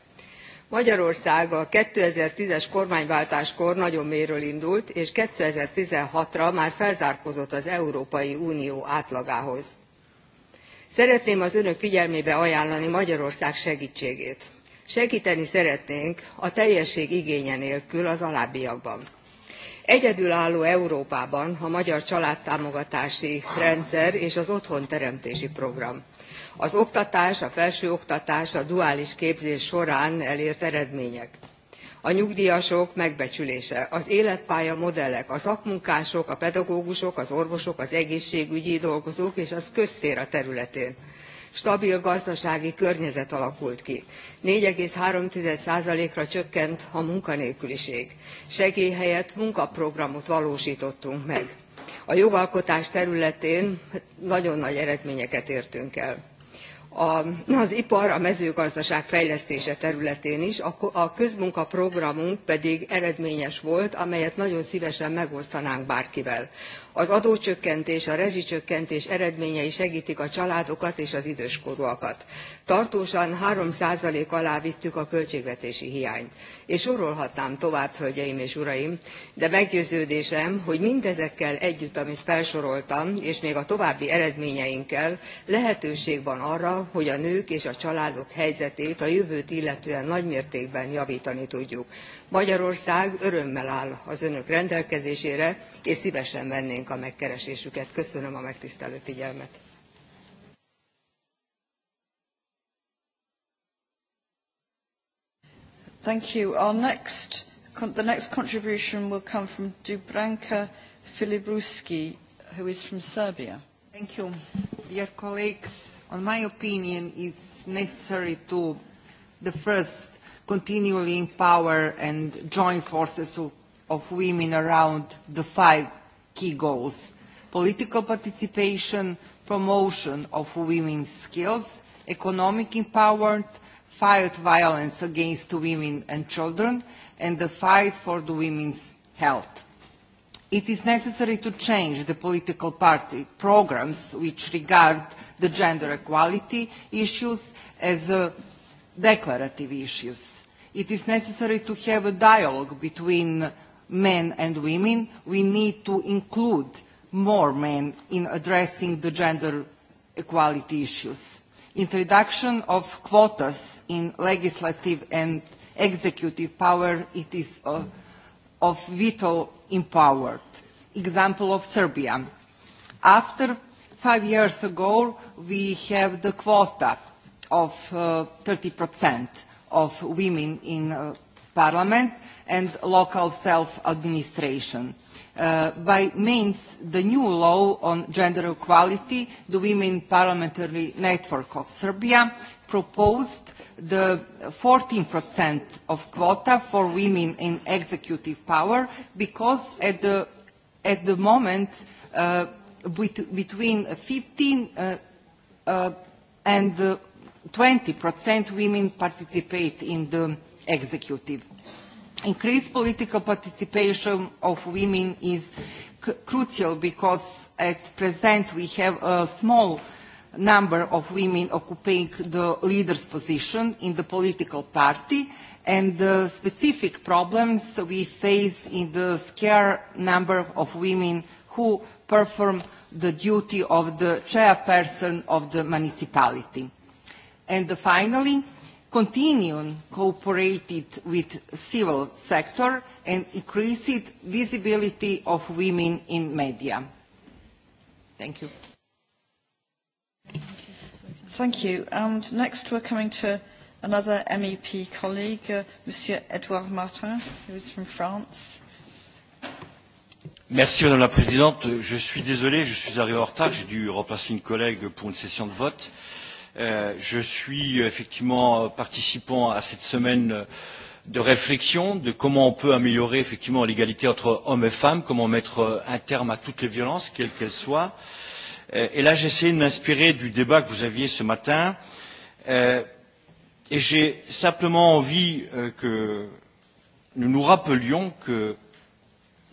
Magyarország a 2010-es kormányváltáskor nagyon méről indult, és 2016-ra már felzárkózott az Európai Unió átlagához Szeretném az önök figyelmébe ajánlani Magyarország segítségét. Segíteni szeretnénk a teljesség igénye nélkül az alábbiakban. Egyedülálló Európában a magyar családtámogatási rendszer és az otthonteremtési program. Az oktatás, a felsőoktatás, a duális képzés során elért eredmények a nyugdíjasok megbecsülése, az életpálya modellek, a szakmunkások, a pedagógusok, az orvosok, az egészségügyi dolgozók és az közszféra területén. Stabil gazdasági környezet alakult ki. 4,3%-ra csökkent a munkanélküliség. Segély helyett munkaprogramot valósítottunk meg. A jogalkotás területén nagyon nagy eredményeket értünk el a, az ipar a mezőgazdaság fejlesztése területén is, a, a közmunkaprogramunk pedig eredményes volt, amelyet nagyon szívesen megosztanánk bárkivel. Az adócsökkentés, a rezsicsökkentés eredményei segítik a családokat és az időskorúakat. Tartósan 3% alá vittük a költségvetési hiányt. És sorolhatnám tovább, hölgyeim és uraim, de meggyőződésem, hogy mindezekkel együtt, amit felsoroltam, és még a további eredményeinkkel lehetőség van arra, hogy a nők és a családok helyzetét a jövőt illetően nagymértékben javítani tudjuk. Magyarország örömmel áll az önök rendelkezésére, és szívesen vennénk a megkeresésüket. Köszönöm a megtisztelő figyelmet. Thank you. Our next, the next contribution will come from Dubranka Filibruski, who is from Serbia. Thank you. Dear colleagues, on my opinion, it's necessary to the first continually empower and join forces of, of women around the five key goals. Political participation, promotion of women's skills, economic empowerment, fight violence against women and children, and the fight for the women's health. It is necessary to change the political party programs which regard the gender equality issues as a declarative issues. It is necessary to have a dialogue between men and women. We need to include more men in addressing the gender equality issues. Introduction of quotas in legislative and executive power, it is of, uh, of vital empowered. Example of Serbia. After five years ago, we have the quota of uh, 30% of women in uh, parliament and local self-administration. Uh, by means the new law on gender equality, the Women Parliamentary Network of Serbia proposed the 14% of quota for women in executive power because at the, at the moment uh, bet between 15 uh, uh, and uh, 20% women participate in the executive. Increased political participation of women is c crucial because at present we have a small number of women occupying the leader's position in the political party and the specific problems we face in the scarce number of women who perform the duty of the chairperson of the municipality. And finally, continuing cooperated with civil sector and increased visibility of women in media. Thank you. Thank you. And next we're coming to another MEP colleague, uh, Monsieur Edouard Martin, who is from France. Merci Madame la Présidente. Je suis désolé, je suis arrivé en retard. J'ai dû remplacer une collègue pour une session de vote. Euh, Euh, je suis euh, effectivement participant à cette semaine euh, de réflexion de comment on peut améliorer effectivement l'égalité entre hommes et femmes, comment mettre euh, un terme à toutes les violences, quelles qu'elles soient. Et là, j'ai essayé de m'inspirer du débat que vous aviez ce matin. Euh, et j'ai simplement envie euh, que nous nous rappelions que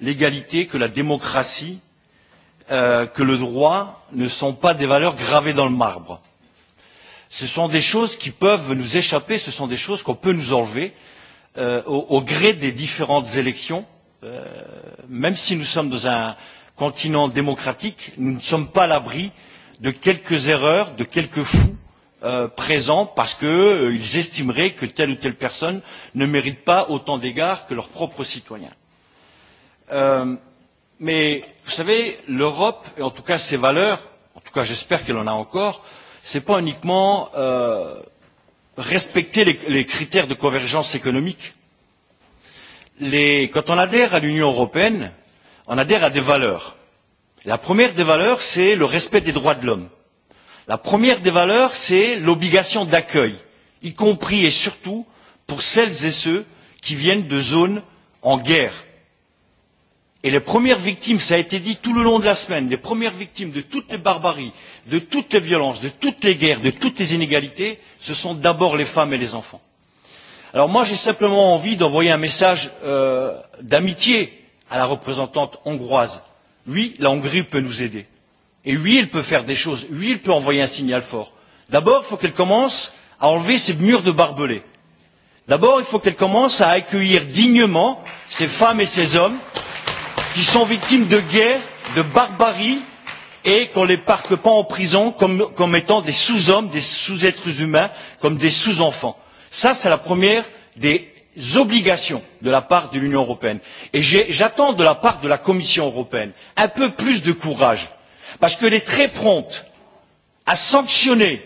l'égalité, que la démocratie, euh, que le droit ne sont pas des valeurs gravées dans le marbre. Ce sont des choses qui peuvent nous échapper, ce sont des choses qu'on peut nous enlever euh, au, au gré des différentes élections. Euh, même si nous sommes dans un continent démocratique, nous ne sommes pas à l'abri de quelques erreurs, de quelques fous euh, présents parce qu'ils euh, estimeraient que telle ou telle personne ne mérite pas autant d'égards que leurs propres citoyens. Euh, mais vous savez, l'Europe, et en tout cas ses valeurs, en tout cas j'espère qu'elle en a encore, euh, ce n'est pas uniquement euh, respecter les, les critères de convergence économique. Les, quand on adhère à l'Union européenne, on adhère à des valeurs. La première des valeurs, c'est le respect des droits de l'homme. La première des valeurs, c'est l'obligation d'accueil, y compris et surtout pour celles et ceux qui viennent de zones en guerre Et les premières victimes, ça a été dit tout le long de la semaine, les premières victimes de toutes les barbaries, de toutes les violences, de toutes les guerres, de toutes les inégalités, ce sont d'abord les femmes et les enfants. Alors moi, j'ai simplement envie d'envoyer un message euh, d'amitié à la représentante hongroise. Oui, la Hongrie peut nous aider. Et oui, elle peut faire des choses. Oui, elle peut envoyer un signal fort. D'abord, il faut qu'elle commence à enlever ces murs de barbelés. D'abord, il faut qu'elle commence à accueillir dignement ces femmes et ces hommes qui sont victimes de guerres de barbarie et qu'on les parque pas en prison comme, comme étant des sous hommes des sous êtres humains comme des sous enfants. ça c'est la première des obligations de la part de l'union européenne et j'attends de la part de la commission européenne un peu plus de courage parce qu'elle est très prompte à sanctionner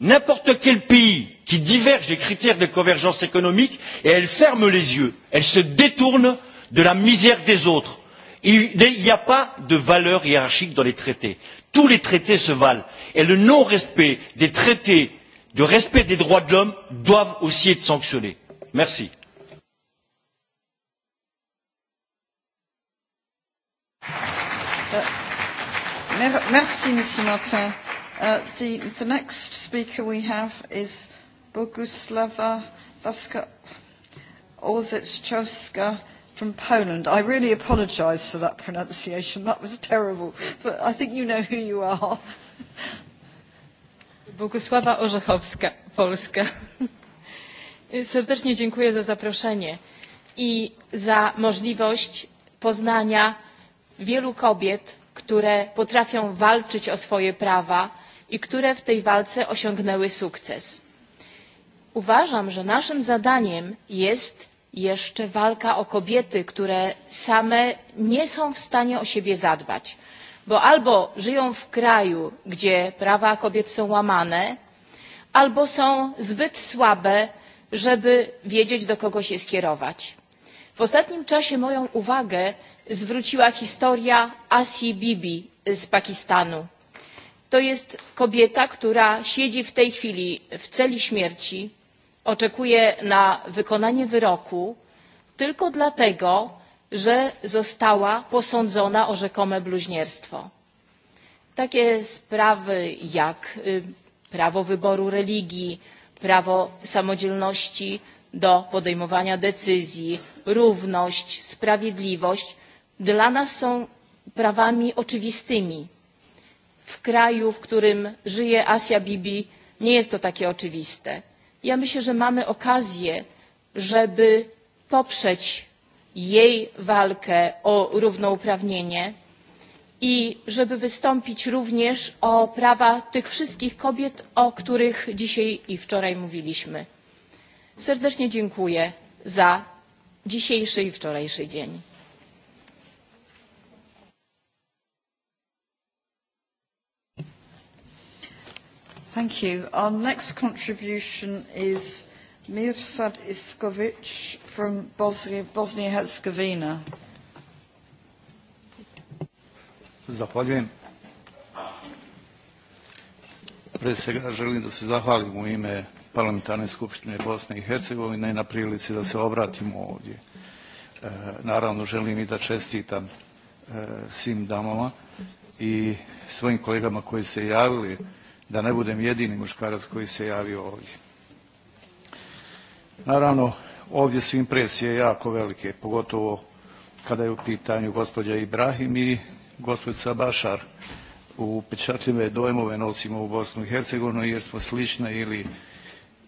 n'importe quel pays qui diverge des critères de convergence économique et elle ferme les yeux elle se détourne de la misère des autres il n'y a pas de valeur hiérarchique dans les traités tous les traités se valent et le non respect des traités de respect des droits de l'homme doivent aussi être sanctionnés. merci. Uh, merci Monsieur Martin. Uh, the, the next speaker we have is Boguslava Vaska Orzechowska from Poland. I really apologise for that pronunciation. That was terrible. But I think you know who you are. [LAUGHS] Bogusława Orzechowska, Polska. Serdecznie dziękuję za zaproszenie i za możliwość poznania wielu kobiet, które potrafią walczyć o swoje prawa i które w tej walce osiągnęły sukces. Uważam, że naszym zadaniem jest jeszcze walka o kobiety które same nie są w stanie o siebie zadbać bo albo żyją w kraju gdzie prawa kobiet są łamane albo są zbyt słabe żeby wiedzieć do kogo się skierować. w ostatnim czasie moją uwagę zwróciła historia asii bibi z pakistanu. to jest kobieta która siedzi w tej chwili w celi śmierci oczekuje na wykonanie wyroku tylko dlatego że została posądzona o rzekome bluźnierstwo. takie sprawy jak prawo wyboru religii prawo samodzielności do podejmowania decyzji równość sprawiedliwość dla nas są prawami oczywistymi. w kraju w którym żyje asia bibi nie jest to takie oczywiste ja myślę że mamy okazję żeby poprzeć jej walkę o równouprawnienie i żeby wystąpić również o prawa tych wszystkich kobiet o których dzisiaj i wczoraj mówiliśmy. serdecznie dziękuję za dzisiejszy i wczorajszy dzień. Thank you. Our next contribution is Mirsad Iskovic from Bosnia, Bosnia Herzegovina. Zahvaljujem. Pre svega želim da se zahvalim u ime Parlamentarne skupštine Bosne i Hercegovine na prilici da se obratimo ovdje. E, naravno želim i da čestitam e, svim damama i svojim kolegama koji se javili da ne budem jedini muškarac koji se javio ovdje. Naravno, ovdje su impresije jako velike, pogotovo kada je u pitanju gospođa Ibrahim i gospođa Bašar. Upečatljive dojmove nosimo u Bosnu i Hercegovinu jer smo slične ili,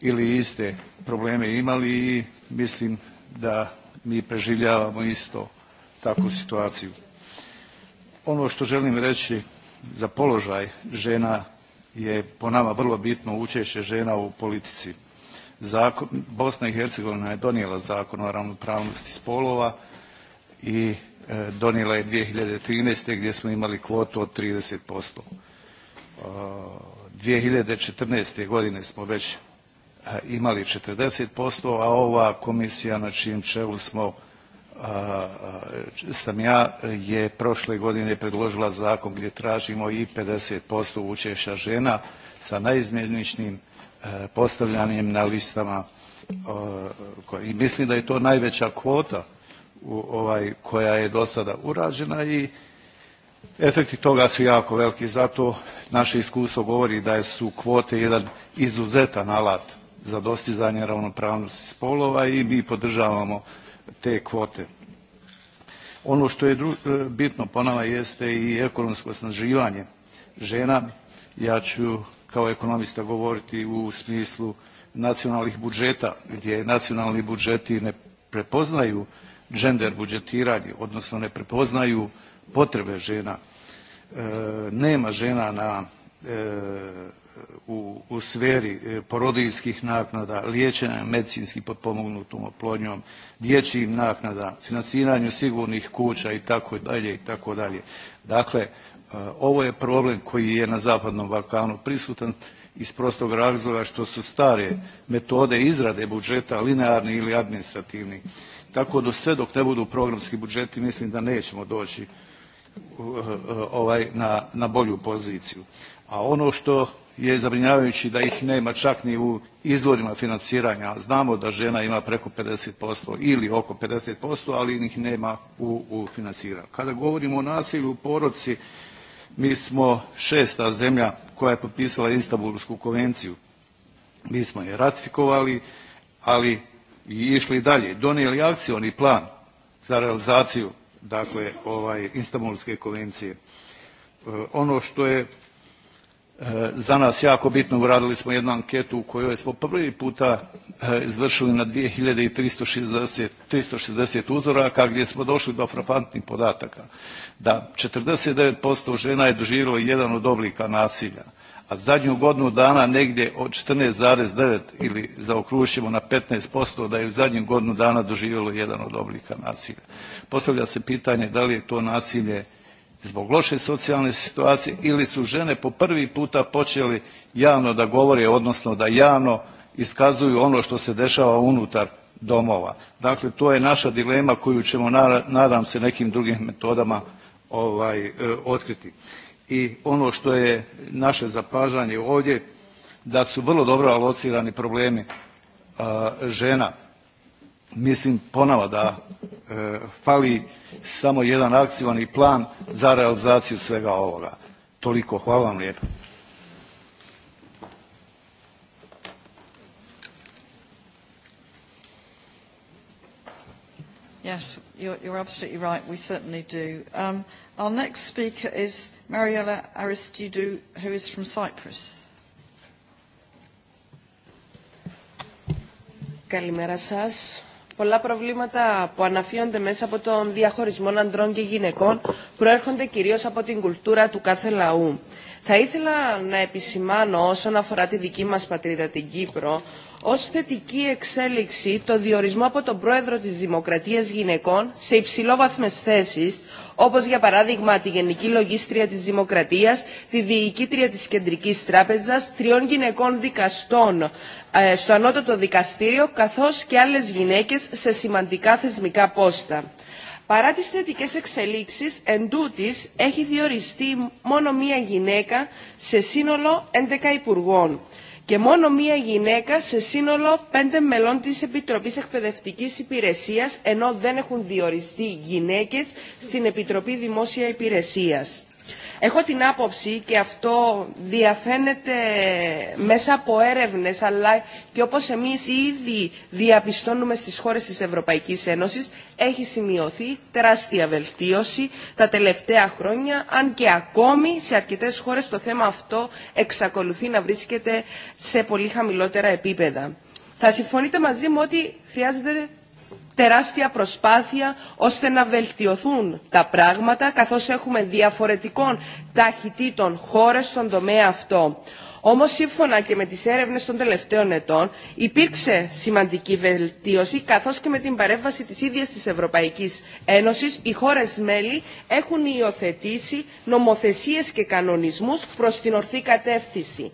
ili iste probleme imali i mislim da mi preživljavamo isto takvu situaciju. Ono što želim reći za položaj žena je po nama vrlo bitno učešće žena u politici. Zakon, Bosna i Hercegovina je donijela zakon o ravnopravnosti spolova i e, donijela je 2013. gdje smo imali kvotu od 30%. E, 2014. godine smo već e, imali 40%, a ova komisija na čijem čelu smo sam ja je prošle godine predložila zakon gdje tražimo i 50% učešća žena sa najizmjeničnim e, postavljanjem na listama i mislim da je to najveća kvota u, ovaj, koja je do sada urađena i efekti toga su jako veliki. Zato naše iskustvo govori da su kvote jedan izuzetan alat za dostizanje ravnopravnosti spolova i mi podržavamo te kvote. Ono što je e, bitno po nama jeste i ekonomsko osnaživanje žena. Ja ću kao ekonomista govoriti u smislu nacionalnih budžeta, gdje nacionalni budžeti ne prepoznaju gender budžetiranje, odnosno ne prepoznaju potrebe žena. E, nema žena na e, u, u sferi e, porodijskih naknada, liječenja medicinski potpomognutom oplodnjom, dječjim naknada, financiranju sigurnih kuća i tako dalje i tako dalje. Dakle, e, ovo je problem koji je na Zapadnom Balkanu prisutan iz prostog razloga što su stare metode izrade budžeta linearni ili administrativni. Tako da sve dok ne budu programski budžeti mislim da nećemo doći e, ovaj, na, na bolju poziciju. A ono što je zabrinjavajući da ih nema čak ni u izvorima financiranja. Znamo da žena ima preko 50% ili oko 50%, ali ih nema u, u financiranju. Kada govorimo o nasilju u porodci, mi smo šesta zemlja koja je potpisala Istanbulsku konvenciju. Mi smo je ratifikovali, ali i išli dalje. Donijeli akcioni plan za realizaciju dakle ovaj Istanbulske konvencije. E, ono što je E, za nas jako bitno. Uradili smo jednu anketu u kojoj smo prvi puta e, izvršili na 2360 360 uzoraka gdje smo došli do frapantnih podataka da 49% žena je doživjelo jedan od oblika nasilja, a zadnju godinu dana negdje od 14,9 ili zaokružimo na 15% da je u zadnjih godinu dana doživjelo jedan od oblika nasilja. Postavlja se pitanje da li je to nasilje zbog loše socijalne situacije ili su žene po prvi puta počeli javno da govore, odnosno da javno iskazuju ono što se dešava unutar domova. Dakle, to je naša dilema koju ćemo, nadam se, nekim drugim metodama ovaj, e, otkriti. I ono što je naše zapažanje ovdje, da su vrlo dobro alocirani problemi a, žena mislim ponava da e, fali samo jedan akcivan plan za realizaciju svega ovoga. Toliko. Hvala vam lijepo. Yes, you're, you're absolutely right. We certainly do. Um, our next speaker is Mariella Aristidou, who is from Cyprus. Καλημέρα σας πολλά προβλήματα που αναφύονται μέσα από τον διαχωρισμό ανδρών και γυναικών προέρχονται κυρίως από την κουλτούρα του κάθε λαού. Θα ήθελα να επισημάνω όσον αφορά τη δική μας πατρίδα, την Κύπρο, ως θετική εξέλιξη το διορισμό από τον πρόεδρο της Δημοκρατίας γυναικών σε υψηλόβαθμες θέσεις, όπως για παράδειγμα τη Γενική Λογίστρια της Δημοκρατίας, τη Διοικήτρια της Κεντρικής Τράπεζας, τριών γυναικών δικαστών ε, στο Ανώτατο Δικαστήριο, καθώς και άλλες γυναίκες σε σημαντικά θεσμικά πόστα. Παρά τις θετικές εξελίξεις, εν τούτης έχει διοριστεί μόνο μία γυναίκα σε σύνολο 11 υπουργών και μόνο μία γυναίκα σε σύνολο πέντε μελών της Επιτροπής Εκπαιδευτικής Υπηρεσίας, ενώ δεν έχουν διοριστεί γυναίκες στην Επιτροπή Δημόσια Υπηρεσίας. Έχω την άποψη και αυτό διαφαίνεται μέσα από έρευνες αλλά και όπως εμείς ήδη διαπιστώνουμε στις χώρες της Ευρωπαϊκής Ένωσης έχει σημειωθεί τεράστια βελτίωση τα τελευταία χρόνια αν και ακόμη σε αρκετές χώρες το θέμα αυτό εξακολουθεί να βρίσκεται σε πολύ χαμηλότερα επίπεδα. Θα συμφωνείτε μαζί μου ότι χρειάζεται τεράστια προσπάθεια ώστε να βελτιωθούν τα πράγματα καθώς έχουμε διαφορετικών ταχυτήτων χώρες στον τομέα αυτό. Όμως σύμφωνα και με τις έρευνες των τελευταίων ετών υπήρξε σημαντική βελτίωση καθώς και με την παρέμβαση της ίδιας της Ευρωπαϊκής Ένωσης οι χώρες μέλη έχουν υιοθετήσει νομοθεσίες και κανονισμούς προς την ορθή κατεύθυνση.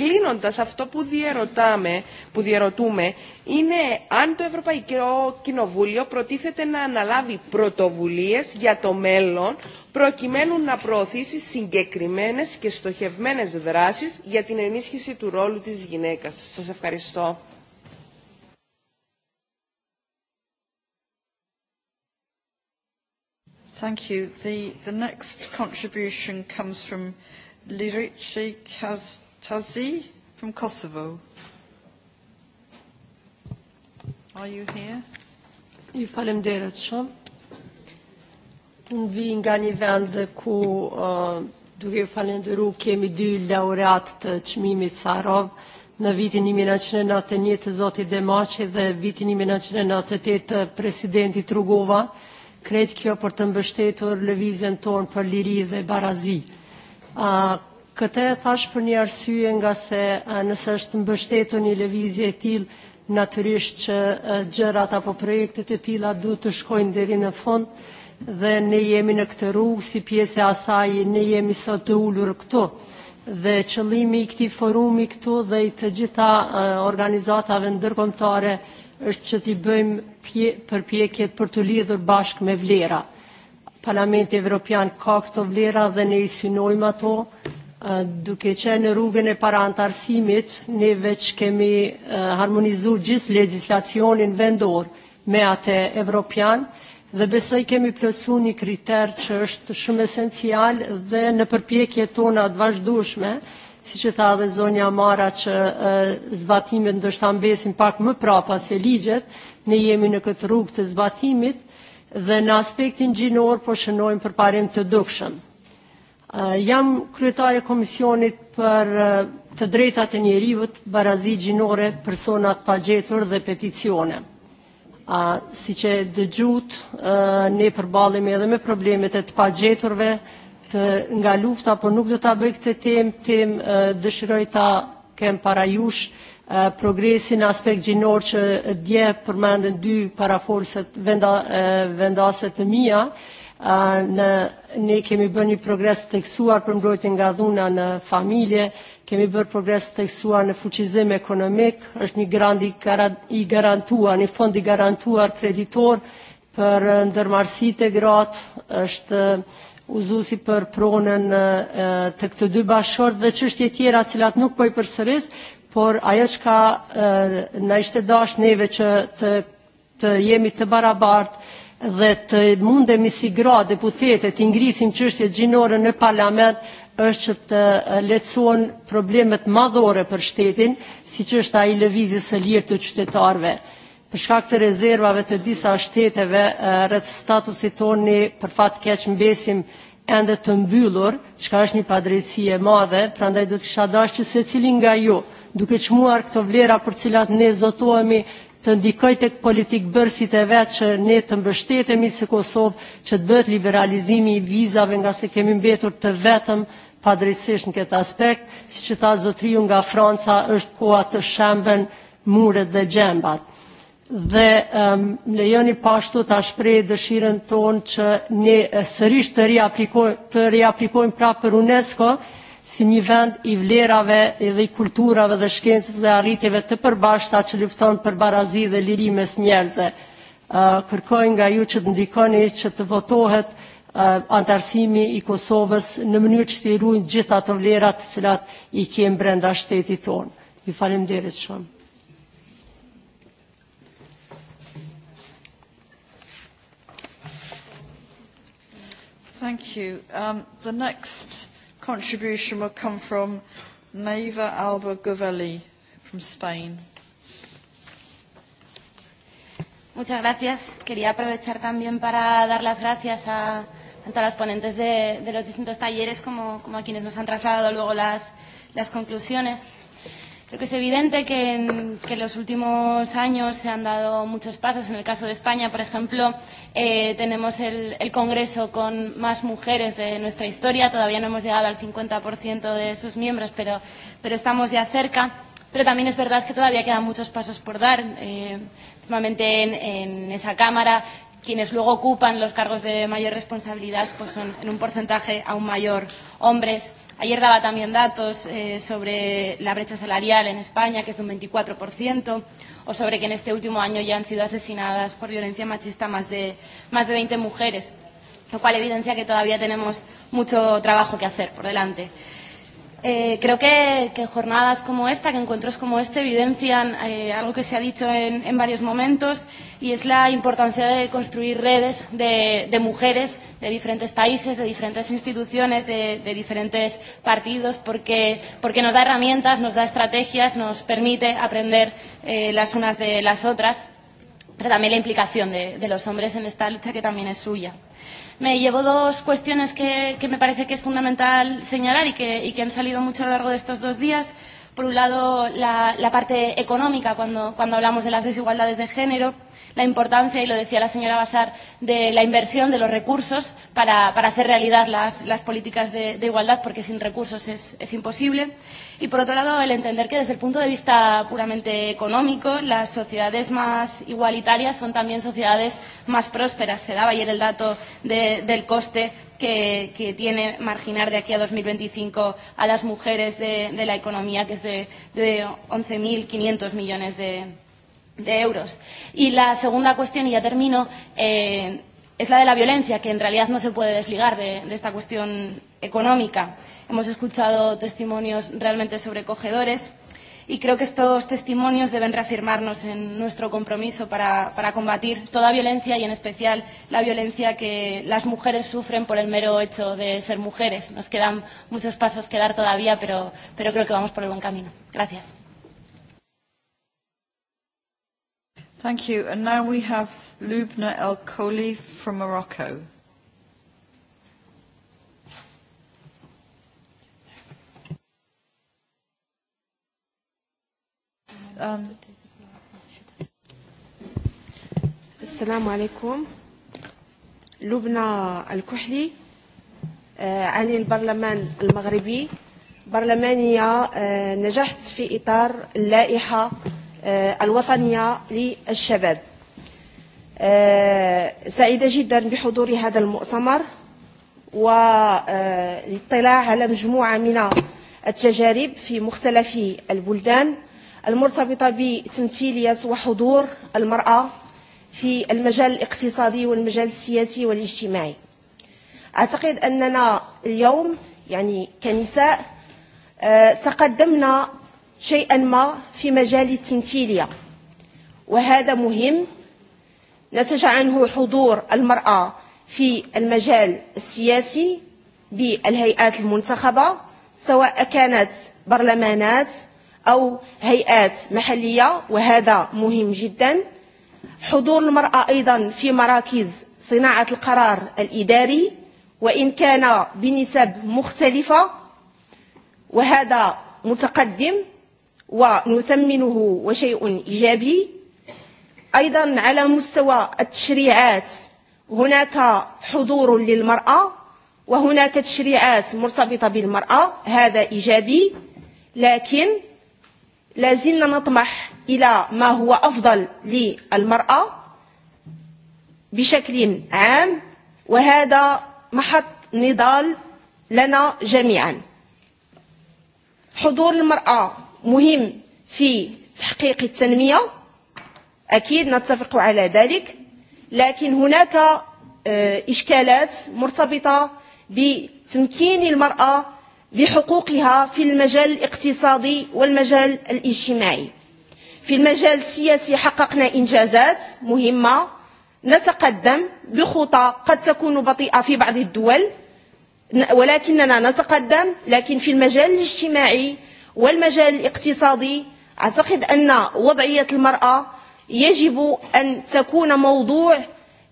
Κλείνοντας, αυτό που, διερωτάμε, που διερωτούμε είναι αν το Ευρωπαϊκό Κοινοβούλιο προτίθεται να αναλάβει πρωτοβουλίες για το μέλλον προκειμένου να προωθήσει συγκεκριμένες και στοχευμένες δράσεις για την ενίσχυση του ρόλου της γυναίκας. Σας ευχαριστώ. Thank you. The, the next contribution comes from Lirici Kaz Tazi from Kosovo. Are you here? Ju falemderit shumë. Unë vi nga një vend ku uh, duke falenderu kemi dy laureat të qmimit Sarov në vitin 1991 të Zotit Demaci dhe vitin 1998 të presidentit Rugova, kretë kjo për të mbështetur lëvizjen tonë për liri dhe barazi. Uh, Këtë e thash për një arsye nga se e, nëse është mbështetur një lëvizje e tillë, natyrisht që e, gjërat apo projektet e tilla duhet të shkojnë deri në fund dhe ne jemi në këtë rrugë si pjesë e asaj, ne jemi sot të ulur këtu dhe qëllimi i këtij forumi këtu dhe i të gjitha e, organizatave ndërkombëtare është që t'i bëjmë përpjekjet për të lidhur bashkë me vlera. Parlamenti Evropian ka këto vlera dhe ne i synojmë ato duke qenë në rrugën e parantarësimit, ne veç kemi uh, harmonizuar gjithë legjislacionin vendor me atë evropian dhe besoj kemi plotësuar një kriter që është shumë esencial dhe në përpjekjet tona të vazhdueshme, siç e tha edhe zonja Amara që uh, zbatimet ndoshta mbesin pak më prapa se ligjet, ne jemi në këtë rrugë të zbatimit dhe në aspektin gjinor po shënojmë përparim të dukshëm Jam kryetare e komisionit për të drejtat e njerëzit, barazi gjinore, personat pagjetur dhe peticione. A, si që dëgjut, ne përbalemi edhe me problemet e të pagjeturve, të nga lufta, por nuk do të bëj këtë tem, tem dëshiroj ta kem para jush, progresin aspekt gjinor që dje përmendën dy paraforset venda, vendaset të mija, në, ne kemi bërë një progres të teksuar për mbrojtjen nga dhuna në familje, kemi bërë progres të teksuar në fuqizim ekonomik, është një grand i garantuar, një fond i garantuar kreditor për ndërmarsit e gratë, është uzusi për pronën e, të këtë dy bashkërët dhe qështje tjera cilat nuk po i përsëris, por ajo që ka e, në ishte dash neve që të, të jemi të barabartë, dhe të mundemi si gra deputete të ngrisim çështje gjinore në parlament është që të e, letësohen problemet madhore për shtetin, si që është a i lëvizjes së lirë të qytetarve. Për shkak të rezervave të disa shteteve, e, rrët statusit toni për fatë keq mbesim ende të mbyllur, qka është një padrejtësi e madhe, prandaj do të kisha dashë që se cilin nga ju, duke qmuar këto vlera për cilat ne zotohemi, të ndikoj të politikë bërë si të e vetë që ne të mbështetemi si Kosovë që të bëtë liberalizimi i vizave nga se kemi mbetur të vetëm padrejsisht në këtë aspekt, si që ta zotriju nga Franca është koha të shemben muret dhe gjembat. Dhe um, lejoni pashtu të ashprej dëshiren tonë që ne e, sërish të, reaplikoj, të reaplikojmë pra për UNESCO, si një vend i vlerave edhe i kulturave dhe shkencës dhe arritjeve të përbashkëta që lufton për barazi dhe liri mes njerëzve. Kërkoj nga ju që të ndikoni që të votohet antarësimi i Kosovës në mënyrë që të i ruajnë gjitha ato vlera të cilat i kemi brenda shtetit tonë. Ju falemnderit shumë. Thank you. Um, the next contribution will come from Neva Alba Govelli from Spain. Muchas gracias. Quería aprovechar también para dar las gracias a tanto a las ponentes de, de los distintos talleres como, como a quienes nos han trasladado luego las, las conclusiones. Creo que es evidente que en, que en los últimos años se han dado muchos pasos. En el caso de España, por ejemplo, eh, tenemos el, el Congreso con más mujeres de nuestra historia. Todavía no hemos llegado al 50% de sus miembros, pero, pero estamos ya cerca. Pero también es verdad que todavía quedan muchos pasos por dar. Eh, últimamente en, en esa Cámara quienes luego ocupan los cargos de mayor responsabilidad pues son en un porcentaje aún mayor hombres. Ayer daba también datos eh, sobre la brecha salarial en España, que es de un 24%, o sobre que en este último año ya han sido asesinadas por violencia machista más de, más de 20 mujeres, lo cual evidencia que todavía tenemos mucho trabajo que hacer por delante. Eh, creo que, que jornadas como esta, que encuentros como este, evidencian eh, algo que se ha dicho en, en varios momentos y es la importancia de construir redes de, de mujeres de diferentes países, de diferentes instituciones, de, de diferentes partidos, porque, porque nos da herramientas, nos da estrategias, nos permite aprender eh, las unas de las otras, pero también la implicación de, de los hombres en esta lucha que también es suya me llevo dos cuestiones que, que me parece que es fundamental señalar y que, y que han salido mucho a lo largo de estos dos días. Por un lado, la, la parte económica, cuando, cuando hablamos de las desigualdades de género, la importancia, y lo decía la señora Basar, de la inversión de los recursos para, para hacer realidad las, las políticas de, de igualdad, porque sin recursos es, es imposible. Y por otro lado, el entender que desde el punto de vista puramente económico, las sociedades más igualitarias son también sociedades más prósperas. Se daba ayer el dato de, del coste que, que tiene marginar de aquí a 2025 a las mujeres de, de la economía, que es de, de 11.500 millones de, de euros. Y la segunda cuestión, y ya termino, eh, es la de la violencia, que en realidad no se puede desligar de, de esta cuestión económica. Eh, hemos escuchado testimonios realmente sobrecogedores y creo que estos testimonios deben reafirmarnos en nuestro compromiso para, para combatir toda violencia y en especial la violencia que las mujeres sufren por el mero hecho de ser mujeres. Nos quedan muchos pasos que dar todavía, pero, pero creo que vamos por el buen camino. Gracias. Thank you. And now we have Lubna El Kholi from Morocco. Um, السلام عليكم لبنى الكحلي عن البرلمان المغربي برلمانية نجحت في إطار اللائحة الوطنية للشباب سعيدة جدا بحضور هذا المؤتمر والاطلاع على مجموعة من التجارب في مختلف البلدان المرتبطة بتمثيلية وحضور المرأة في المجال الاقتصادي والمجال السياسي والاجتماعي أعتقد أننا اليوم يعني كنساء تقدمنا شيئا ما في مجال التمثيلية وهذا مهم نتج عنه حضور المرأة في المجال السياسي بالهيئات المنتخبة سواء كانت برلمانات أو هيئات محلية وهذا مهم جدا حضور المرأة أيضا في مراكز صناعة القرار الإداري وإن كان بنسب مختلفة وهذا متقدم ونثمنه وشيء إيجابي أيضا على مستوى التشريعات هناك حضور للمرأة وهناك تشريعات مرتبطة بالمرأة هذا إيجابي لكن لازلنا نطمح إلى ما هو أفضل للمرأة بشكل عام وهذا محط نضال لنا جميعا حضور المرأة مهم في تحقيق التنمية أكيد نتفق على ذلك لكن هناك إشكالات مرتبطة بتمكين المرأة بحقوقها في المجال الاقتصادي والمجال الاجتماعي في المجال السياسي حققنا إنجازات مهمة نتقدم بخطى قد تكون بطيئة في بعض الدول ولكننا نتقدم لكن في المجال الاجتماعي والمجال الاقتصادي أعتقد أن وضعية المرأة يجب أن تكون موضوع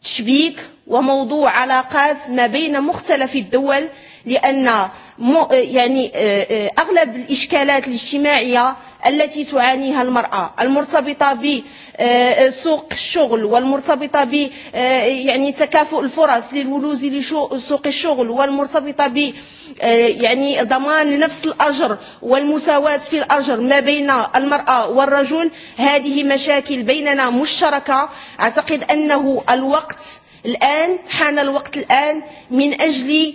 تشبيك وموضوع علاقات ما بين مختلف الدول لأن يعني أغلب الإشكالات الاجتماعية التي تعانيها المرأة المرتبطة بسوق الشغل والمرتبطة ب يعني تكافؤ الفرص للولوج لسوق الشغل والمرتبطة ب يعني ضمان نفس الأجر والمساواة في الأجر ما بين المرأة والرجل هذه مشاكل بيننا مشتركة أعتقد أنه الوقت الآن حان الوقت الآن من أجل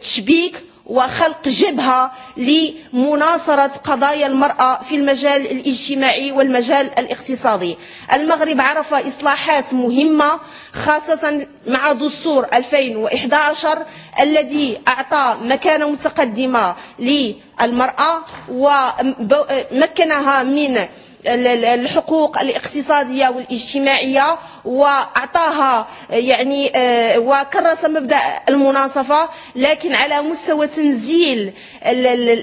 تشبيك وخلق جبهة لمناصرة قضايا المرأة في المجال الاجتماعي والمجال الاقتصادي المغرب عرف إصلاحات مهمة خاصة مع دستور 2011 الذي أعطى مكانة متقدمة للمرأة ومكنها من الحقوق الاقتصادية والاجتماعية وأعطاها يعني وكرس مبدأ المناصفة لكن على مستوى تنزيل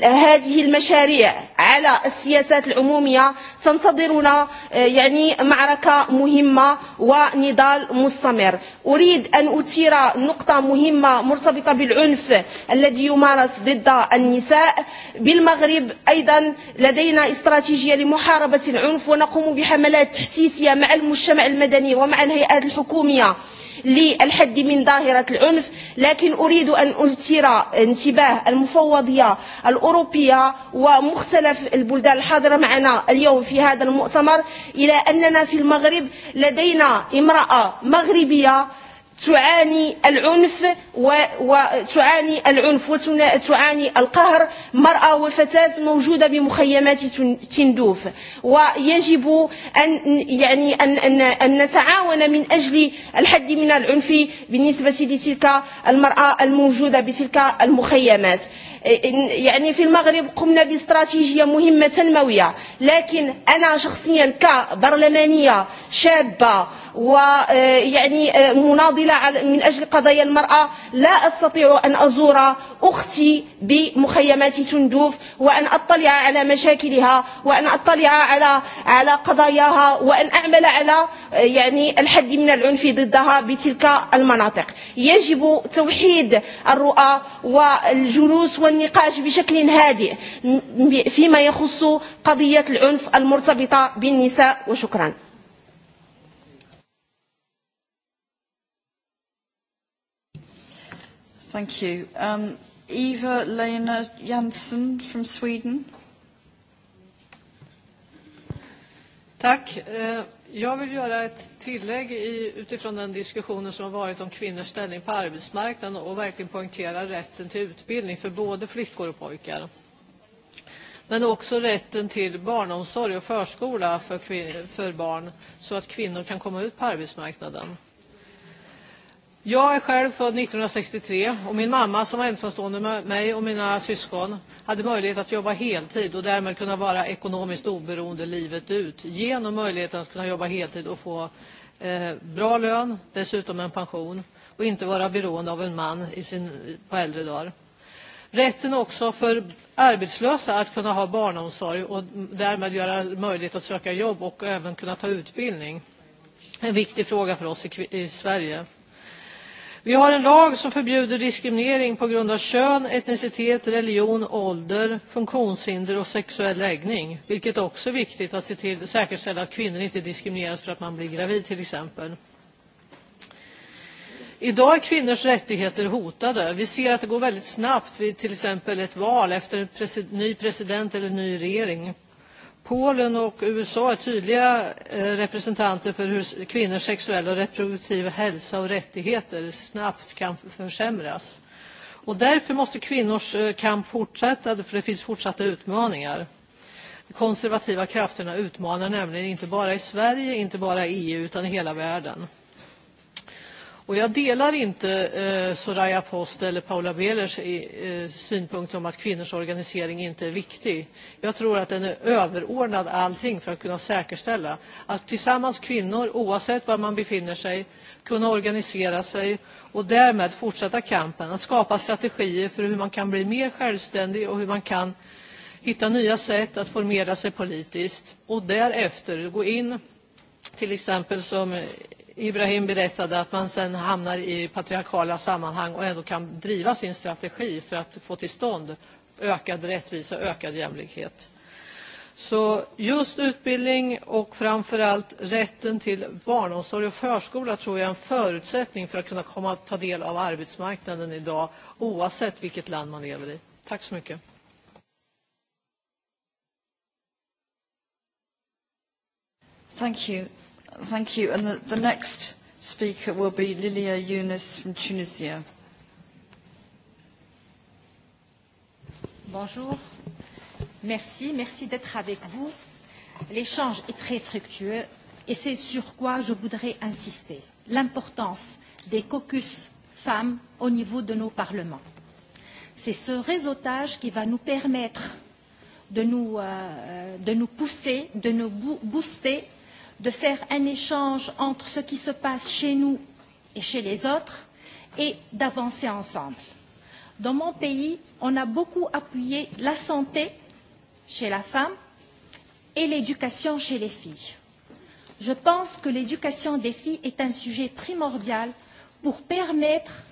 هذه المشاريع على السياسات العمومية تنتظرنا يعني معركة مهمة ونضال مستمر أريد أن أثير نقطة مهمة مرتبطة بالعنف الذي يمارس ضد النساء بالمغرب أيضا لدينا استراتيجية لمحاربة العنف ونقوم بحملات تحسيسية مع المجتمع المدني ومع الهيئات الحكومية للحد من ظاهرة العنف لكن أريد أن أثير انتباه المفوضية الأوروبية ومختلف البلدان الحاضرة معنا اليوم في هذا المؤتمر إلى أننا في المغرب لدينا امرأة مغربية تعاني العنف وتعاني العنف وتعاني القهر مرأة وفتاة موجودة بمخيمات تندوف ويجب أن يعني أن, أن, أن نتعاون من أجل الحد من العنف بالنسبة لتلك المرأة الموجودة بتلك المخيمات يعني في المغرب قمنا باستراتيجية مهمة تنموية لكن أنا شخصيا كبرلمانية شابة ويعني مناضلة من أجل قضايا المرأة لا أستطيع أن أزور أختي بمخيمات تندوف وأن أطلع على مشاكلها وأن أطلع على على قضاياها وأن أعمل على يعني الحد من العنف ضدها بتلك المناطق يجب توحيد الرؤى والجلوس والنقاش بشكل هادئ فيما يخص قضية العنف المرتبطة بالنساء وشكرا Thank you. Um, Eva Lena Jansson from Sweden. Tack. Uh, Jag vill göra ett tillägg i, utifrån den diskussionen som har varit om kvinnors ställning på arbetsmarknaden och verkligen poängtera rätten till utbildning för både flickor och pojkar. Men också rätten till barnomsorg och förskola för, för barn så att kvinnor kan komma ut på arbetsmarknaden. Jag är själv född 1963 och min mamma som var ensamstående med mig och mina syskon hade möjlighet att jobba heltid och därmed kunna vara ekonomiskt oberoende livet ut genom möjligheten att kunna jobba heltid och få eh, bra lön, dessutom en pension och inte vara beroende av en man i sin, på äldre dagar. Rätten också för arbetslösa att kunna ha barnomsorg och därmed göra möjlighet att söka jobb och även kunna ta utbildning. En viktig fråga för oss i, i Sverige. Vi har en lag som förbjuder diskriminering på grund av kön, etnicitet, religion, ålder, funktionshinder och sexuell läggning. Vilket också är viktigt att se till, säkerställa att kvinnor inte diskrimineras för att man blir gravid till exempel. Idag är kvinnors rättigheter hotade. Vi ser att det går väldigt snabbt vid till exempel ett val efter en pres ny president eller ny regering. Polen och USA är tydliga eh, representanter för hur kvinnors sexuella och reproduktiva hälsa och rättigheter snabbt kan försämras. Och därför måste kvinnors eh, kamp fortsätta, för det finns fortsatta utmaningar. De konservativa krafterna utmanar nämligen inte bara i Sverige, inte bara i EU, utan i hela världen. Och jag delar inte eh, Soraya Post eller Paula Belers eh, synpunkt om att kvinnors organisering inte är viktig. Jag tror att den är överordnad allting för att kunna säkerställa att tillsammans kvinnor, oavsett var man befinner sig, kunna organisera sig och därmed fortsätta kampen, att skapa strategier för hur man kan bli mer självständig och hur man kan hitta nya sätt att formera sig politiskt och därefter gå in till exempel som Ibrahim berättade att man sen hamnar i patriarkala sammanhang och ändå kan driva sin strategi för att få till stånd ökad rättvisa och ökad jämlikhet. Så just utbildning och framför allt rätten till barnomsorg och förskola tror jag är en förutsättning för att kunna komma och ta del av arbetsmarknaden idag oavsett vilket land man lever i. Tack så mycket. Thank you. Thank you. And the, the next speaker will be Lilia Younes from Tunisia. Bonjour. Merci, merci d'être avec vous. L'échange est très fructueux et c'est sur quoi je voudrais insister. L'importance des caucus femmes au niveau de nos parlements. C'est ce réseautage qui va nous permettre de nous, euh, de nous pousser, de nous booster de faire un échange entre ce qui se passe chez nous et chez les autres et d'avancer ensemble. Dans mon pays, on a beaucoup appuyé la santé chez la femme et l'éducation chez les filles. Je pense que l'éducation des filles est un sujet primordial pour permettre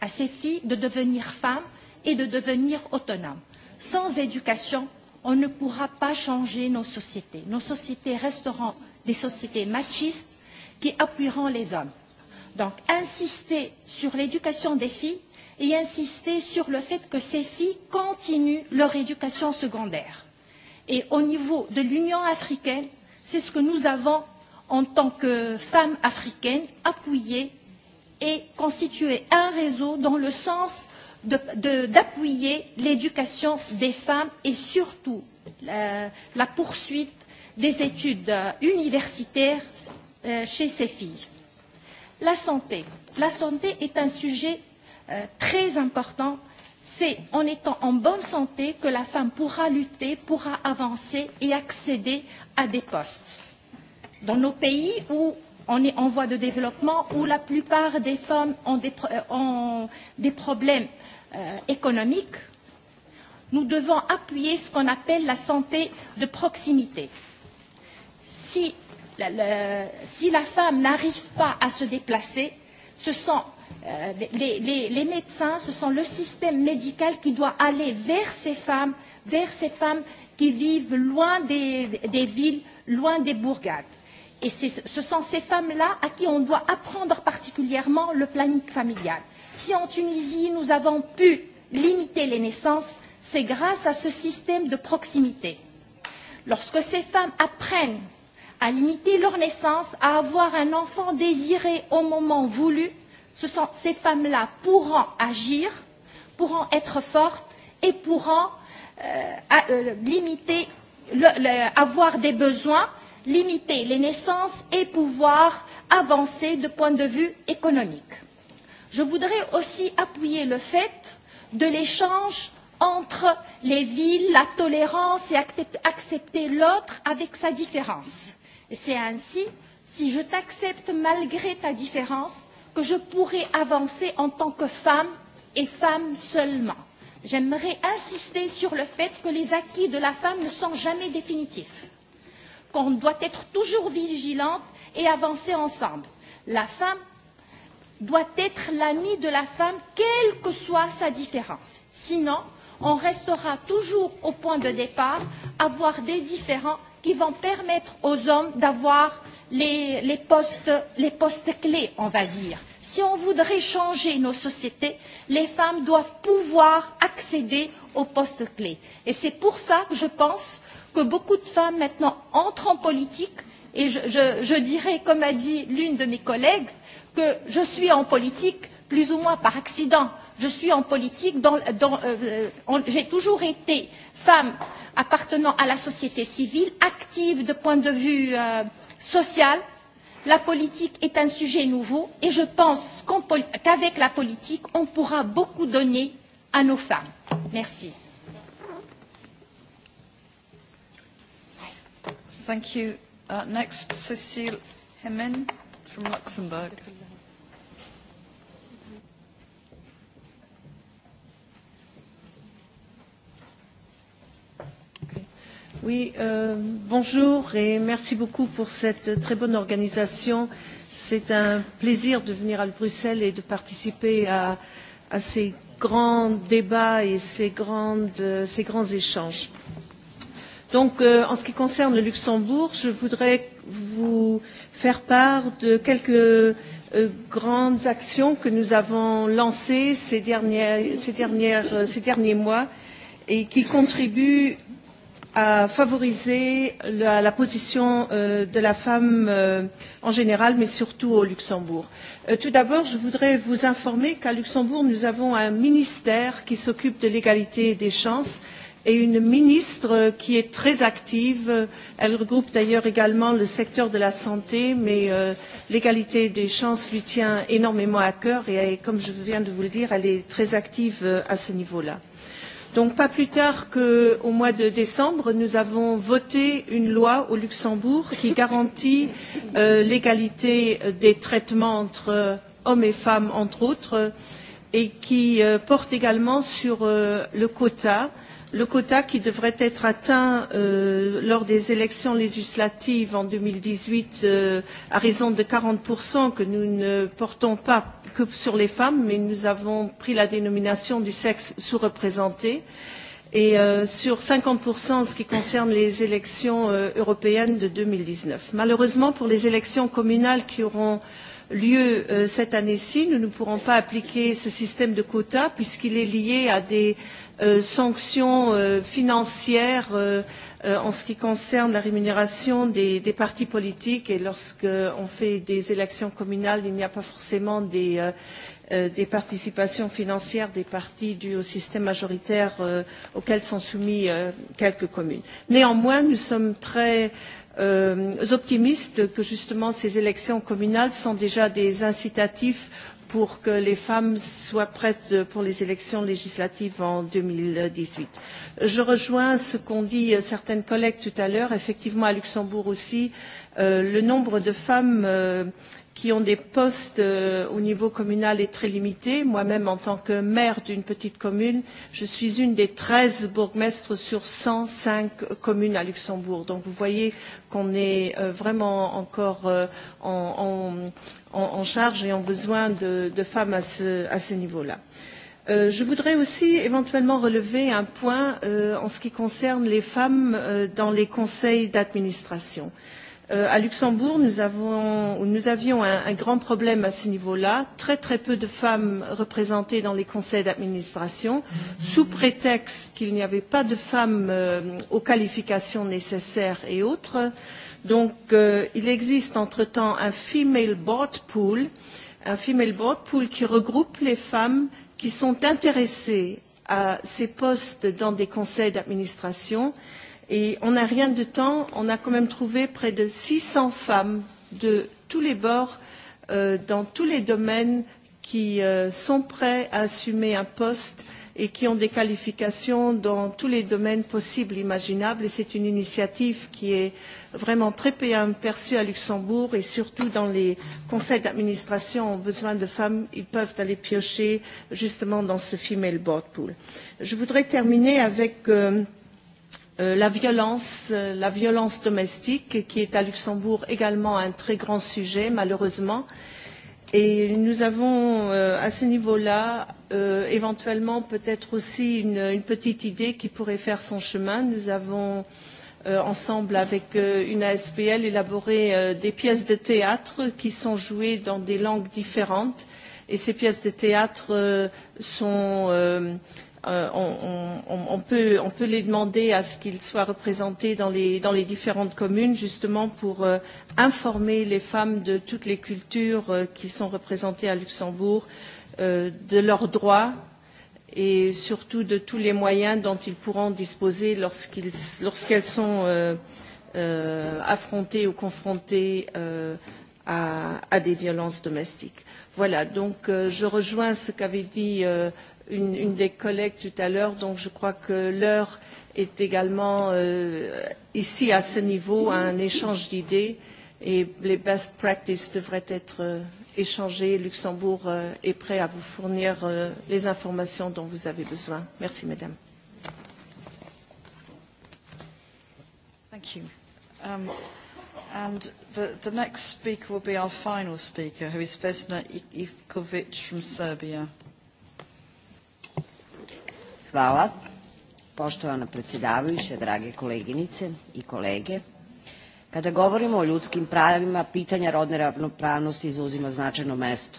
à ces filles de devenir femmes et de devenir autonomes. Sans éducation, on ne pourra pas changer nos sociétés. Nos sociétés resteront des sociétés machistes qui appuieront les hommes. Donc, insister sur l'éducation des filles et insister sur le fait que ces filles continuent leur éducation secondaire. Et au niveau de l'Union africaine, c'est ce que nous avons en tant que femmes africaines appuyé et constitué un réseau dans le sens d'appuyer l'éducation des femmes et surtout la, euh, la poursuite des études universitaires euh, chez ces filles. La santé. La santé est un sujet euh, très important. C'est en étant en bonne santé que la femme pourra lutter, pourra avancer et accéder à des postes. Dans nos pays où on est en voie de développement, où la plupart des femmes ont des, euh, ont des problèmes euh, économiques, nous devons appuyer ce qu'on appelle la santé de proximité. Euh, si la, le, si la femme n'arrive pas à se déplacer, ce sont euh, les, les, les médecins, ce sont le système médical qui doit aller vers ces femmes, vers ces femmes qui vivent loin des, des villes, loin des bourgades. Et ce sont ces femmes-là à qui on doit apprendre particulièrement le planning familial. Si en Tunisie nous avons pu limiter les naissances, c'est grâce à ce système de proximité. Lorsque ces femmes apprennent à limiter leur naissance, à avoir un enfant désiré au moment voulu, ce sont ces femmes-là pourront agir, pourront être fortes et pourront euh, à, euh, limiter, le, le, avoir des besoins, limiter les naissances et pouvoir avancer de point de vue économique. Je voudrais aussi appuyer le fait de l'échange entre les villes, la tolérance et accepter l'autre avec sa différence C'est ainsi, si je t'accepte malgré ta différence, que je pourrai avancer en tant que femme et femme seulement. J'aimerais insister sur le fait que les acquis de la femme ne sont jamais définitifs, qu'on doit être toujours vigilante et avancer ensemble. La femme doit être l'amie de la femme, quelle que soit sa différence. Sinon, on restera toujours au point de départ, avoir des, différents, qui vont permettre aux hommes d'avoir les, les, postes, les postes clés, on va dire. Si on voudrait changer nos sociétés, les femmes doivent pouvoir accéder aux postes clés. Et c'est pour ça que je pense que beaucoup de femmes maintenant entrent en politique et je, je, je dirais, comme a dit l'une de mes collègues, que je suis en politique plus ou moins par accident je suis en politique, dans, dans, euh, euh j'ai toujours été femme appartenant à la société civile, active de point de vue euh, social. La politique est un sujet nouveau et je pense qu'avec qu la politique, on pourra beaucoup donner à nos femmes. Merci. Thank you. Uh, next, Cécile Hemen from Luxembourg. Oui, euh, bonjour et merci beaucoup pour cette très bonne organisation. C'est un plaisir de venir à Bruxelles et de participer à, à ces grands débats et ces, grandes, euh, ces grands échanges. Donc, euh, en ce qui concerne le Luxembourg, je voudrais vous faire part de quelques euh, grandes actions que nous avons lancées ces, dernières, ces, dernières, ces derniers mois et qui contribuent à favoriser la, la position euh, de la femme euh, en général, mais surtout au Luxembourg. Euh, tout d'abord, je voudrais vous informer qu'à Luxembourg, nous avons un ministère qui s'occupe de l'égalité des chances et une ministre qui est très active. Elle regroupe d'ailleurs également le secteur de la santé, mais euh, l'égalité des chances lui tient énormément à cœur et, comme je viens de vous le dire, elle est très active euh, à ce niveau-là. Donc pas plus tard qu'au mois de décembre, nous avons voté une loi au Luxembourg qui garantit euh, l'égalité euh, des traitements entre euh, hommes et femmes, entre autres, et qui euh, porte également sur euh, le quota euh, le quota qui devrait être atteint euh, lors des élections législatives en 2018 euh, à raison de 40% que nous ne portons pas que sur les femmes, mais nous avons pris la dénomination du sexe sous-représenté. Et euh, sur 50% en ce qui concerne les élections euh, européennes de 2019. Malheureusement, pour les élections communales qui auront lieu euh, cette année-ci, nous ne pourrons pas appliquer ce système de quotas puisqu'il est lié à des euh, sanctions euh, financières euh, euh, en ce qui concerne la rémunération des, des partis politiques et lorsqu'on fait des élections communales, il n'y a pas forcément des, euh, euh, des participations financières des partis dues au système majoritaire euh, auquel sont soumis euh, quelques communes. Néanmoins, nous sommes très euh, optimistes que justement ces élections communales sont déjà des incitatifs pour que les femmes soient prêtes pour les élections législatives en 2018. Je rejoins ce qu'ont dit certaines collègues tout à l'heure. Effectivement, à Luxembourg aussi, euh, le nombre de femmes euh, qui ont des postes euh, au niveau communal est très limité. Moi-même, en tant que maire d'une petite commune, je suis une des 13 bourgmestres sur 105 communes à Luxembourg. Donc vous voyez qu'on est euh, vraiment encore euh, en, en, en, en charge et en besoin de, de femmes à ce, à ce niveau-là. Euh, je voudrais aussi éventuellement relever un point euh, en ce qui concerne les femmes euh, dans les conseils d'administration. Euh, Euh, à Luxembourg, nous, avons, nous avions un, un grand problème à ce niveau-là. Très très peu de femmes représentées dans les conseils d'administration, sous prétexte qu'il n'y avait pas de femmes euh, aux qualifications nécessaires et autres. Donc, euh, il existe entre-temps un female board pool, un female board pool qui regroupe les femmes qui sont intéressées à ces postes dans des conseils d'administration Et en un rien de temps, on a quand même trouvé près de 600 femmes de tous les bords, euh, dans tous les domaines, qui euh, sont prêts à assumer un poste et qui ont des qualifications dans tous les domaines possibles, imaginables. Et c'est une initiative qui est vraiment très bien perçue à Luxembourg et surtout dans les conseils d'administration ont besoin de femmes. Ils peuvent aller piocher justement dans ce female board pool. Je voudrais terminer avec euh, Euh, la violence, euh, la violence domestique, qui est à Luxembourg également un très grand sujet, malheureusement. Et nous avons euh, à ce niveau-là euh, éventuellement peut-être aussi une, une petite idée qui pourrait faire son chemin. Nous avons euh, ensemble avec euh, une ASPL élaboré euh, des pièces de théâtre qui sont jouées dans des langues différentes. Et ces pièces de théâtre euh, sont euh, euh, on, on, on, peut, on peut les demander à ce qu'ils soient représentés dans les, dans les différentes communes, justement pour euh, informer les femmes de toutes les cultures euh, qui sont représentées à Luxembourg euh, de leurs droits et surtout de tous les moyens dont ils pourront disposer lorsqu'elles lorsqu sont euh, euh, affrontées ou confrontées euh, à, à des violences domestiques. Voilà, donc euh, je rejoins ce qu'avait dit euh, une, une des collègues tout à l'heure, donc je crois que l'heure est également euh, ici à ce niveau à un échange d'idées et les best practices devraient être euh, échangées. Luxembourg euh, est prêt à vous fournir euh, les informations dont vous avez besoin. Merci, mesdames. Thank you. Um, and the, the next speaker will be our final speaker, who is Vesna Ivkovic from Serbia. Hvala. Poštovana predsjedavajuća, drage koleginice i kolege, kada govorimo o ljudskim pravima, pitanja rodne ravnopravnosti zauzima značajno mesto.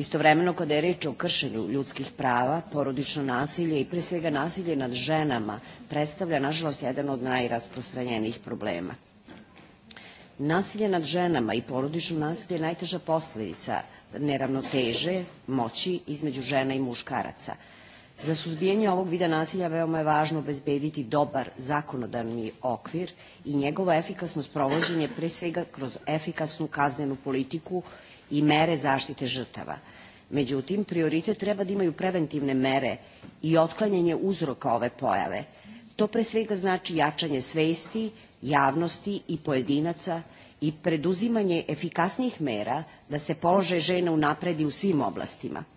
Istovremeno, kada je reč o kršenju ljudskih prava, porodično nasilje i pre svega nasilje nad ženama predstavlja, nažalost, jedan od najrasprostranjenijih problema. Nasilje nad ženama i porodično nasilje je najteža posledica neravnoteže moći između žena i muškaraca – Za suzbijanje ovog vida nasilja veoma je važno obezbediti dobar zakonodavni okvir i njegovo efikasno sprovođenje pre svega kroz efikasnu kaznenu politiku i mere zaštite žrtava. Međutim, prioritet treba da imaju preventivne mere i otklanjanje uzroka ove pojave. To pre svega znači jačanje svesti, javnosti i pojedinaca i preduzimanje efikasnijih mera da se položaj žena unapredi u svim oblastima –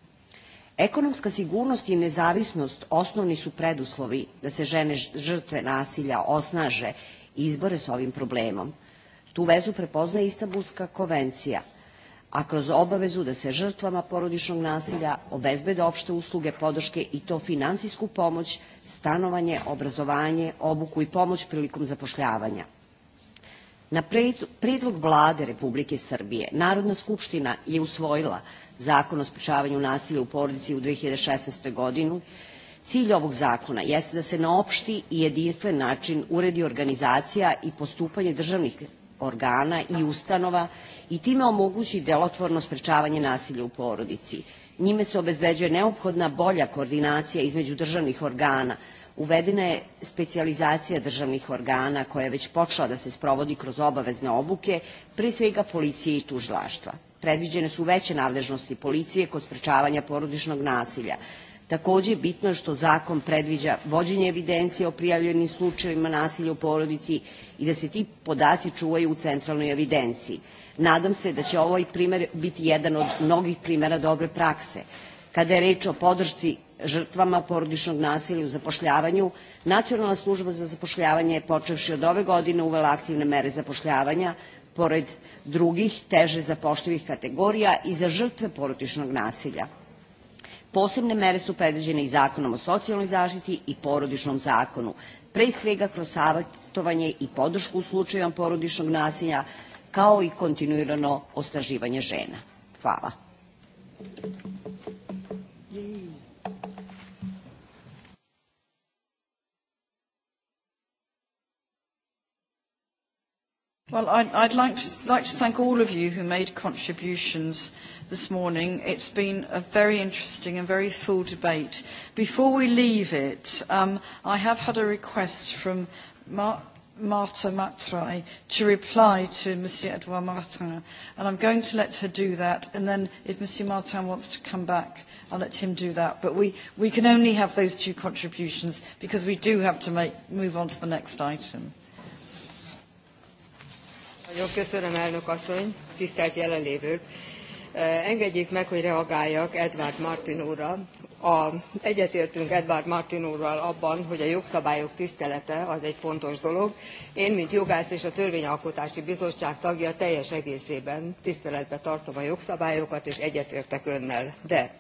Ekonomska sigurnost i nezavisnost osnovni su preduslovi da se žene žrtve nasilja osnaže i izbore s ovim problemom. Tu vezu prepoznaje Istanbulska konvencija, a kroz obavezu da se žrtvama porodičnog nasilja obezbede opšte usluge podrške i to finansijsku pomoć, stanovanje, obrazovanje, obuku i pomoć prilikom zapošljavanja. Na predlog vlade Republike Srbije Narodna skupština je usvojila Zakon o sprečavanju nasilja u porodici u 2016. godinu. Cilj ovog zakona jeste da se na opšti i jedinstven način uredi organizacija i postupanje državnih organa i ustanova i time omogući delotvorno sprečavanje nasilja u porodici. Njime se obezbeđuje neophodna bolja koordinacija između državnih organa, Uvedena je specijalizacija državnih organa koja je već počela da se sprovodi kroz obavezne obuke, pre svega policije i tužilaštva. Predviđene su veće nadležnosti policije kod sprečavanja porodičnog nasilja. Takođe, bitno je što zakon predviđa vođenje evidencije o prijavljenim slučajevima nasilja u porodici i da se ti podaci čuvaju u centralnoj evidenciji. Nadam se da će ovaj primer biti jedan od mnogih primera dobre prakse. Kada je reč o podršci žrtvama porodičnog nasilja u zapošljavanju, Nacionalna služba za zapošljavanje je počevši od ove godine uvela aktivne mere zapošljavanja pored drugih teže zapošljivih kategorija i za žrtve porodičnog nasilja. Posebne mere su predviđene i Zakonom o socijalnoj zaštiti i Porodičnom zakonu, pre svega kroz savjetovanje i podršku u slučajima porodičnog nasilja, kao i kontinuirano osnaživanje žena. Hvala. Well, I'd, I'd like, to, like to thank all of you who made contributions this morning. It's been a very interesting and very full debate. Before we leave it, um, I have had a request from Mark Marta Matrai to reply to Monsieur Edouard Martin. And I'm going to let her do that. And then if Monsieur Martin wants to come back, I'll let him do that. But we, we can only have those two contributions because we do have to make, move on to the next item. Jó, köszönöm, elnök asszony, tisztelt jelenlévők! Engedjék meg, hogy reagáljak Edward Martin úrra. A, egyetértünk Edward Martin úrral abban, hogy a jogszabályok tisztelete az egy fontos dolog. Én, mint jogász és a Törvényalkotási Bizottság tagja teljes egészében tiszteletbe tartom a jogszabályokat, és egyetértek önnel. De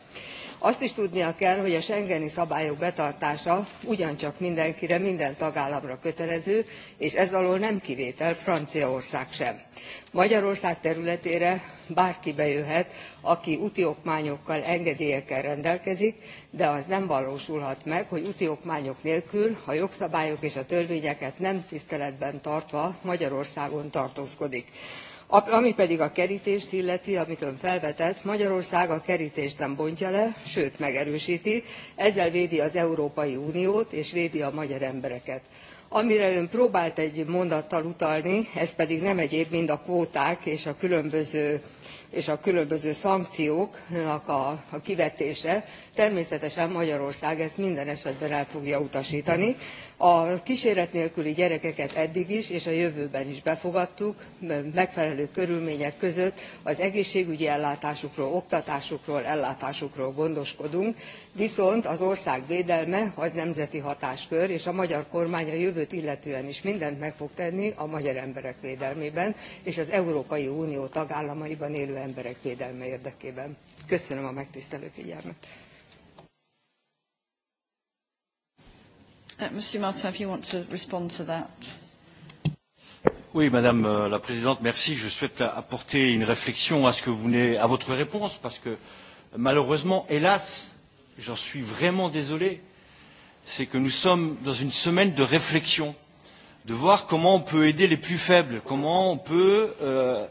azt is tudnia kell hogy a schengeni szabályok betartása ugyancsak mindenkire minden tagállamra kötelező és ez alól nem kivétel franciaország sem. magyarország területére bárki bejöhet aki úti okmányokkal engedélyekkel rendelkezik de az nem valósulhat meg hogy úti okmányok nélkül a jogszabályok és a törvényeket nem tiszteletben tartva magyarországon tartózkodik. Ami pedig a kerítést illeti, amit ön felvetett, Magyarország a kerítést nem bontja le, sőt megerősíti, ezzel védi az Európai Uniót és védi a magyar embereket. Amire ön próbált egy mondattal utalni, ez pedig nem egyéb, mint a kvóták és a különböző és a különböző szankcióknak a, a kivetése, természetesen Magyarország ezt minden esetben el fogja utasítani. A kíséret nélküli gyerekeket eddig is és a jövőben is befogadtuk, megfelelő körülmények között az egészségügyi ellátásukról, oktatásukról, ellátásukról gondoskodunk, Viszont az ország védelme az nemzeti hatáskör, és a magyar kormány a jövőt illetően is mindent meg fog tenni a magyar emberek védelmében, és az Európai Unió tagállamaiban élő emberek védelme érdekében. Köszönöm a megtisztelő figyelmet. Uh, Monsieur Martin, if you want to respond to that. Oui, Madame euh, la Présidente, merci. Je souhaite apporter une réflexion à ce que vous venez, à votre réponse, parce que malheureusement, hélas, j'en suis vraiment désolé, c'est que nous sommes dans une semaine de réflexion, de voir comment on peut aider les plus faibles, comment on peut euh,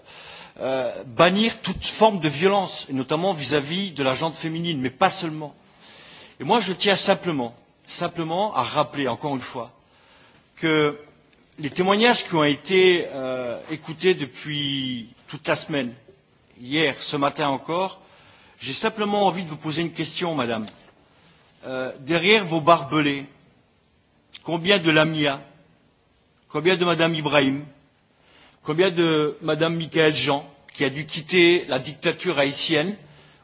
euh, bannir toute forme de violence, et notamment vis-à-vis -vis de la gente féminine, mais pas seulement. Et moi, je tiens simplement, simplement à rappeler, encore une fois, que les témoignages qui ont été euh, écoutés depuis toute la semaine, hier, ce matin encore, J'ai simplement envie de vous poser une question, madame. Euh, derrière vos barbelés, combien de Lamia Combien de madame Ibrahim Combien de madame Michael Jean, qui a dû quitter la dictature haïtienne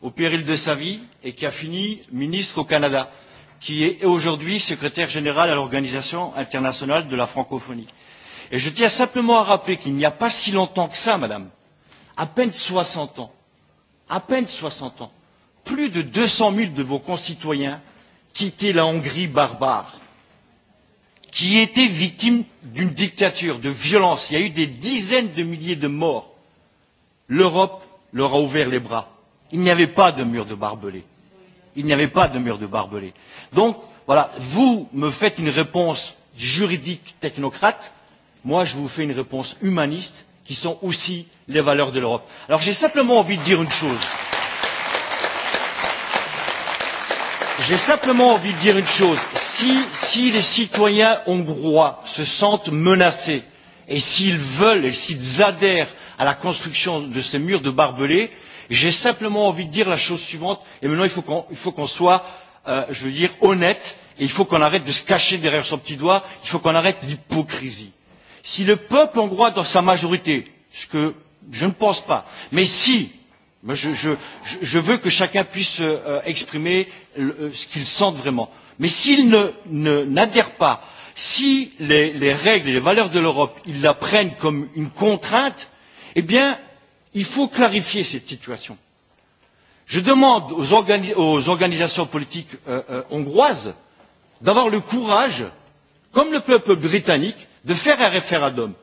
au péril de sa vie et qui a fini ministre au Canada, qui est aujourd'hui secrétaire général à l'Organisation internationale de la francophonie. Et je tiens simplement à rappeler qu'il n'y a pas si longtemps que ça, madame, à peine 60 ans, à peine soixante ans, plus de deux cents zéro de vos concitoyens quittaient la Hongrie barbare, qui était victime d'une dictature, de violence. Il y a eu des dizaines de milliers de morts. L'Europe leur a ouvert les bras. Il n'y avait pas de mur de barbelés. Il n'y avait pas de mur de barbelés. Donc, voilà, vous me faites une réponse juridique technocrate, moi je vous fais une réponse humaniste qui sont aussi les valeurs de l'Europe. Alors j'ai simplement envie de dire une chose. J'ai simplement envie de dire une chose. Si, si les citoyens hongrois se sentent menacés et s'ils veulent et s'ils adhèrent à la construction de ce mur de barbelés, j'ai simplement envie de dire la chose suivante. Et maintenant, il faut qu'on qu soit, euh, je veux dire, honnête et il faut qu'on arrête de se cacher derrière son petit doigt. Il faut qu'on arrête l'hypocrisie. Si le peuple hongrois, dans sa majorité, ce que Je ne pense pas. Mais si, je, je, je veux que chacun puisse euh, exprimer le, euh, ce qu'il sente vraiment. Mais s'il n'adhère ne, ne, pas, si les, les règles et les valeurs de l'Europe, ils la prennent comme une contrainte, eh bien, il faut clarifier cette situation. Je demande aux, organi aux organisations politiques euh, euh, hongroises d'avoir le courage, comme le peuple britannique, de faire un référendum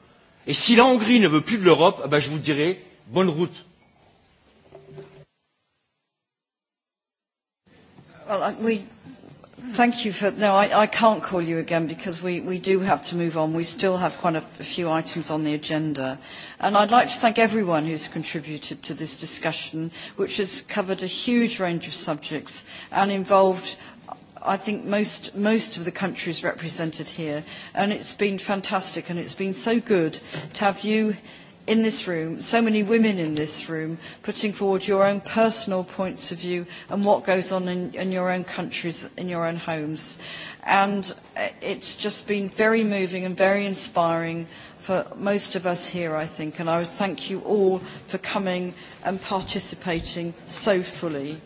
Et si la Hongrie ne veut plus de l'Europe, eh ben je vous dirai bonne route. Well, I, uh, we, thank you for. No, I, I can't call you again because we, we do have to move on. We still have quite a, a few items on the agenda. And I'd like to thank everyone who's contributed to this discussion, which has covered a huge range of subjects and involved I think most, most of the countries represented here. And it's been fantastic and it's been so good to have you in this room, so many women in this room, putting forward your own personal points of view and what goes on in, in your own countries, in your own homes. And eh, it's just been very moving and very inspiring for most of us here, I think. And I would thank you all for coming and participating so fully.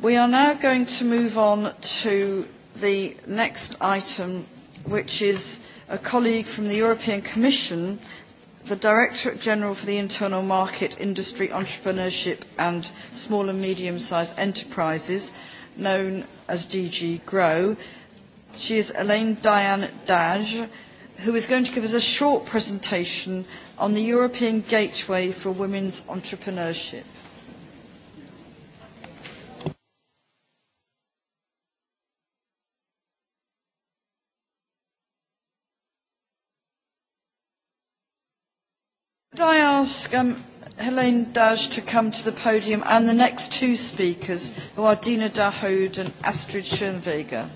We are now going to move on to the next item, which is a colleague from the European Commission, the Directorate General for the Internal Market, Industry, Entrepreneurship and Small and Medium-Sized Enterprises, known as DG GROW. She is Elaine Diane Dage, who is going to give us a short presentation on the European Gateway for Women's Entrepreneurship. Could I ask um, Helene Daj to come to the podium and the next two speakers, who are Dina Dahoud and Astrid Schoenweger?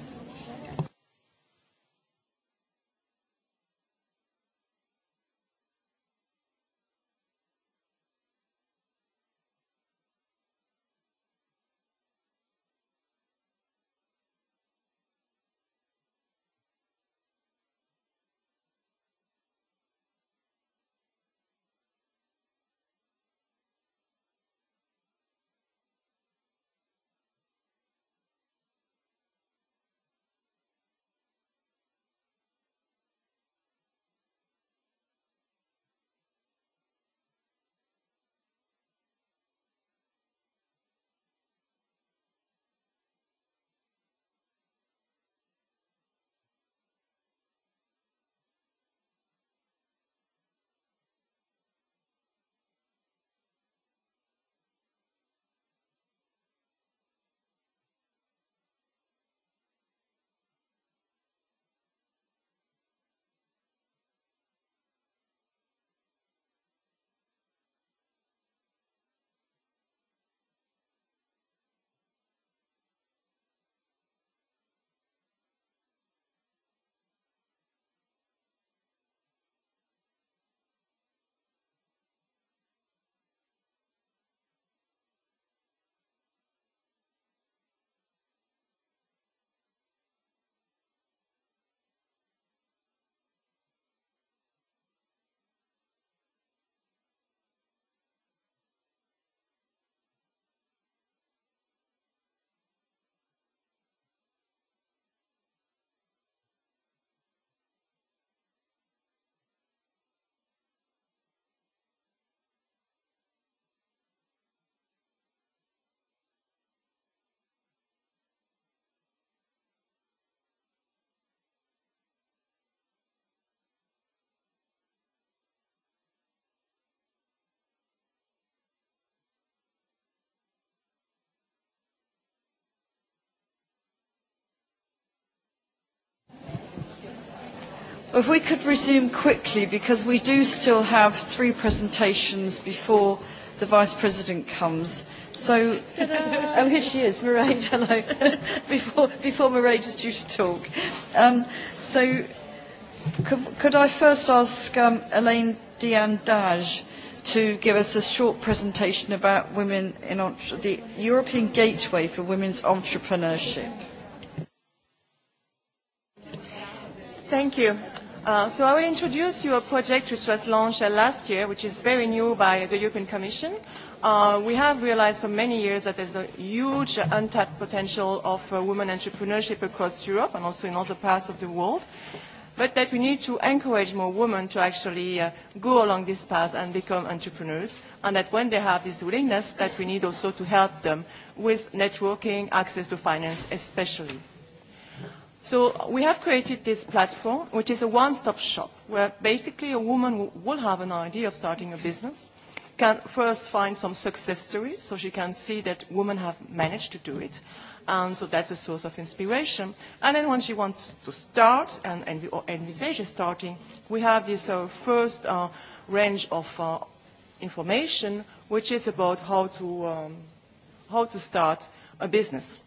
If we could resume quickly, because we do still have three presentations before the Vice President comes. So, oh, here she is, Mairead, hello, [LAUGHS] before, before Mairead is due to talk. Um, so, could, could I first ask um, Elaine Diandage to give us a short presentation about women in the European Gateway for Women's Entrepreneurship? Thank you. Uh, so I will introduce you a project which was launched uh, last year, which is very new by the European Commission. Uh, we have realized for many years that there's a huge untapped potential of uh, women entrepreneurship across Europe and also in other parts of the world, but that we need to encourage more women to actually uh, go along this path and become entrepreneurs, and that when they have this willingness, that we need also to help them with networking, access to finance especially. So we have created this platform, which is a one-stop shop, where basically a woman who will have an idea of starting a business can first find some success stories, so she can see that women have managed to do it. And so that's a source of inspiration. And then when she wants to start and, and envisages starting, we have this uh, first uh, range of uh, information, which is about how to, um, how to start a business.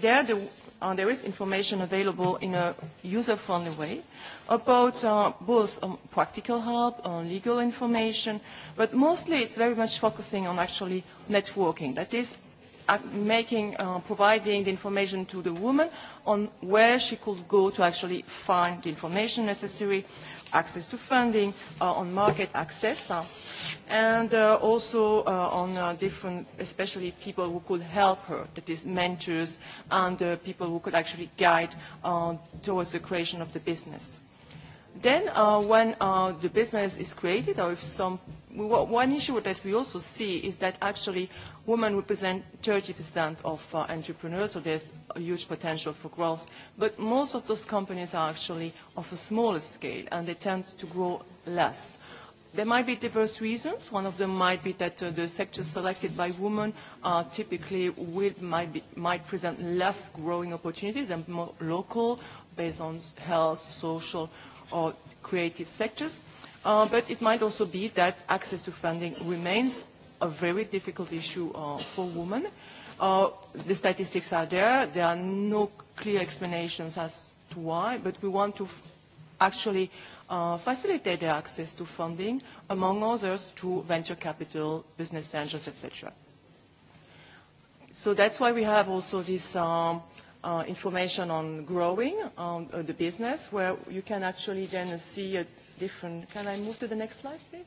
There, the, uh, there is information available in a user-friendly way about uh, both um, practical help, uh, legal information, but mostly it's very much focusing on actually networking. That is, uh, making, uh, providing the information to the woman on where she could go to actually find the information necessary access to funding, uh, on market access, uh, and uh, also uh, on uh, different, especially people who could help her, that is mentors and uh, people who could actually guide uh, towards the creation of the business. Then uh, when uh, the business is created or if some, one issue that we also see is that actually Women represent 30% of uh, entrepreneurs, so there's a huge potential for growth. But most of those companies are actually of a smaller scale, and they tend to grow less. There might be diverse reasons. One of them might be that uh, the sectors selected by women uh, typically will, might, be, might present less growing opportunities and more local based on health, social, or creative sectors. Uh, but it might also be that access to funding remains a very difficult issue uh, for women. Uh, the statistics are there. There are no clear explanations as to why, but we want to actually uh, facilitate their access to funding, among others, through venture capital, business angels, etc. So that's why we have also this um, uh, information on growing um, uh, the business, where you can actually then see a different... Can I move to the next slide, please?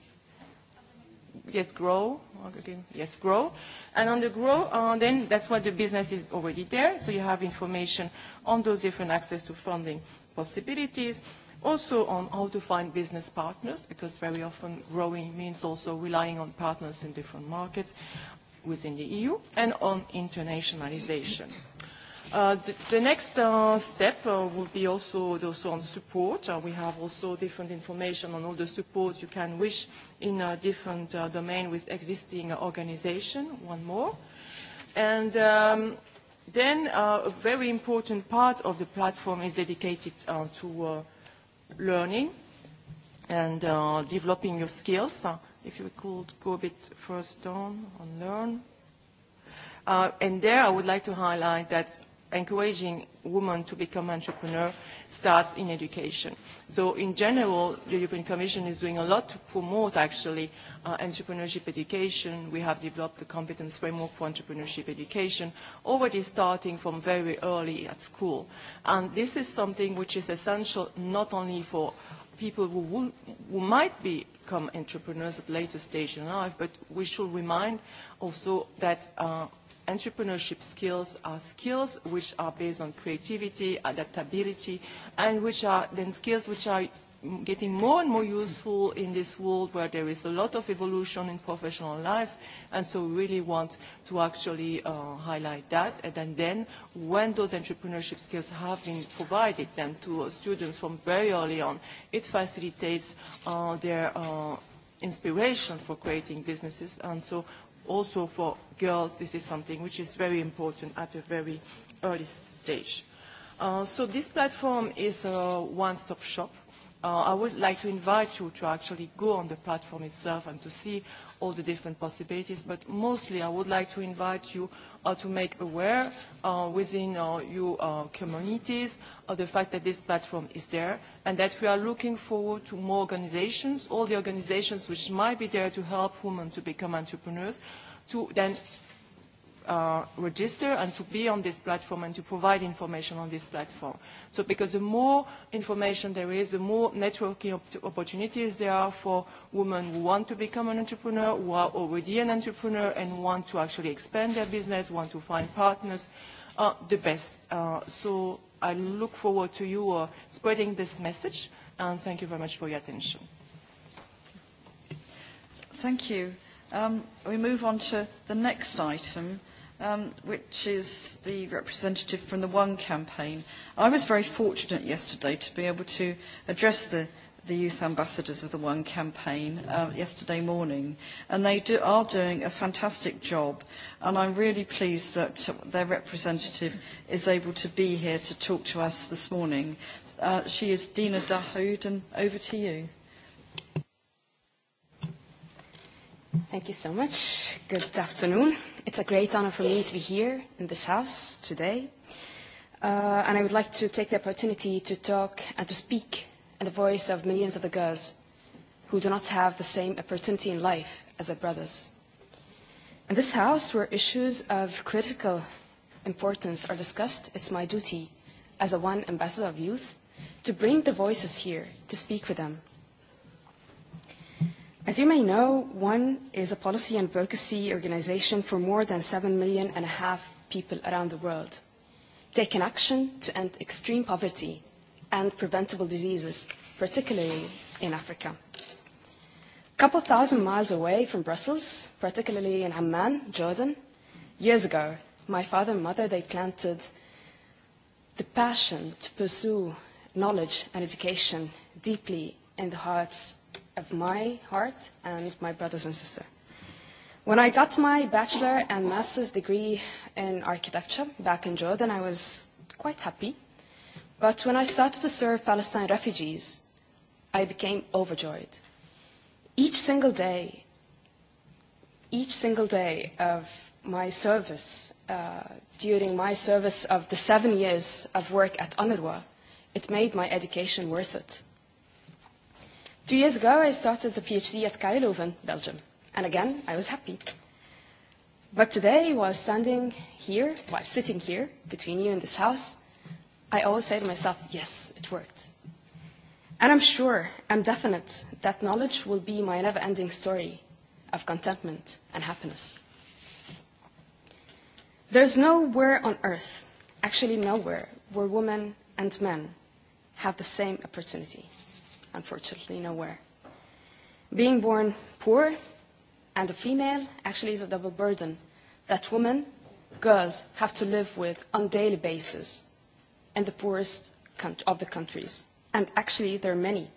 yes, grow. Again, yes, grow. And on the grow, uh, then that's what the business is already there. So you have information on those different access to funding possibilities. Also on how to find business partners, because very often growing means also relying on partners in different markets within the EU, and on internationalization. Uh, the, the next uh, step uh, will be also, also on support. Uh, we have also different information on all the support you can wish in a different uh, domain with existing organization, one more. And um, then uh, a very important part of the platform is dedicated uh, to uh, learning and uh, developing your skills. Uh, if you could go a bit first down on learn. Uh, and there I would like to highlight that encouraging women to become entrepreneurs starts in education. So in general, the European Commission is doing a lot to promote actually uh, entrepreneurship education. We have developed the competence framework for entrepreneurship education, already starting from very early at school. And this is something which is essential not only for people who, will, who might become entrepreneurs at later stage in life, but we should remind also that uh, entrepreneurship skills are skills which are based on creativity, adaptability, and which are then skills which are getting more and more useful in this world where there is a lot of evolution in professional lives. And so we really want to actually uh, highlight that. And then, then when those entrepreneurship skills have been provided then to uh, students from very early on, it facilitates uh, their uh, inspiration for creating businesses. And so also for girls, this is something which is very important at a very early stage. Uh, so this platform is a one-stop shop. Uh, I would like to invite you to actually go on the platform itself and to see all the different possibilities, but mostly I would like to invite you uh, to make aware uh, within uh, your uh, communities of uh, the fact that this platform is there and that we are looking forward to more organizations, all the organizations which might be there to help women to become entrepreneurs, to then uh, register and to be on this platform and to provide information on this platform. So because the more information there is, the more networking op opportunities there are for women who want to become an entrepreneur, who are already an entrepreneur and want to actually expand their business, want to find partners, uh, the best. Uh, so I look forward to you uh, spreading this message and thank you very much for your attention. Thank you. Um, we move on to the next item um, which is the representative from the One campaign. I was very fortunate yesterday to be able to address the, the youth ambassadors of the One campaign uh, yesterday morning, and they do, are doing a fantastic job, and I'm really pleased that their representative is able to be here to talk to us this morning. Uh, she is Dina Dahoud, and over to you. Thank you so much. Good afternoon. It's a great honor for me to be here in this house today. Uh, and I would like to take the opportunity to talk and to speak in the voice of millions of the girls who do not have the same opportunity in life as their brothers. In this house, where issues of critical importance are discussed, it's my duty as a one ambassador of youth to bring the voices here to speak with them As you may know, ONE is a policy and advocacy organization for more than 7 million and a half people around the world, taking action to end extreme poverty and preventable diseases, particularly in Africa. A couple thousand miles away from Brussels, particularly in Amman, Jordan, years ago, my father and mother, they planted the passion to pursue knowledge and education deeply in the hearts of my heart and my brothers and sisters. When I got my bachelor and master's degree in architecture back in Jordan, I was quite happy. But when I started to serve Palestine refugees, I became overjoyed. Each single day, each single day of my service, uh, during my service of the seven years of work at Anarwa, it made my education worth it. Two years ago, I started a PhD at KU Leuven, Belgium. And again, I was happy. But today, while standing here, while sitting here between you in this house, I always say to myself, yes, it worked. And I'm sure, I'm definite, that knowledge will be my never ending story of contentment and happiness. There's nowhere on earth, actually nowhere, where women and men have the same opportunity unfortunately nowhere. Being born poor and a female actually is a double burden that women, girls, have to live with on a daily basis in the poorest of the countries. And actually, there are many.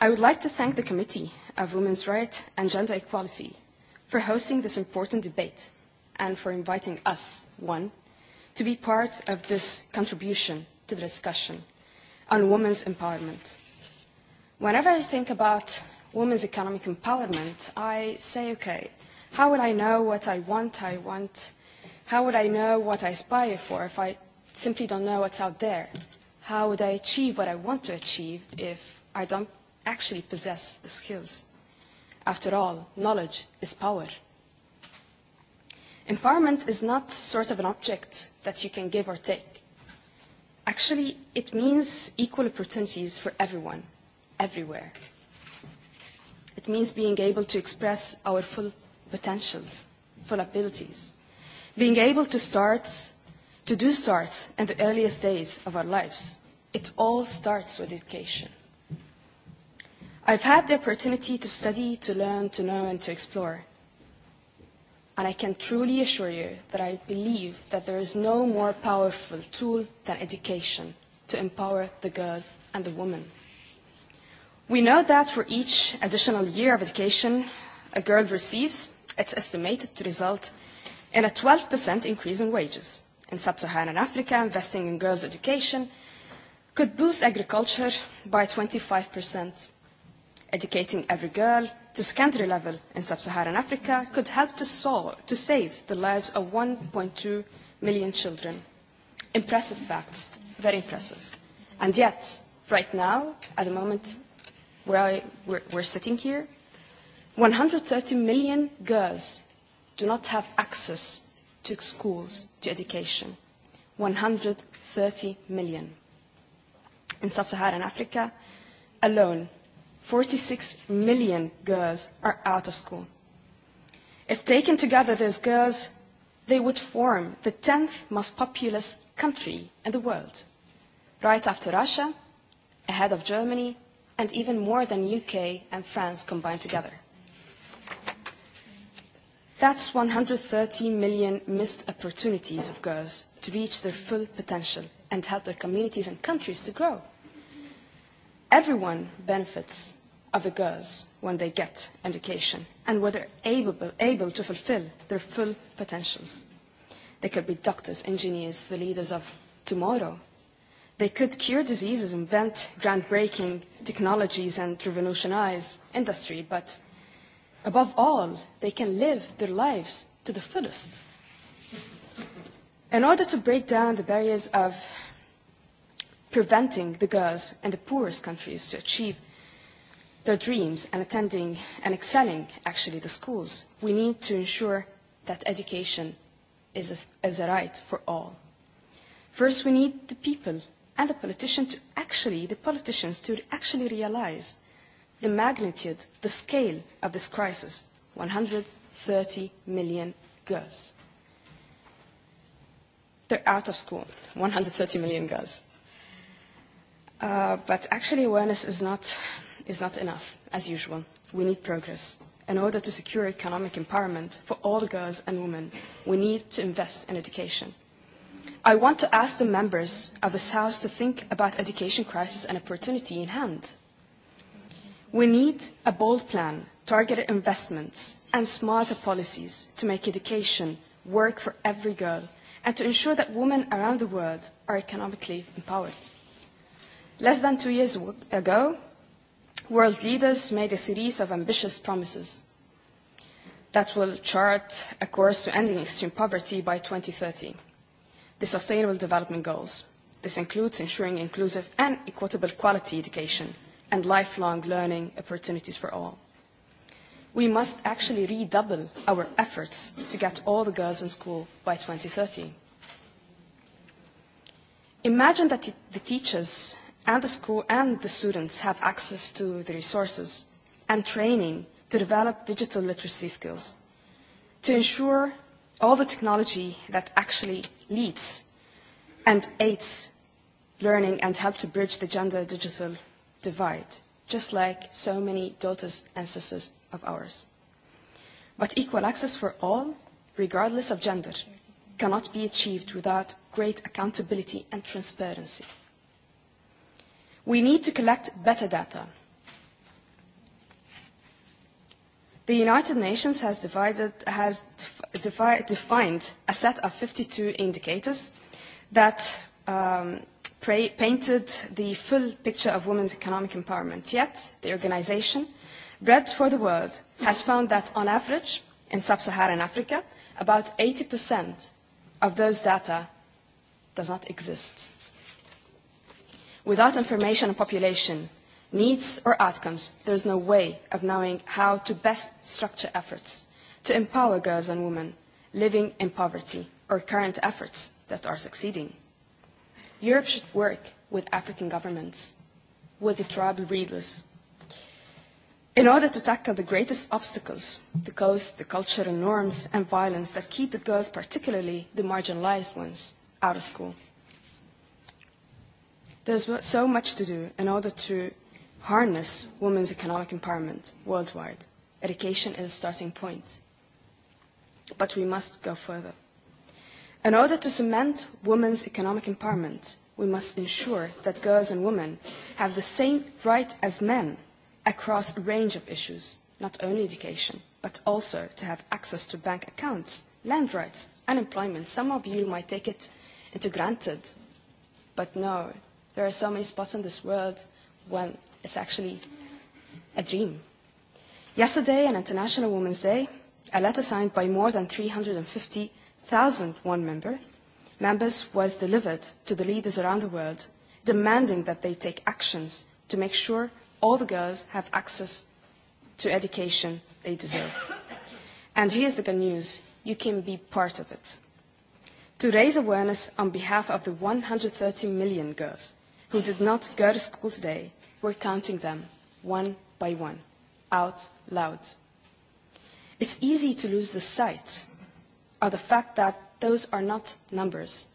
I would like to thank the Committee of Women's Rights and Gender Equality for hosting this important debate and for inviting us, one, to be part of this contribution to the discussion on women's empowerment. Whenever I think about women's economic empowerment, I say, okay, how would I know what I want? I want, how would I know what I aspire for if I simply don't know what's out there? How would I achieve what I want to achieve if I don't actually possess the skills? After all, knowledge is power. Empowerment is not sort of an object that you can give or take actually, it means equal opportunities for everyone, everywhere. It means being able to express our full potentials, full abilities, being able to start, to do starts in the earliest days of our lives. It all starts with education. I've had the opportunity to study, to learn, to know, and to explore And I can truly assure you that I believe that there is no more powerful tool than education to empower the girls and the women. We know that for each additional year of education a girl receives, it's estimated to result in a 12% increase in wages. In sub-Saharan Africa, investing in girls' education could boost agriculture by 25%. Educating every girl to secondary level in sub-Saharan Africa could help to, solve, to save the lives of 1.2 million children. Impressive facts, very impressive. And yet, right now, at the moment where I, we're, we're sitting here, 130 million girls do not have access to schools, to education. 130 million. In sub-Saharan Africa alone, 46 million girls are out of school. If taken together, these girls, they would form the 10th most populous country in the world, right after Russia, ahead of Germany, and even more than UK and France combined together. That's 130 million missed opportunities of girls to reach their full potential and help their communities and countries to grow everyone benefits of the girls when they get education and when they're able, able to fulfill their full potentials. They could be doctors, engineers, the leaders of tomorrow. They could cure diseases, invent groundbreaking technologies, and revolutionize industry, but above all, they can live their lives to the fullest. In order to break down the barriers of preventing the girls in the poorest countries to achieve their dreams and attending and excelling actually the schools. We need to ensure that education is a, is a right for all. First, we need the people and the politicians to actually, the politicians to actually realize the magnitude, the scale of this crisis, 130 million girls. They're out of school, 130 million girls Uh, but actually, awareness is not, is not enough, as usual. We need progress. In order to secure economic empowerment for all girls and women, we need to invest in education. I want to ask the members of this House to think about education crisis and opportunity in hand. We need a bold plan, targeted investments, and smarter policies to make education work for every girl and to ensure that women around the world are economically empowered. Less than two years ago, world leaders made a series of ambitious promises that will chart a course to ending extreme poverty by 2030. The Sustainable Development Goals. This includes ensuring inclusive and equitable quality education and lifelong learning opportunities for all. We must actually redouble our efforts to get all the girls in school by 2030. Imagine that the teachers and the school and the students have access to the resources and training to develop digital literacy skills, to ensure all the technology that actually leads and aids learning and help to bridge the gender digital divide, just like so many daughters and sisters of ours. But equal access for all, regardless of gender, cannot be achieved without great accountability and transparency. We need to collect better data. The United Nations has, divided, has defi defined a set of 52 indicators that um, pra- painted the full picture of women's economic empowerment. Yet, the organization, Bread for the World, has found that on average, in sub-Saharan Africa, about 80% of those data does not exist. Without information on population, needs or outcomes, there is no way of knowing how to best structure efforts to empower girls and women living in poverty or current efforts that are succeeding. Europe should work with African governments, with the tribal leaders, in order to tackle the greatest obstacles, because the cultural norms and violence that keep the girls, particularly the marginalized ones, out of school. There's so much to do in order to harness women's economic empowerment worldwide. Education is a starting point. But we must go further. In order to cement women's economic empowerment, we must ensure that girls and women have the same right as men across a range of issues, not only education, but also to have access to bank accounts, land rights, unemployment. Some of you might take it into granted, but no, There are so many spots in this world when it's actually a dream. Yesterday, on International Women's Day, a letter signed by more than 350,000 one member members was delivered to the leaders around the world, demanding that they take actions to make sure all the girls have access to education they deserve. and here's the good news. You can be part of it. To raise awareness on behalf of the 130 million girls who did not go to school today, we're counting them one by one, out loud. It's easy to lose the sight of the fact that those are not numbers.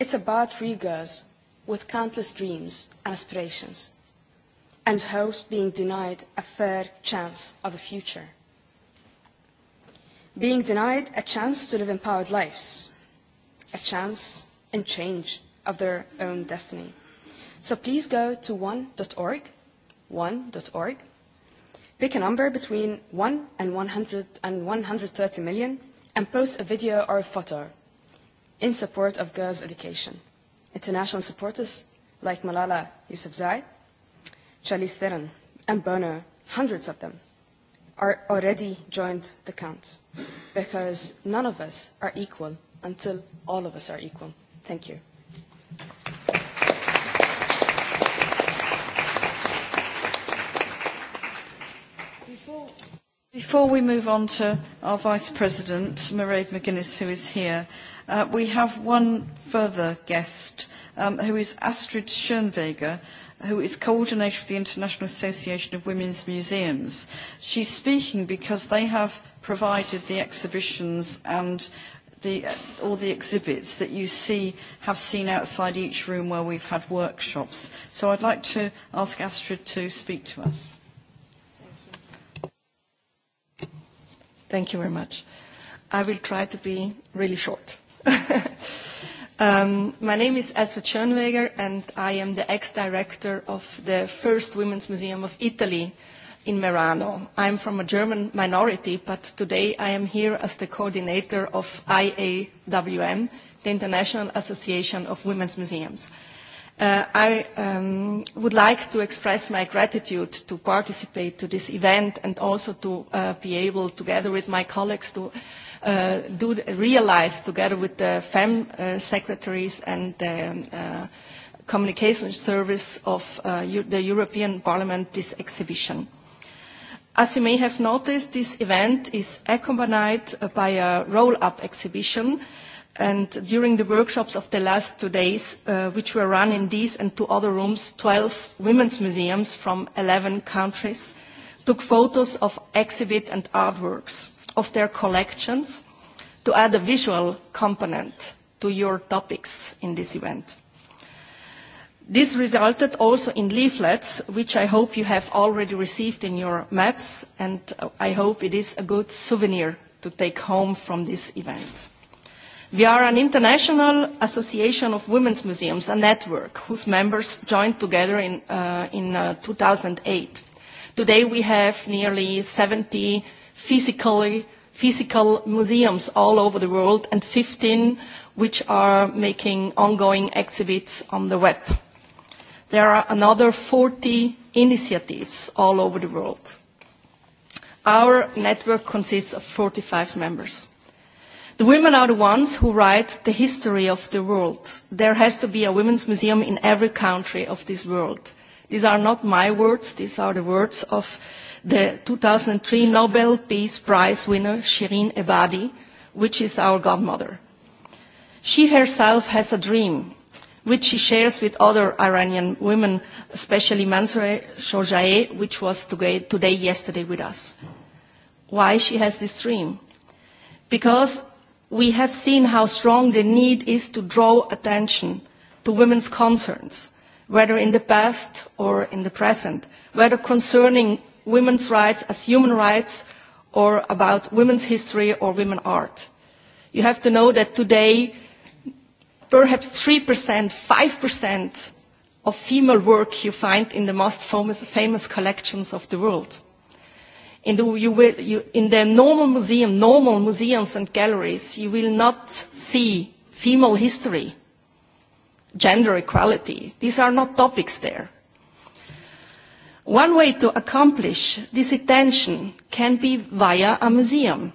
It's about three girls with countless dreams and aspirations, and hopes being denied a fair chance of a future. Being denied a chance to live empowered lives, a chance and change of their own destiny. So please go to one.org, one.org, pick a number between 1 and 100 and 130 million, and post a video or a photo in support of girls' education. International supporters like Malala Yousafzai, Charlize Theron, and Bono, hundreds of them, are already joined the count because none of us are equal until all of us are equal. Thank you. Before, before we move on to our Vice President, Mairead McGuinness, who is here, uh, we have one further guest, um, who is Astrid Schoenweger, who is coordinator of the International Association of Women's Museums. She's speaking because they have provided the exhibitions and the, uh, all the exhibits that you see have seen outside each room where we've had workshops. So I'd like to ask Astrid to speak to us. Thank you, Thank you very much. I will try to be really short. [LAUGHS] um, my name is Astrid Schoenweger, and I am the ex-director of the first Women's Museum of Italy, uh, in Merano. I'm from a German minority, but today I am here as the coordinator of IAWM, the International Association of Women's Museums. Uh, I um, would like to express my gratitude to participate to this event and also to uh, be able, together with my colleagues, to uh, do realize together with the FEM uh, secretaries and the um, uh, communication service of uh, the European Parliament this exhibition. Uh, As you may have noticed, this event is accompanied uh, by a roll-up exhibition, and during the workshops of the last two days, uh, which were run in these and two other rooms, 12 women's museums from 11 countries took photos of exhibit and artworks of their collections to add a visual component to your topics in this event. This resulted also in leaflets, which I hope you have already received in your maps, and uh, I hope it is a good souvenir to take home from this event. We are an international association of women's museums, a network whose members joined together in, uh, in uh, 2008. Today we have nearly 70 physically, physical museums all over the world and 15 which are making ongoing exhibits on the web. There are another 40 initiatives all over the world. Our network consists of 45 members. The women are the ones who write the history of the world. There has to be a women's museum in every country of this world. These are not my words, these are the words of the 2003 Nobel Peace Prize winner Shirin Ebadi, which is our godmother. She herself has a dream which she shares with other Iranian women, especially Mansoureh Shojaei, which was today, today, yesterday with us. Why she has this dream? Because we have seen how strong the need is to draw attention to women's concerns, whether in the past or in the present, whether concerning women's rights as human rights or about women's history or women's art. You have to know that today perhaps 3%, 5% of female work you find in the most famous, famous collections of the world. In the, you will, you, in the normal museum, normal museums and galleries, you will not see female history, gender equality. These are not topics there. One way to accomplish this attention can be via a museum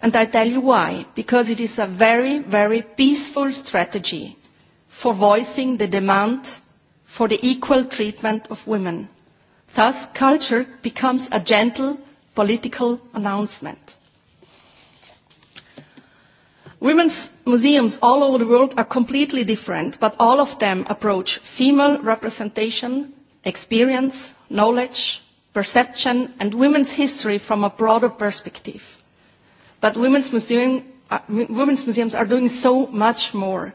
And I tell you why. Because it is a very, very peaceful strategy for voicing the demand for the equal treatment of women. Thus, culture becomes a gentle political announcement. Women's museums all over the world are completely different, but all of them approach female representation, experience, knowledge, perception, and women's history from a broader perspective. But women's, museum, uh, women's museums are doing so much more.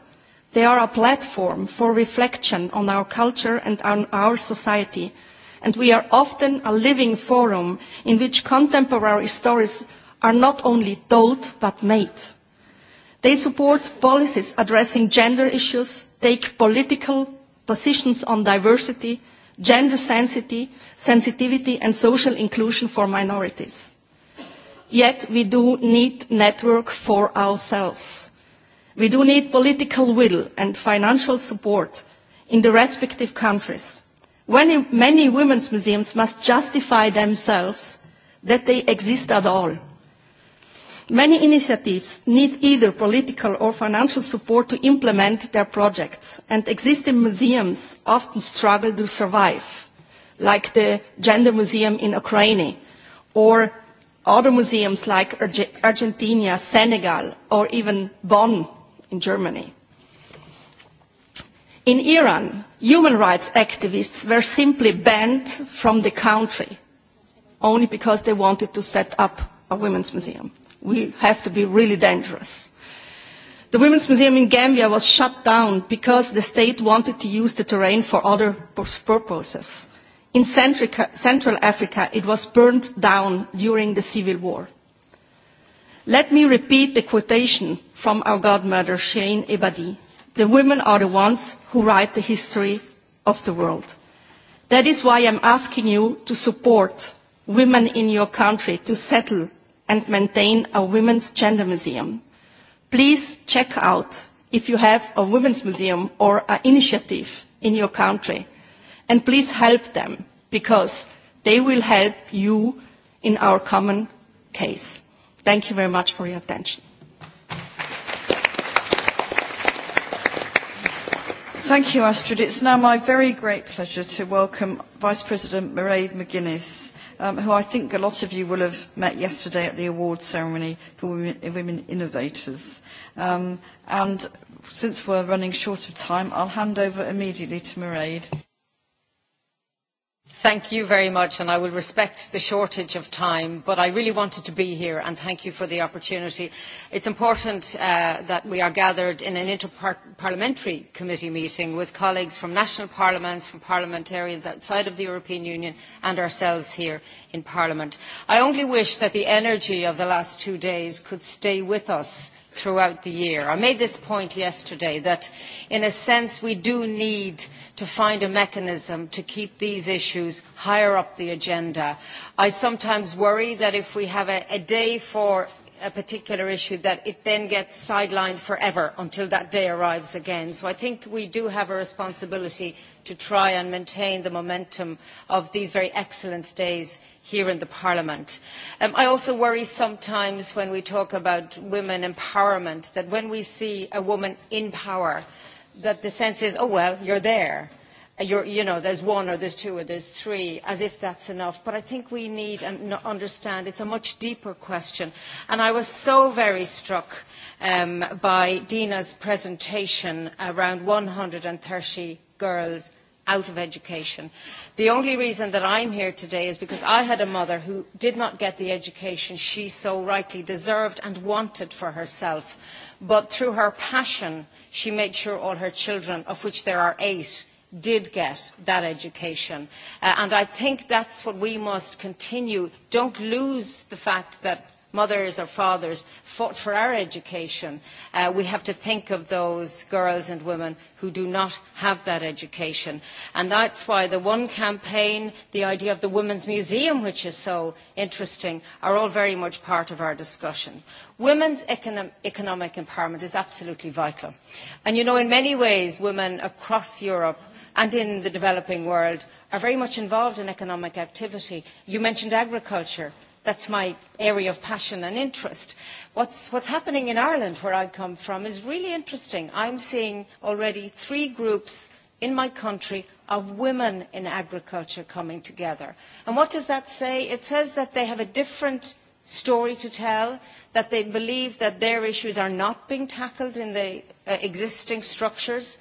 They are a platform for reflection on our culture and on our society. And we are often a living forum in which contemporary stories are not only told but made. They support policies addressing gender issues, take political positions on diversity, gender sensitivity, sensitivity and social inclusion for minorities yet we do need network for ourselves. We do need political will and financial support in the respective countries. When many women's museums must justify themselves that they exist at all. Many initiatives need either political or financial support to implement their projects, and existing museums often struggle to survive, like the Gender Museum in Ukraine, or other museums like Argentina, Senegal, or even Bonn in Germany. In Iran, human rights activists were simply banned from the country only because they wanted to set up a women's museum. We have to be really dangerous. The Women's Museum in Gambia was shut down because the state wanted to use the terrain for other purposes In Centrica, Central Africa, it was burned down during the civil war. Let me repeat the quotation from our godmother, Shireen Ebadi. The women are the ones who write the history of the world. That is why I'm asking you to support women in your country to settle and maintain a women's gender museum. Please check out if you have a women's museum or an initiative in your country And please help them because they will help you in our common case. Thank you very much for your attention. Thank you, Astrid. It's now my very great pleasure to welcome Vice President Mairead McGuinness, um, who I think a lot of you will have met yesterday at the award ceremony for Women, women Innovators. Um, and since we're running short of time, I'll hand over immediately to Mairead. Thank you very much, and I will respect the shortage of time, but I really wanted to be here, and thank you for the opportunity. It's important uh, that we are gathered in an interparliamentary committee meeting with colleagues from national parliaments, from parliamentarians outside of the European Union, and ourselves here in Parliament. I only wish that the energy of the last two days could stay with us throughout the year. I made this point yesterday that in a sense we do need to find a mechanism to keep these issues higher up the agenda. I sometimes worry that if we have a, a day for a particular issue that it then gets sidelined forever until that day arrives again. So I think we do have a responsibility to try and maintain the momentum of these very excellent days here in the Parliament. Um, I also worry sometimes when we talk about women empowerment that when we see a woman in power, that the sense is, oh well, you're there. You're, you know, there's one or there's two or there's three, as if that's enough. But I think we need and understand it's a much deeper question. And I was so very struck um, by Dina's presentation around 130 girls out of education. The only reason that I'm here today is because I had a mother who did not get the education she so rightly deserved and wanted for herself. But through her passion, she made sure all her children, of which there are eight, did get that education. Uh, and I think that's what we must continue. Don't lose the fact that mothers or fathers fought for our education, uh, we have to think of those girls and women who do not have that education. And that's why the One campaign, the idea of the Women's Museum, which is so interesting, are all very much part of our discussion. Women's econo economic empowerment is absolutely vital. And you know, in many ways, women across Europe and in the developing world are very much involved in economic activity. You mentioned agriculture that's my area of passion and interest. What's, what's happening in Ireland, where I come from, is really interesting. I'm seeing already three groups in my country of women in agriculture coming together. And what does that say? It says that they have a different story to tell, that they believe that their issues are not being tackled in the uh, existing structures,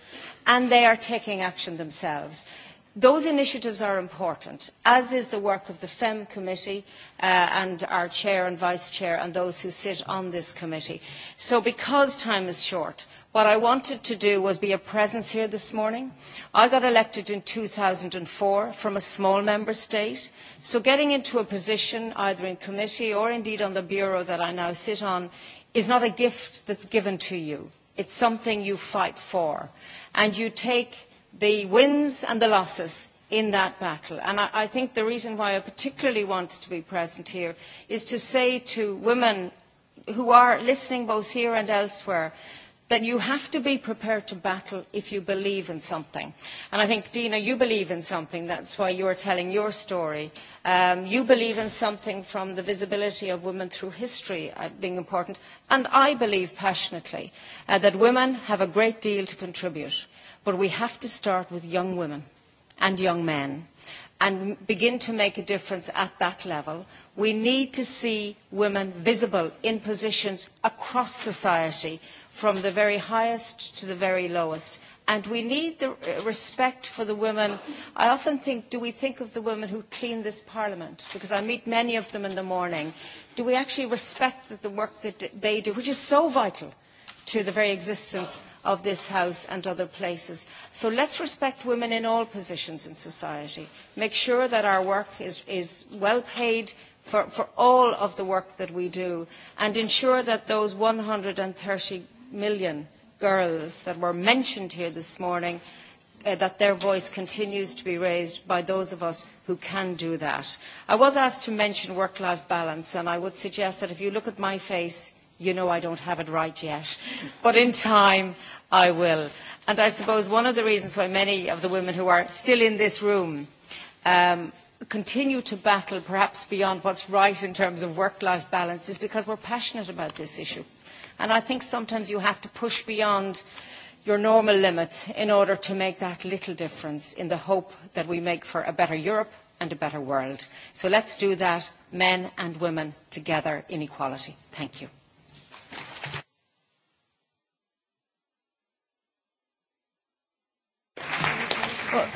and they are taking action themselves. Those initiatives are important, as is the work of the FEM committee uh, and our chair and vice chair and those who sit on this committee. So because time is short, what I wanted to do was be a presence here this morning. I got elected in 2004 from a small member state. So getting into a position either in committee or indeed on the bureau that I now sit on is not a gift that's given to you. It's something you fight for. And you take the wins and the losses in that battle. And I, I think the reason why I particularly wanted to be present here is to say to women who are listening both here and elsewhere that you have to be prepared to battle if you believe in something. And I think, Dina, you believe in something. That's why you're telling your story. Um, you believe in something from the visibility of women through history uh, being important. And I believe passionately uh, that women have a great deal to contribute But we have to start with young women and young men and begin to make a difference at that level. We need to see women visible in positions across society, from the very highest to the very lowest. And we need the uh, respect for the women. I often think, do we think of the women who clean this parliament? Because I meet many of them in the morning. Do we actually respect the work that they do, which is so vital to the very existence of this House and other places. So let's respect women in all positions in society. Make sure that our work is, is well paid for, for all of the work that we do and ensure that those 130 million girls that were mentioned here this morning uh, that their voice continues to be raised by those of us who can do that. I was asked to mention work-life balance, and I would suggest that if you look at my face, You know I don't have it right yet, but in time I will. And I suppose one of the reasons why many of the women who are still in this room um, continue to battle perhaps beyond what's right in terms of work-life balance is because we're passionate about this issue. And I think sometimes you have to push beyond your normal limits in order to make that little difference in the hope that we make for a better Europe and a better world. So let's do that, men and women, together in equality. Thank you. Well,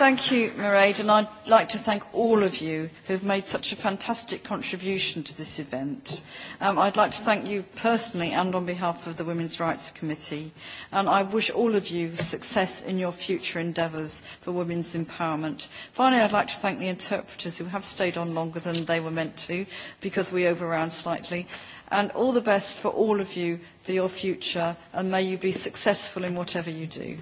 thank you, Mairead, and I'd like to thank all of you who've made such a fantastic contribution to this event. Um, I'd like to thank you personally and on behalf of the Women's Rights Committee, and I wish all of you success in your future endeavours for women's empowerment. Finally, I'd like to thank the interpreters who have stayed on longer than they were meant to because we overran slightly, and all the best for all of you for your future and may you be successful in whatever you do.